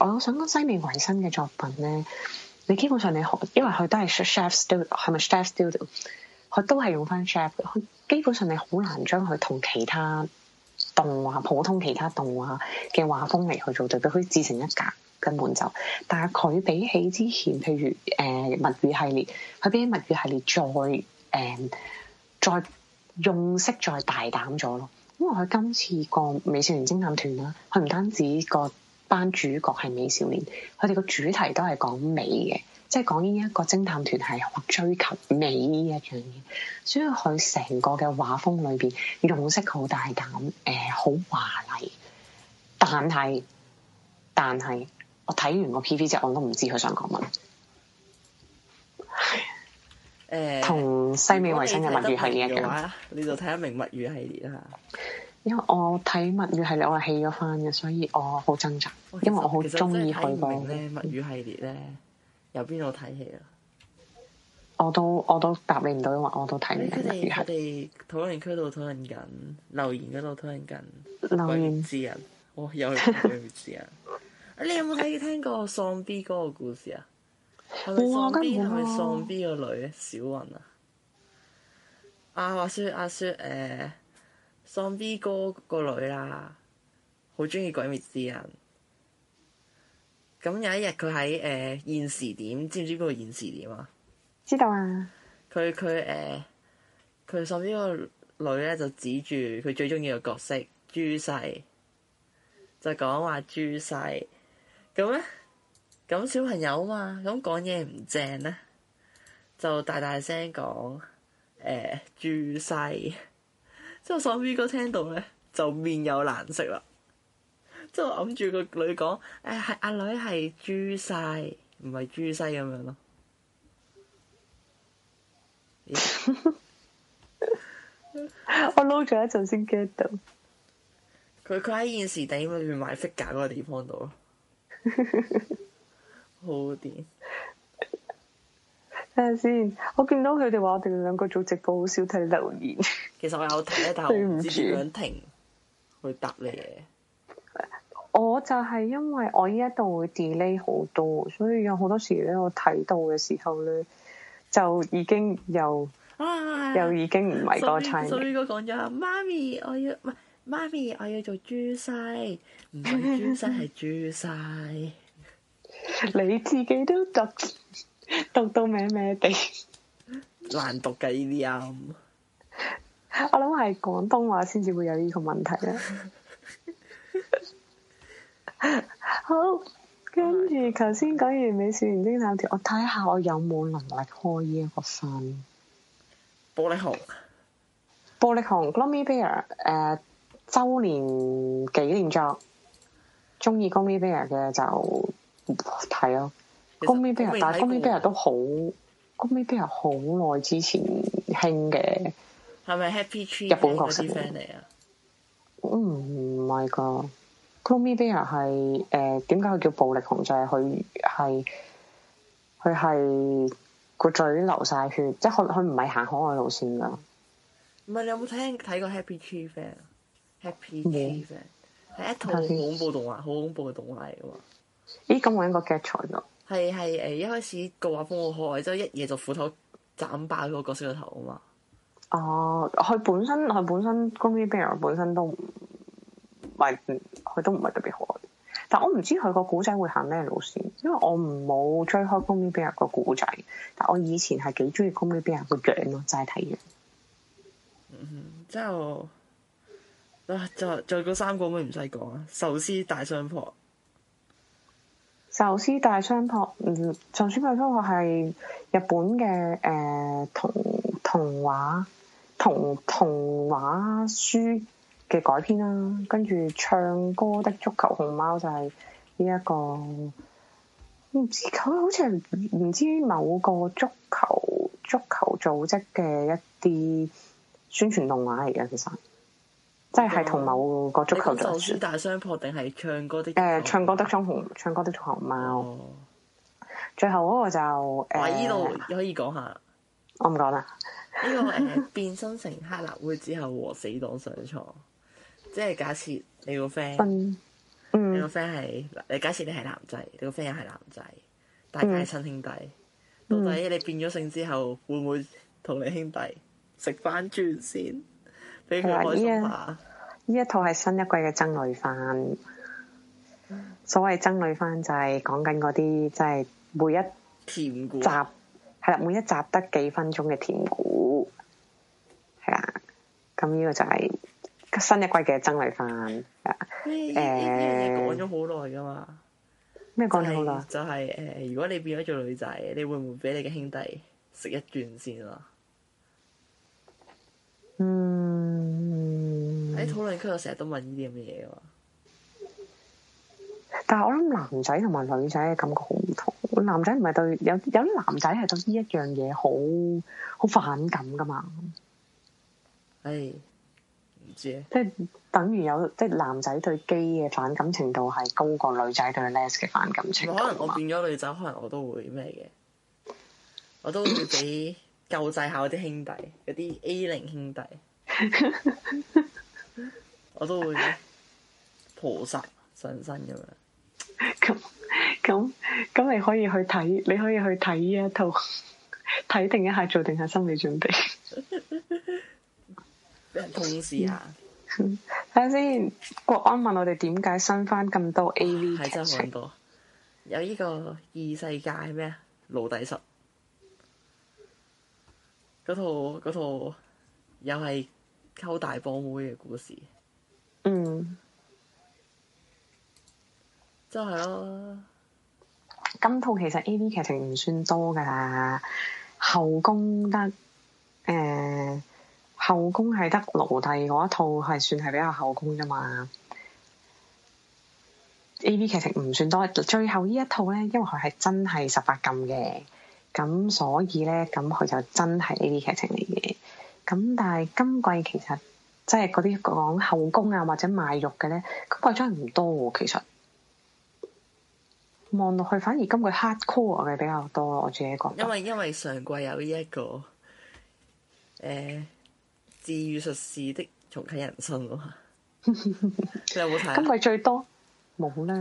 我我想講西尾維新嘅作品咧，你基本上你學，因為佢都係 Shaft studio，係咪 Shaft studio？佢都係用翻 Shaft。基本上你好難將佢同其他動畫、普通其他動畫嘅畫風嚟去做對比，佢自成一格，根本就。但係佢比起之前，譬如誒、呃、物語系列，佢比起物語系列再誒、呃、再用色再大膽咗咯。因為佢今次個美少年偵探團啦，佢唔單止個。班主角係美少年，佢哋個主題都係講美嘅，即講係講呢一個偵探團係好追求美呢一樣嘢，所以佢成個嘅畫風裏邊用色好大膽，誒、呃，好華麗。但係，但係，我睇完個 PV 之後，我都唔知佢想講乜。誒，欸、同西尾維新嘅物語系列一樣，你就睇得明物語系列啦。欸因為我睇《物語》系列我係起咗翻嘅，所以我好掙扎，因為我好中意去個。其實，其實真係睇唔明咧，《物語》系列咧，由邊度睇起啊？我都我都答你唔到，因為我都睇唔明《物語》系列。討論區度討論緊，留言嗰度討論緊。留言之人，我又係留言之人。你有冇睇聽過喪 B 哥嘅故事啊？喪 B 係咪喪 B 個女小云啊？阿雪阿雪誒。喪 B 哥個女啦，好中意鬼滅之刃。咁有一日佢喺誒現時點？知唔知邊個現時點啊？知道啊！佢佢誒，佢喪 B 個女咧，就指住佢最中意嘅角色珠世，就講話珠世。咁咧，咁小朋友嘛，咁講嘢唔正咧，就大大聲講誒珠世。即我上 V 哥聽到咧，就面有難色啦。即我揞住個女講，誒係阿女，係豬西，唔係豬西咁樣咯。欸、 (laughs) (laughs) 我撈咗一陣先 get 到。佢佢喺現時第五裏面買 figure 嗰個地方度咯。 (laughs) 好癲癲！睇下先，我見到佢哋話我哋兩個做直播好少睇留言。 (laughs) 其實我有睇，但係我唔知想停住去答你嘢。我就係因為我依一度會 delay 好多，所以有好多時咧，我睇到嘅時候咧就已經 (laughs) 又又已經唔係個親。所以個講咗啊，媽咪我要唔係媽咪我要做豬仔，豬仔係豬仔，你自己都讀。 (laughs) 讀到咩咩地，難讀嘅呢啲啊！ (laughs) 我諗係廣東話先至會有呢個問題啦。 (laughs) 好，跟住，頭先講完《美少年偵探團》，我睇下我有冇能力開呢一個新玻璃熊。玻璃熊 Gloomy Bear，誒、呃，周年紀念作，中意 Gloomy Bear 嘅就睇咯。呃 Gloomy Bear，但係 Gloomy Bear 都好，Gloomy Bear 好耐之前興嘅，係咪 Happy Tree 日本角色嚟啊？嗯，唔係噶，Gloomy Bear 係誒，點解佢叫暴力熊？就係佢係佢係個嘴流晒血，即係佢佢唔係行海外路綫噶。唔係，你有冇睇睇過 Happy Tree Fan？Happy Tree Fan 係一套恐怖動畫，好恐怖嘅動畫嚟噶。咦，咁我應該 get 咗。係係誒，一開始個畫風好可愛，之後一夜就斧頭斬爆個角色個頭啊嘛。哦，佢本身佢本身 Gloomy Bear 本身都唔係，佢都唔係特別可愛。但我唔知佢個古仔會行咩路線，因為我唔冇追開 Gloomy Bear 個古仔。但我以前係幾中意 Gloomy Bear 個樣咯，齋睇樣。嗯，之後啊，再再嗰三個咪唔使講啊，壽司大雙婆。《壽司大商鋪》嗯，《壽司大商鋪》係日本嘅誒、呃、童童話同童，童話書嘅改編啦、啊，跟住《唱歌的足球熊貓》就、這個就係呢一個唔知佢好似唔知某個足球足球組織嘅一啲宣傳動畫嚟嘅其實。即係係同某個足球隊，就算大商鋪定係唱歌啲？誒，唱歌得張紅，唱歌的同行貓。哦、最後嗰個就誒呢度可以講下，我唔講啦。呢個誒變身成黑奴之後和死黨上床， (laughs) 即係假設你個 friend、嗯嗯、你個 friend 係你假設你係男仔，你個 friend 又係男仔，大家係親兄弟，嗯嗯、到底你變咗性之後會唔會同你兄弟食翻轉先？佢話呢一呢一套係新一季嘅僧侶番，所謂僧侶番就係講緊嗰啲即係每一集係啦果，每一集得幾分鐘嘅甜故，係啊。咁呢個就係新一季嘅僧侶番。誒，呢樣講咗好耐㗎嘛？咩講咗好耐？就係、是、誒、呃，如果你變咗做女仔，你會唔會俾你嘅兄弟食一轉先啊？嗯。喺討論區我成日都問呢啲咁嘅嘢噶，但係我諗男仔同埋女仔嘅感覺好唔同。男仔唔係對有有啲男仔係對呢一樣嘢好好反感噶嘛？誒，唔知咧，即係等於有即係男仔對基嘅反感程度係高過女仔對 less 嘅反感程度。可能我變咗女仔，可能我都會咩嘅？我都會俾救濟下我啲兄弟，有啲 A 零兄弟。我都會，菩薩上身咁樣。咁咁咁，你可以去睇，你可以去睇呢一套，睇定一下，做定 (laughs) 下心理準備。俾人通視下。睇下先，國安問我哋點解新番咁多 A V 劇情？係真好多，有呢個異世界咩啊？奴隸術，嗰套嗰套又係溝大波妹嘅故事。嗯，真係咯、啊。今套其實 A B 劇情唔算多噶，後宮得誒、呃、後宮係得奴隸嗰一套係算係比較後宮噶嘛。A B 劇情唔算多，最後呢一套咧，因為佢係真係十八禁嘅，咁所以咧，咁佢就真係 A B 劇情嚟嘅。咁但係今季其實。即係嗰啲講後宮啊，或者賣肉嘅咧，今季真係唔多喎。其實望落、啊、去，反而今季 hardcore 嘅比較多。我自己覺，因為因為上季有呢一個誒、呃、治癒術士的重啟人生咯， (laughs) (laughs) 你有冇睇？ (laughs) 今季最多冇啦，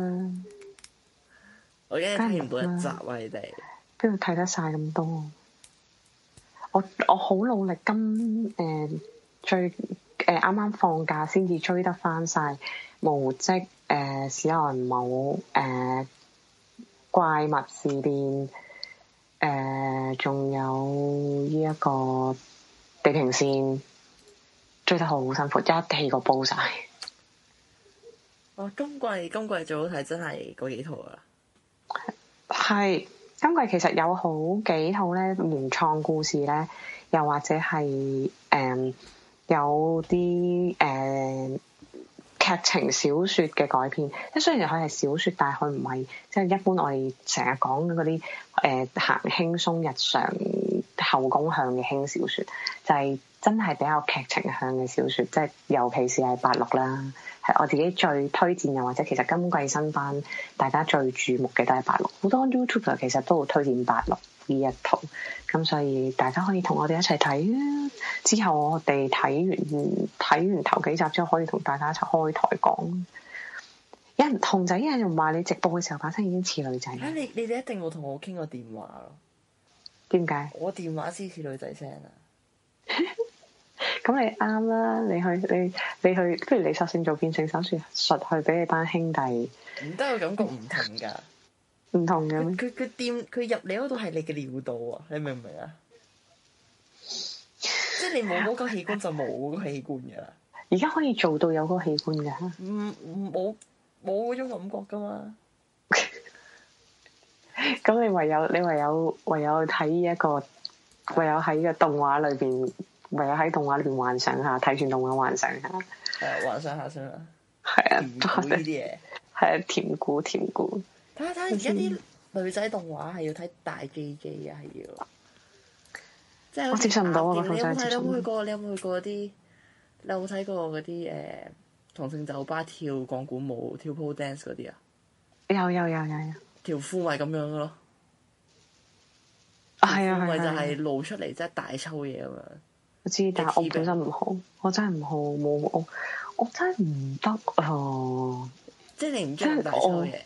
我今日睇到、啊、一集啊，你哋邊度睇得晒咁多？我我好努力跟誒追。呃，最啱啱放假先至追得翻晒無職誒，史萊姆誒，怪物事變誒，仲、呃、有呢一個地平線追得好辛苦，一地個煲晒。哦，今季今季最好睇真係嗰幾套啦、啊。係今季其實有好幾套咧原創故事咧，又或者係誒。嗯有啲誒，呃、劇情小説嘅改編，即雖然佢係小説，但係佢唔係即係一般我哋成日講嗰啲誒行輕鬆日常後宮向嘅輕小説，就係、是、真係比較劇情向嘅小説，即係尤其是係八六啦，係我自己最推薦又或者其實今季新番大家最注目嘅都係八六，好多 YouTuber 其實都好推薦八六。二日圖，咁所以大家可以同我哋一齊睇啊！之後我哋睇完睇完頭幾集之後，可以同大家一齊開台講。有人熊仔，有人話你直播嘅時候把聲已經似女仔，啊。你你哋一定會同我傾個電話咯？點解？我電話先似女仔聲啊！咁 (laughs) 你啱啦，你去你你去，不如你索性做變性手術，實去俾你班兄弟。唔得，感覺唔同噶。唔同嘅，佢佢掂佢入你嗰度係你嘅尿道啊！你明唔明啊？ (laughs) 即係你冇嗰個器官就冇個器官嘅啦。而家可以做到有嗰個器官嘅，唔唔冇冇嗰種感覺噶嘛？咁 (laughs) 你唯有你唯有唯有睇一個，唯有喺個動畫裏邊，唯有喺動畫裏邊幻想下，睇住動畫幻想下，誒、啊，幻想下先啦。係啊，啊，甜酷啲嘢，係啊，甜酷甜酷。睇下而家啲女仔動畫係要睇大機機啊！係要，即係我接受唔到啊！你有冇去過？你有冇去過啲？你有冇睇過嗰啲誒同性酒吧跳鋼管舞、跳 pole dance 嗰啲啊？有有有有有，條褲咪咁樣咯，係啊係啊，咪就係露出嚟，即係大抽嘢咁樣。我知，但係我本身唔好，我真係唔好冇我，我真係唔得啊！即係你唔中意大抽嘢。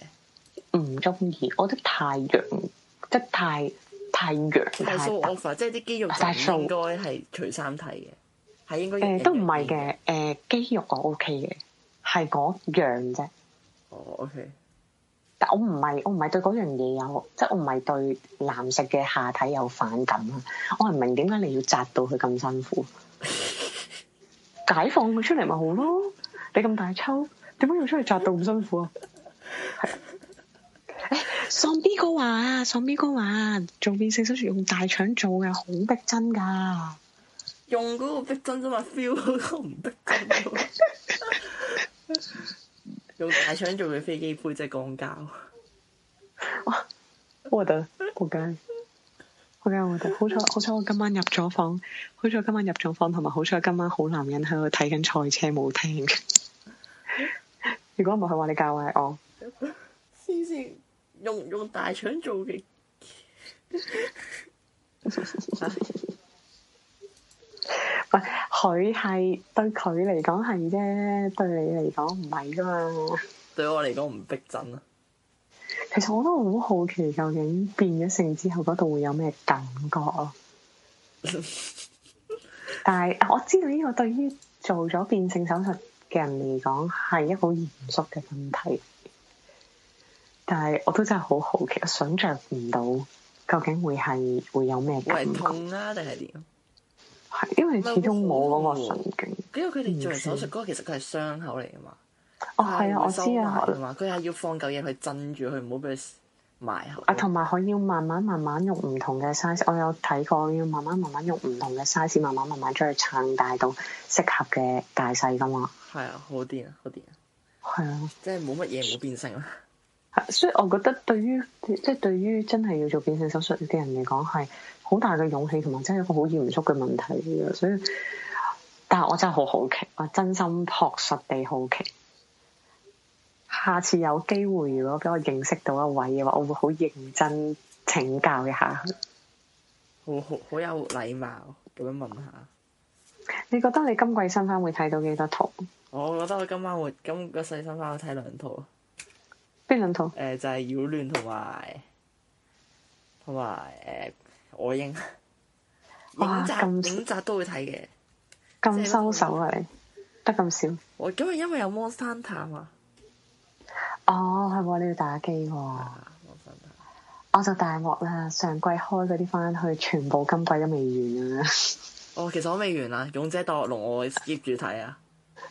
唔中意，我覺得太陽，即係太太陽太瘦，太即係啲肌肉唔應該係除三體嘅，係數應該誒、呃、都唔係嘅，誒、呃、肌肉我 OK 嘅，係講樣啫。哦，OK，但係我唔係，我唔係對嗰樣嘢有，即係我唔係對男食嘅下體有反感啊！我唔明點解你要紮到佢咁辛苦， (laughs) 解放佢出嚟咪好咯？你咁大抽，點解要出嚟紮到咁辛苦啊？係。上邊嗰話，上邊嗰話，做變性手術用大腸做嘅，好逼真噶。用嗰個逼真啫嘛，feel 都唔逼真。 (laughs) 用大腸做嘅飛機灰，真係講教！我覺得好驚，好驚我覺得，好彩好彩我今晚入咗房，好彩今晚入咗房，同埋好彩今晚好男人喺度睇緊賽車冇聽。 (laughs) 如果唔係，佢話你教壞我。黐線。用唔用大腸做嘅？喂，佢係對佢嚟講係啫，對你嚟講唔係㗎嘛。對我嚟講唔逼真啊。 (laughs) 其實我都好好奇，究竟變咗性之後嗰度會有咩感覺咯？ (laughs) 但係我知道呢個對於做咗變性手術嘅人嚟講係一個嚴肅嘅問題。但係我都真係好好奇，想象唔到究竟會係會有咩感覺？痛啦，啊，定係點？係，因為始終冇嗰個神經。嗯、因為佢哋做完手術嗰個，其實佢係傷口嚟噶嘛。哦，係啊，我知啊。話佢係要放嚿嘢去震住佢，唔好俾佢埋口。啊，同埋佢要慢慢慢慢用唔同嘅 size，我有睇過，要慢慢慢慢用唔同嘅 size，慢慢慢慢將佢撐大到適合嘅大細噶嘛。係啊，好啲啊，好啲啊。係啊，即係冇乜嘢冇變性。啊。所以，我覺得對於即係對於真係要做變性手術啲人嚟講，係好大嘅勇氣同埋真係一個好嚴肅嘅問題。所以，但係我真係好好奇，我真心樸實地好奇。下次有機會，如果俾我認識到一位嘅話，我會好認真請教一下。好好好有禮貌，咁問下。你覺得你今季新番會睇到幾多套？我覺得我今晚會今個細新番，我睇兩套。冰輪同誒就係擾亂同埋同埋誒外應。 (laughs) 影集宅影集都會睇嘅。咁收手啊？你得咁少？我咁係因為有摩山探啊。哦，係喎，你要打機喎，摩山探我就大惡啦。上季開嗰啲番去全部今季都未完啊 (laughs) 哦，其實我未完啊，勇者鬥龍我 keep 住睇啊，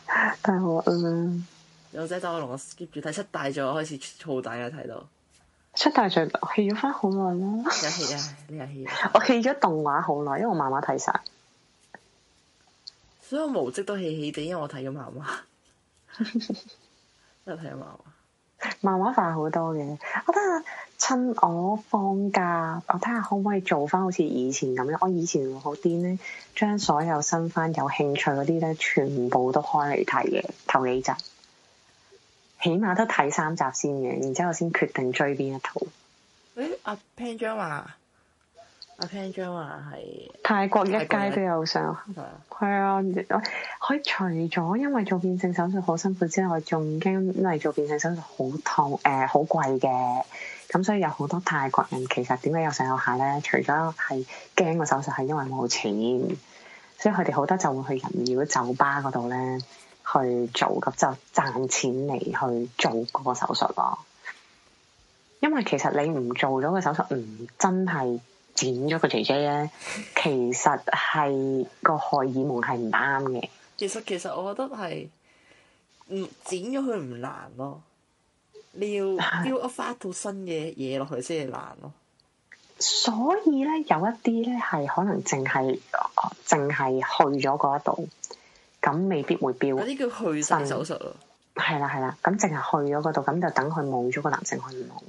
大鑊啦～ (laughs) 侑子得我，我 skip 住，睇七大咗，我開始燥底啊！睇到七大咗，我棄咗翻好耐咯。 (laughs) 有棄啊！你又棄啊！ (laughs) 我棄咗動畫好耐，因為我漫畫睇晒，所有模無迹都棄棄哋，因為我睇緊漫畫。又睇漫畫，漫畫快好多嘅。我睇下趁我放假，我睇下可唔可以做翻好似以前咁樣。我以前好癲咧，將所有新番有興趣嗰啲咧，全部都開嚟睇嘅頭幾集。起碼都睇三集先嘅，然之後先決定追邊一套。誒、欸，阿、啊、潘章話、啊，阿、啊、潘章話、啊、係泰國一街都有上，係啊，佢、啊、除咗因為做變性手術好辛苦之外，仲驚因為做變性手術好痛，誒好貴嘅。咁所以有好多泰國人其實點解有上有下咧？除咗係驚個手術係因為冇錢，所以佢哋好多就會去人妖酒吧嗰度咧。去做咁就賺錢嚟，去做個手術咯，因為其實你唔做咗個手術唔真係剪咗個 JJ 咧， (laughs) 其實係個荷爾蒙係唔啱嘅。其實其實我覺得係唔剪咗佢唔難咯，你要 (laughs) 要一翻一套新嘅嘢落去先係難咯。 (laughs) 所以咧有一啲咧係可能淨係淨係去咗嗰一度。咁未必會標，嗰啲叫去腎手術咯，係啦係啦，咁淨係去咗嗰度，咁就等佢冇咗個男性荷爾蒙，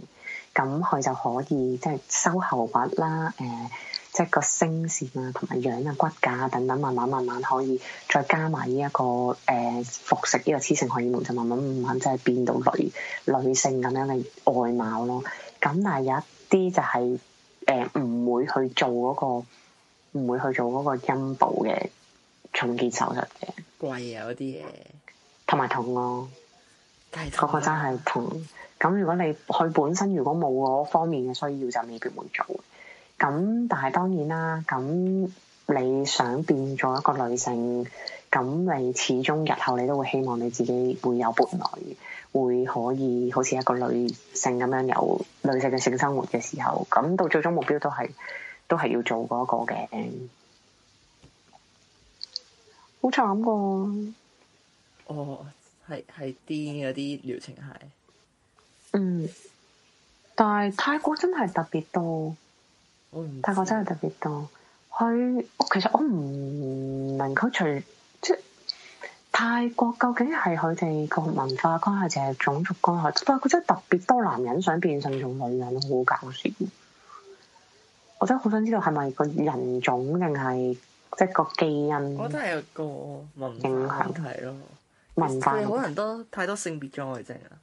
咁佢就可以即係收喉物啦，誒、呃，即係個聲線啊，同埋樣啊、骨架啊等等，慢慢慢慢可以再加埋呢一個誒服食呢個雌性荷爾蒙，就慢慢慢慢即係變到女女性咁樣嘅外貌咯。咁但係有一啲就係誒唔會去做嗰、嗰個唔會去做嗰個陰部嘅重建手術嘅。貴啊嗰啲嘢，同埋痛咯，嗰個真係痛。咁如果你佢本身如果冇嗰方面嘅需要，就未必會做。咁但係當然啦，咁你想變咗一個女性，咁你始終日後你都會希望你自己會有伴侶，嗯、會可以好似一個女性咁樣有女性嘅性生活嘅時候，咁到最終目標都係都係要做嗰個嘅。好慘噶！哦、啊，係係癲嗰啲療程係，嗯，但係泰國真係特別多，泰國真係特別多。佢其實我唔明，夠除，即係泰國究竟係佢哋個文化關係，定係種族關係？泰國真係特別多男人想變成做女人，好搞笑！我真係好想知道係咪個人種定係？即係個基因，我都係個文化問題咯。文化可能多太多性別障礙症啊！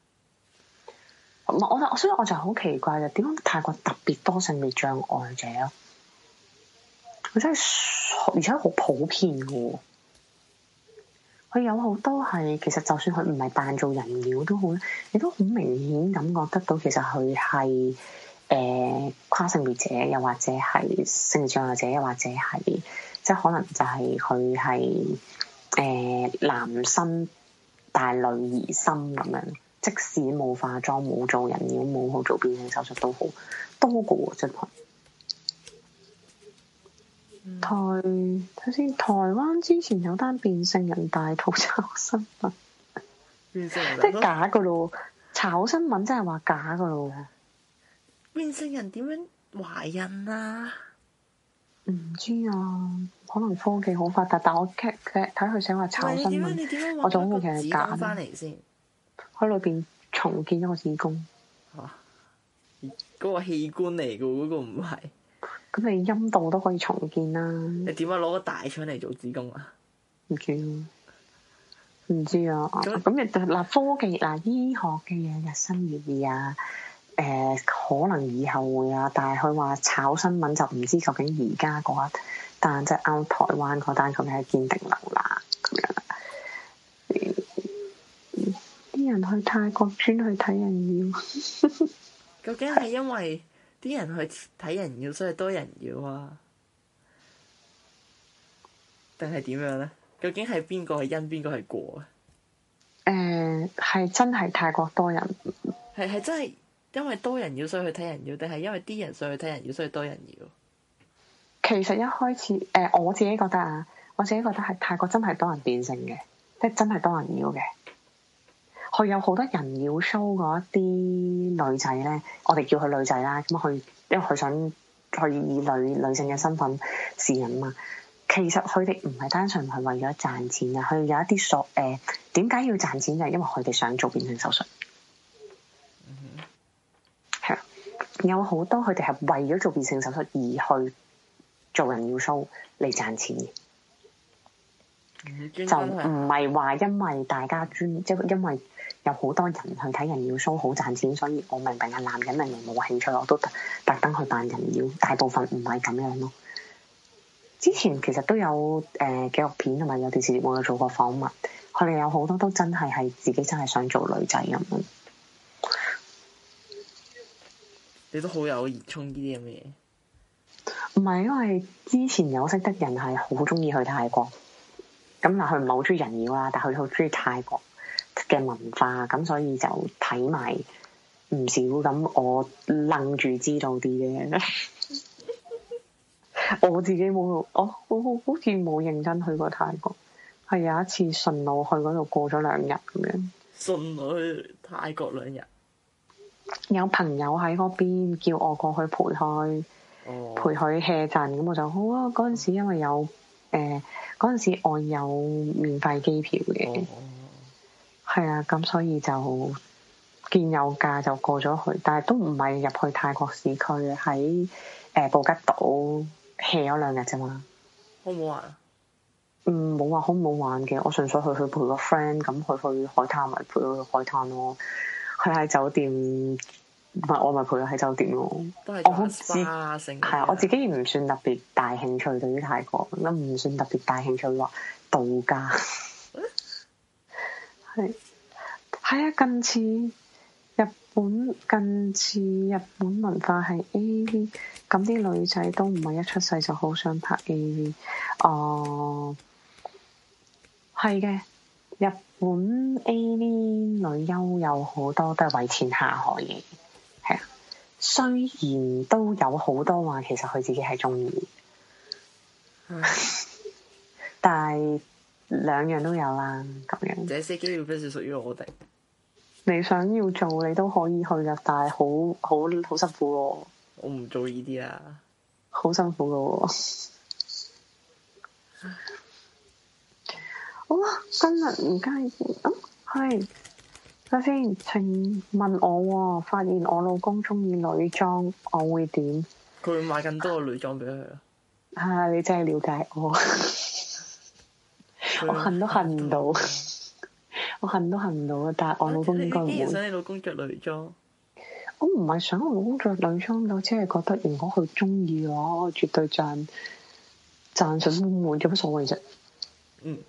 我所以我就好奇怪嘅，點解泰國特別多性別障礙者？佢真係，而且好普遍嘅。佢有好多係，其實就算佢唔係扮做人妖都好咧，亦都好明顯感覺得到，其實佢係誒跨性別者，又或者係性別障礙者，又或者係。即係可能就係佢係誒男生帶女兒心咁樣。即使冇化妝、冇做人妖、冇好做變性手術都好多過真、啊、台。台首先台灣之前有單變性人大吐槽新聞， (laughs) (laughs) 新聞變性人即係假噶咯，炒新聞真係話假噶咯。變性人點樣懷孕啊？唔知啊，可能科技好發達，但我睇佢想話炒新聞，我就諗住其實假。翻嚟先，喺裏邊重建一個子宮。嗰、啊嗰個器官嚟噶，嗰、嗰個唔係。咁、嗯、你陰道都可以重建啦、啊。你點解攞個大腸嚟做子宮啊？唔知咯，唔知啊。咁你就嗱科技嗱、啊、醫學嘅嘢，日新月異啊！呃、可能以後會啊，但係佢話炒新聞就唔知究竟而家嗰一，但即係啱台灣嗰單咁嘅鑑定能力咁、啊、樣啲、嗯嗯、人去泰國專去睇人妖 (laughs) ，究竟係因為啲人去睇人妖所以多人妖啊？定係點樣咧？究竟係邊個係因，邊個係果啊？誒、呃，係真係泰國多人，係係真係。因為多人要所以去睇人妖，定係因為啲人想去睇人妖所以多人妖。其實一開始誒、呃，我自己覺得啊，我自己覺得係泰國真係多人變性嘅，即係真係多人妖嘅。佢有好多人妖 show 嗰一啲女仔咧，我哋叫佢女仔啦。咁佢因為佢想去以女女性嘅身份示人嘛。其實佢哋唔係單純係為咗賺錢啊，佢有一啲索誒、點、呃、解要賺錢嘅？就係因為佢哋想做變性手術。有好多佢哋係為咗做變性手術而去做人妖 show 嚟賺錢嘅，就唔係話因為大家專，即係因為有好多人去睇人妖 show 好賺錢，所以我明明係男人，明明冇興趣，我都特登去扮人妖。大部分唔係咁樣咯。之前其實都有誒、紀錄片同埋有電視節目有做過訪問，佢哋有好多都真係係自己真係想做女仔咁樣。你都好有熱衷呢啲咁嘅嘢，唔係因為之前有識得人係好中意去泰國，咁嗱佢唔係好中意人妖啦，但係佢好中意泰國嘅文化，咁所以就睇埋唔少，咁我愣住知道啲嘢。 (laughs) (laughs) 我自己冇，我好好好似冇認真去過泰國，係有一次順路去嗰度過咗兩日咁樣，順路去泰國兩日。有朋友喺嗰邊叫我過去陪佢，mm hmm. 陪佢 hea 陣，咁我就好啊。嗰陣時因為有誒，嗰、呃、陣時我有免費機票嘅，係、mm hmm. 啊，咁所以就見有假就過咗去，但係都唔係入去泰國市區，喺誒、呃、布吉島 hea 咗兩日啫嘛。好唔好玩啊？Mm hmm. 嗯，冇話好唔好玩嘅，我純粹去去陪個 friend，咁去去海灘咪，陪佢去海灘咯。佢喺酒店，唔係我咪陪佢喺酒店咯。都係我好自係啊，我自己唔算特別大興趣對於泰國，咁唔算特別大興趣話度假。係係啊，近次日本近次日本文化係 AV 咁啲女仔都唔係一出世就好想拍 AV、呃、哦，係嘅，入。本 AV 女優有好多都係為錢下海嘅，係啊。雖然都有好多話，其實佢自己係中意，嗯、 (laughs) 但係兩樣都有啦。咁樣，這些機會不是屬於我哋，你想要做，你都可以去噶，但係好好好辛苦喎。我唔做呢啲啦，好辛苦噶。今日唔介意啊？係、哦，首先，請問我發現我老公中意女裝，我會點？佢會買更多嘅女裝俾佢咯。啊，你真係了解我， (laughs) (laughs) 我恨都恨唔到， (laughs) 我恨都恨唔到啊！但係我老公應該唔會。你想你老公着女裝。我唔係想我老公着女裝，我只係覺得如果佢中意我，我絕對賺賺上滿滿，有乜所謂啫？嗯。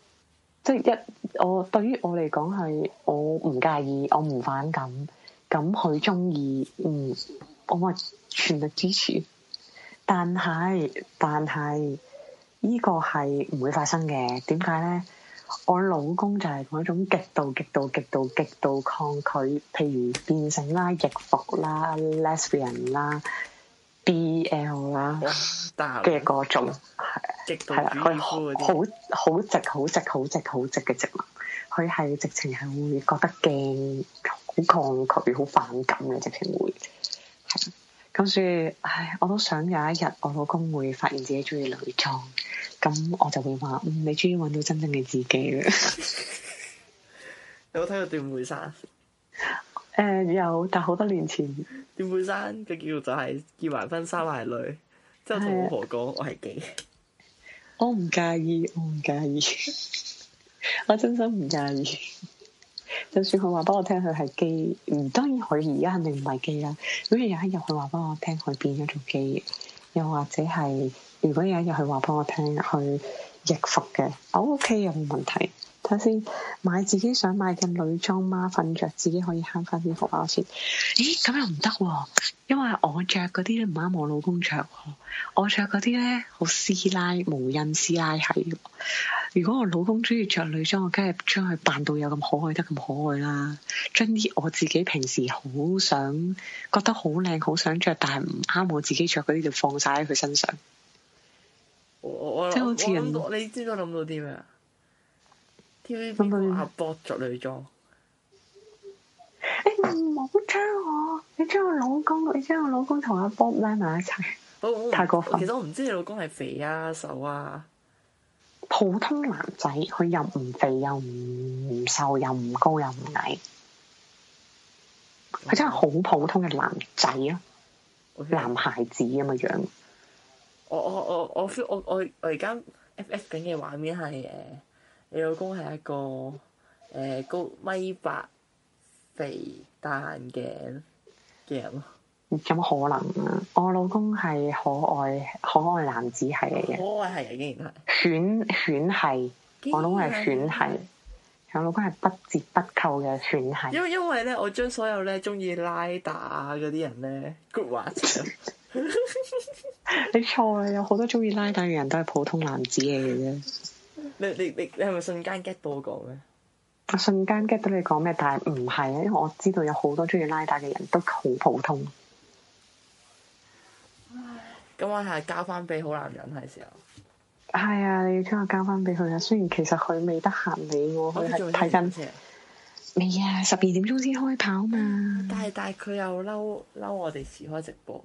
即係一，我對於我嚟講係我唔介意，我唔反感，咁佢中意，嗯，我咪全力支持。但係，但係，呢個係唔會發生嘅。點解咧？我老公就係嗰種極度、極度、極度、極度抗拒，譬如變性啦、逆服啦、lesbian 啦。B L 啦，跟住嗰種係極、啊嗯、的度支配，好好直好直好直好直嘅植物，佢係直情係會覺得驚，好抗拒，好反感嘅直情會。咁所以，唉，我都想有一日，我老公會發現自己中意女裝，咁我就會話、嗯：你終於揾到真正嘅自己啦！ (laughs) 你我睇下段梅山。誒、呃，有，但好多年前。段佩山就叫做係結埋婚生埋女，即係同我講我係基，我唔介意，我唔介意， (laughs) 我真心唔介意。 (laughs) 就算佢話畀我聽佢係基，唔當然佢而家肯定唔係基啦。如果有一日佢話畀我聽佢變咗做基，又或者係如果有一日佢話畀我聽佢逆服嘅，O K 有冇問題。睇下先看看，買自己想買嘅女裝媽粉着自己可以慳翻啲荷包先。咦，咁又唔得喎，因為我着嗰啲咧唔啱我老公着、啊。我着嗰啲咧好師奶無印師奶係。如果我老公中意着女裝，我梗係將佢扮到有咁可愛得咁可愛啦。將啲我自己平時好想覺得好靚、好想着但係唔啱我自己着嗰啲，就放晒喺佢身上。我我，我好似諗到，你知唔知諗到啲咩啊？TVB 嘅阿波着女裝，欸，你唔好將我，你將我老公，你將我老公同阿波拉埋一齊，太過分。其實我唔知你老公係肥啊瘦啊，啊普通男仔，佢又唔肥又唔瘦又唔高又唔矮，佢真係好普通嘅男仔咯，啊，男孩子咁嘅樣，我樣我。我我我我 feel 我我我而家 FF 緊嘅畫面係誒。你老公係一個誒、呃、高米八、肥戴眼鏡嘅人咯？有乜可能啊？我老公係可愛可愛男子係嚟嘅，可愛係、啊、竟然係犬犬係，係我老公係犬係。我老公係不折不扣嘅犬係。因因為咧，我將所有咧中意拉打嗰啲人咧 good one 你錯啦，有好多中意拉打嘅人都係普通男子嚟嘅啫。你你你你係咪瞬間 get 到我講咩？我瞬間 get 到你講咩？但係唔係啊，因為我知道有好多中意拉大嘅人都好普通。咁唉我係交翻俾好男人係時候。係啊，你要將我交翻俾佢啊！雖然其實佢未得閒理我，佢係睇緊。啊未啊，十二點鐘先開跑嘛。嗯、但係但係佢又嬲嬲我哋遲開直播。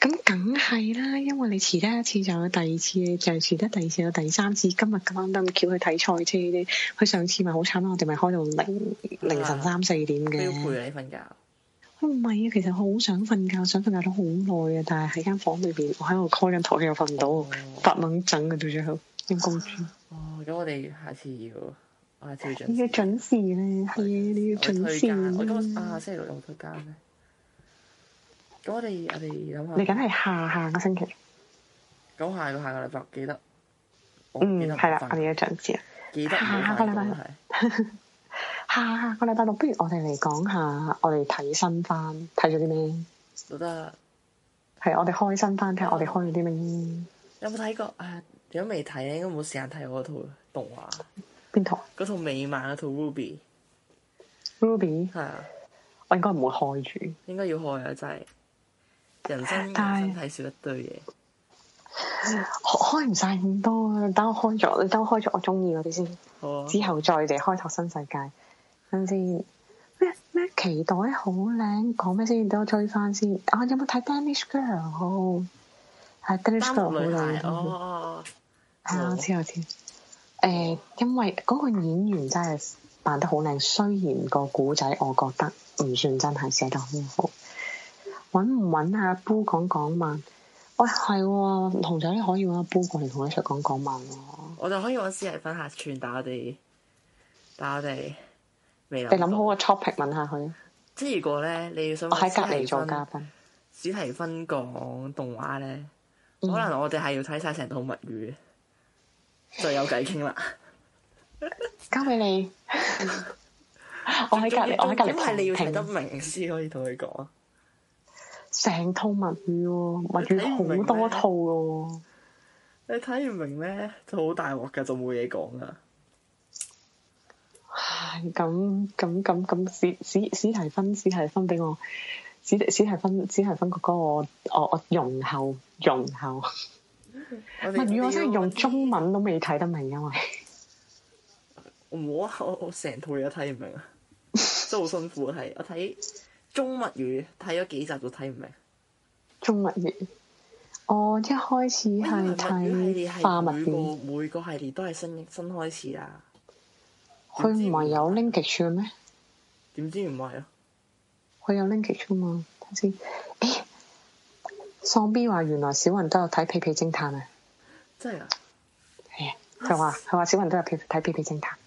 咁梗係啦，因為你遲得一次就有第二次嘅，再遲得第二次有第三次。今日咁啱得咁巧去睇賽車啫，佢上次咪好慘咯，我哋咪開到零、嗯、凌晨三四點嘅。要陪你瞓覺。唔係啊，其實好想瞓覺，想瞓覺都好耐啊，但係喺間房裏邊，我喺度開緊台又瞓唔到，發矇陣嘅到最後。陰公。哦，咁我哋下次要。啊、準時你要準時咧，係啊的，你要準時啊！今，下星期六有推介咩？咁我哋，我哋諗下。你梗係下下個星期。咁下個下個禮拜記得。嗯，係啦，你要準時啊！記得下下個禮拜。下下個禮拜六，不如我哋嚟講下，我哋睇新番睇咗啲咩？都得。係的我哋開新番睇，看看我哋開咗啲咩？有冇睇過？誒、啊，如果未睇，應該冇時間睇我套動畫。邊套？嗰套美漫嗰套 Ruby，Ruby 係啊，我應該唔會開住，應該要開啊，真係人生嘅身體少一堆嘢，開唔晒咁多啊！等我開咗，你等我開咗我中意嗰啲先，啊、之後再嚟開拓新世界，係咪先？咩咩期待好靚，講咩先？等我追翻先。啊，有冇睇 Danish Girl？係 Danish Girl，好，係、哦、啊，知、嗯啊，我知。我知誒、欸，因為嗰個演員真係扮得好靚，雖然個古仔我覺得唔算真係寫得好好。揾唔揾下阿 Bo 講講慢？喂、欸，係，童仔你可以揾阿 Bo 過嚟同說說說我一齊講講慢喎。我就可以揾史提芬客串，但我哋。但我哋未。你諗好個 topic 問下佢。即係如果咧，你要想喺隔籬做嘉賓，史提芬講動畫咧，可能我哋係要睇晒成套物語。嗯就有偈傾啦，交俾你。我喺隔籬我喺隔籬。因為你要睇得明先可以同佢講。成套物語喎、啊，物語好多套喎、啊。你睇唔明咧，就好大鑊噶，就冇嘢講啦。唉，咁咁咁咁史史史提芬史提芬俾我，史史提芬史提芬哥哥我我我容後容後。容後物語我，我真係用中文都未睇得明，因為我唔好啊！我我成套嘢都睇唔明啊，真係好辛苦啊！係我睇中物語睇咗幾集都睇唔明。中物語，我、oh, 一開始係睇化物語系列每，每個系列都係新新開始啊。佢唔係有 linkage 咩？點知唔係啊？佢有 linkage 啊嘛？睇先，誒。喪 B 話原來小云都有睇屁屁偵探啊！真係啊，係啊， (laughs) 佢話佢話小云都有睇睇屁屁偵探。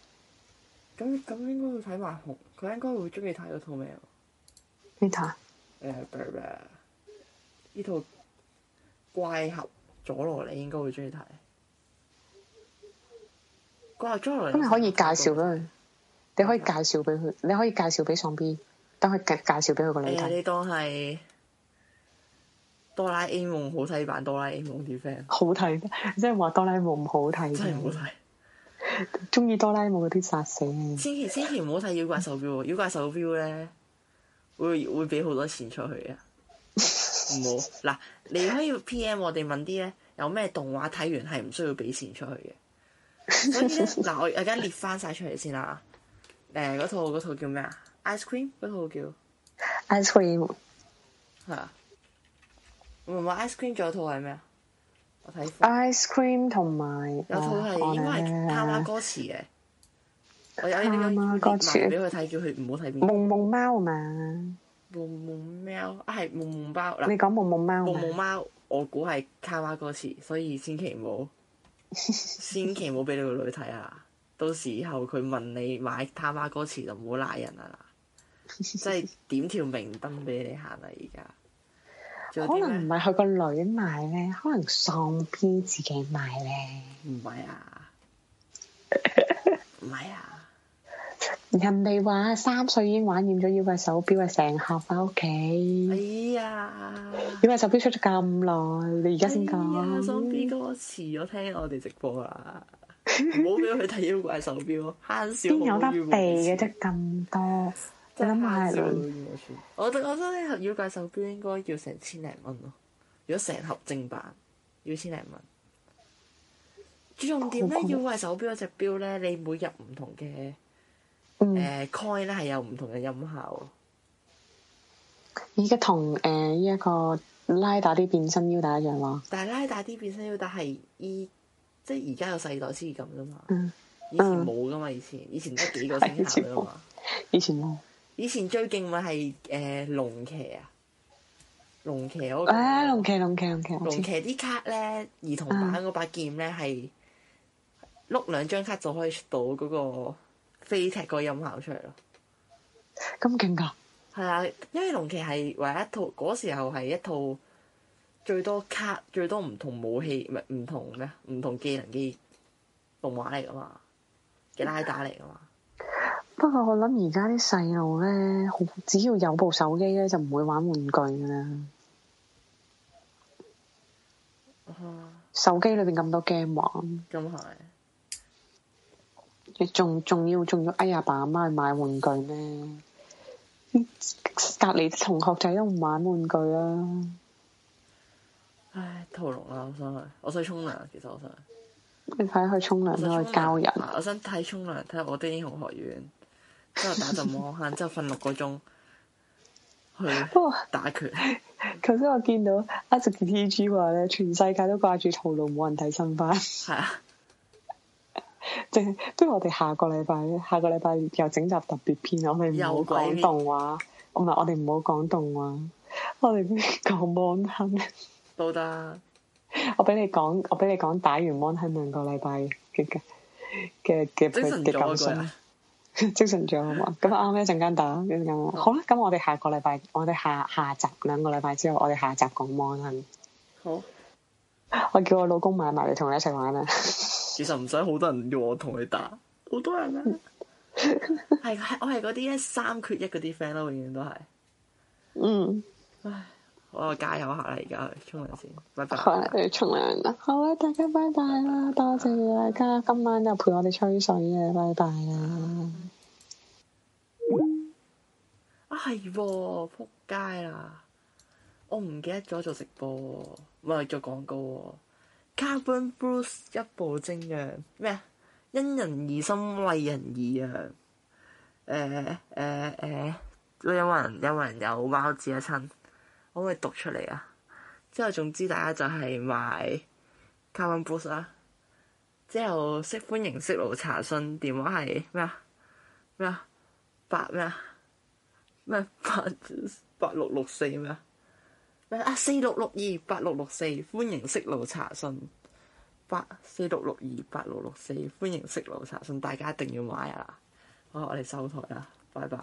咁咁應該會睇埋紅，佢應該會中意睇嗰套咩啊？你睇誒，呢、欸、套怪俠佐羅該，你應該會中意睇怪俠佐羅。咁你可以介紹畀佢，你可以介紹畀佢，你可以介紹畀喪 B，等佢介介紹畀佢個女睇、欸。你當係。哆啦 A 夢好睇版哆啦 A 夢啲 friend 好睇，即係話哆啦 A 夢唔好睇，真係好睇。中意哆啦 A 夢嗰啲殺死，千祈千祈唔好睇妖怪手表、哦。嗯、妖怪手表咧，會會俾好多錢出去嘅。唔 (laughs) 好嗱，你可以 PM 我哋問啲咧，有咩動畫睇完係唔需要俾錢出去嘅？嗱我而家列翻晒出嚟先啦。誒，嗰、呃、套嗰套叫咩啊？Ice cream 嗰套叫 Ice cream，係啊。唔係，ice cream 仲有，有套係咩啊？我睇 ice cream 同埋有套係應該係他媽哥池嘅。他媽哥池，俾佢睇住佢唔好睇邊。夢夢貓啊嘛。夢夢貓，一係夢夢貓嗱。你講夢夢貓。夢夢貓，我估係他媽哥池，所以千祈唔好， (laughs) 千祈唔好俾你個女睇下。到時候佢問你買他媽哥池就唔好賴人啦，即係 (laughs) 點條明燈俾你行啦而家。可能唔係佢個女買咧，可能宋 P 自己買咧。唔係啊，唔係啊，人哋話三歲已經玩厭咗妖怪手錶啊，成盒翻屋企。哎呀，妖怪手錶出咗咁耐，你而家先講。宋 P、哎、哥遲咗聽我哋直播啦，冇俾佢睇妖怪手錶，慳少好邊有得避嘅啫，咁多？真係麻煩。我我覺得呢盒妖怪手錶應該要成千零蚊咯，如果成盒正版要千零蚊。注重點咧？妖怪手錶嗰隻錶咧，你每日唔同嘅誒、嗯呃、coin 咧，係有唔同嘅音效。而家同誒呢一個拉打啲變身腰帶一樣咯。但係拉打啲變身腰帶係依即係而家有世代先咁噶嘛？以前冇噶嘛？以前、嗯嗯、 (laughs) 以前得幾個聲效噶嘛？以前冇。以前最勁咪係誒龍騎啊，龍騎我覺得，龍騎龍騎龍騎，龍騎啲、那個啊、卡咧，兒童版嗰把劍咧係碌兩張卡就可以出到嗰個飛踢嗰個音效出嚟咯，咁勁噶？係啊，因為龍騎係唯一一套嗰時候係一套最多卡最多唔同武器，唔係唔同咩唔同技能嘅動畫嚟噶嘛，嘅拉打嚟噶嘛。不過我諗而家啲細路咧，只要有部手機咧，就唔會玩玩具噶啦。啊、手機裏邊咁多 game 玩，咁係。你仲仲要仲要哎呀，爸阿媽去買玩具咩？隔籬啲同學仔都唔玩玩具啦。唉，肚餓啦，我想去，我想沖涼。其實我想去，你睇去沖涼都可以教人。我想睇沖涼，睇下《我的英雄學院》。之後打陣 Mon Hun 之後瞓六個鐘。不過打拳，頭先我，我見到阿植 T G 話咧，urar, 全世界都掛住套路，冇人睇新番。係即係不如我哋下個禮拜，下個禮拜又整集特別篇，我哋唔好講動畫，唔係我哋唔好講動畫，我哋講 Mon Hun 都得。我俾你講，我俾你講打完 Mon Hun 說兩個禮拜嘅嘅嘅嘅感受。Everyone, 精神咗啊嘛，咁啊啱啱一陣間打一陣間，好啦，咁、嗯、我哋下個禮拜，我哋下下集兩個禮拜之後，我哋下集講魔音。好，我叫我老公買埋嚟同你一齊玩啊。 (laughs) 其實唔使好多人要我同你打，好多人啊。係 (laughs) 我係嗰啲咧三缺一嗰啲 friend 咯，永遠都係。嗯。唉。我加油下啦！而家沖涼先，拜拜。我要沖涼啦。好啦，大家拜拜啦，拜拜，多謝大家今晚又陪我哋吹水啊！拜拜啦啊！啊，係喎，仆街啦！我唔記得咗做直播，唔、嗯、係做廣告，啊。Carbon Brews 一步精釀咩啊？因人而心，為人而養。誒誒誒，因為有人因為有人有貓子一親。可唔可以讀出嚟啊？之後仲之大家就係買卡 a n v a s 啦。之後歡迎識路查詢電話係咩啊？咩啊？八咩啊？咩八八六六四咩啊？咩啊？四六六二八六六四歡迎識路查詢。八四六六二八六六四歡迎識路查詢，大家一定要買啊！好，我哋收台啦，拜拜。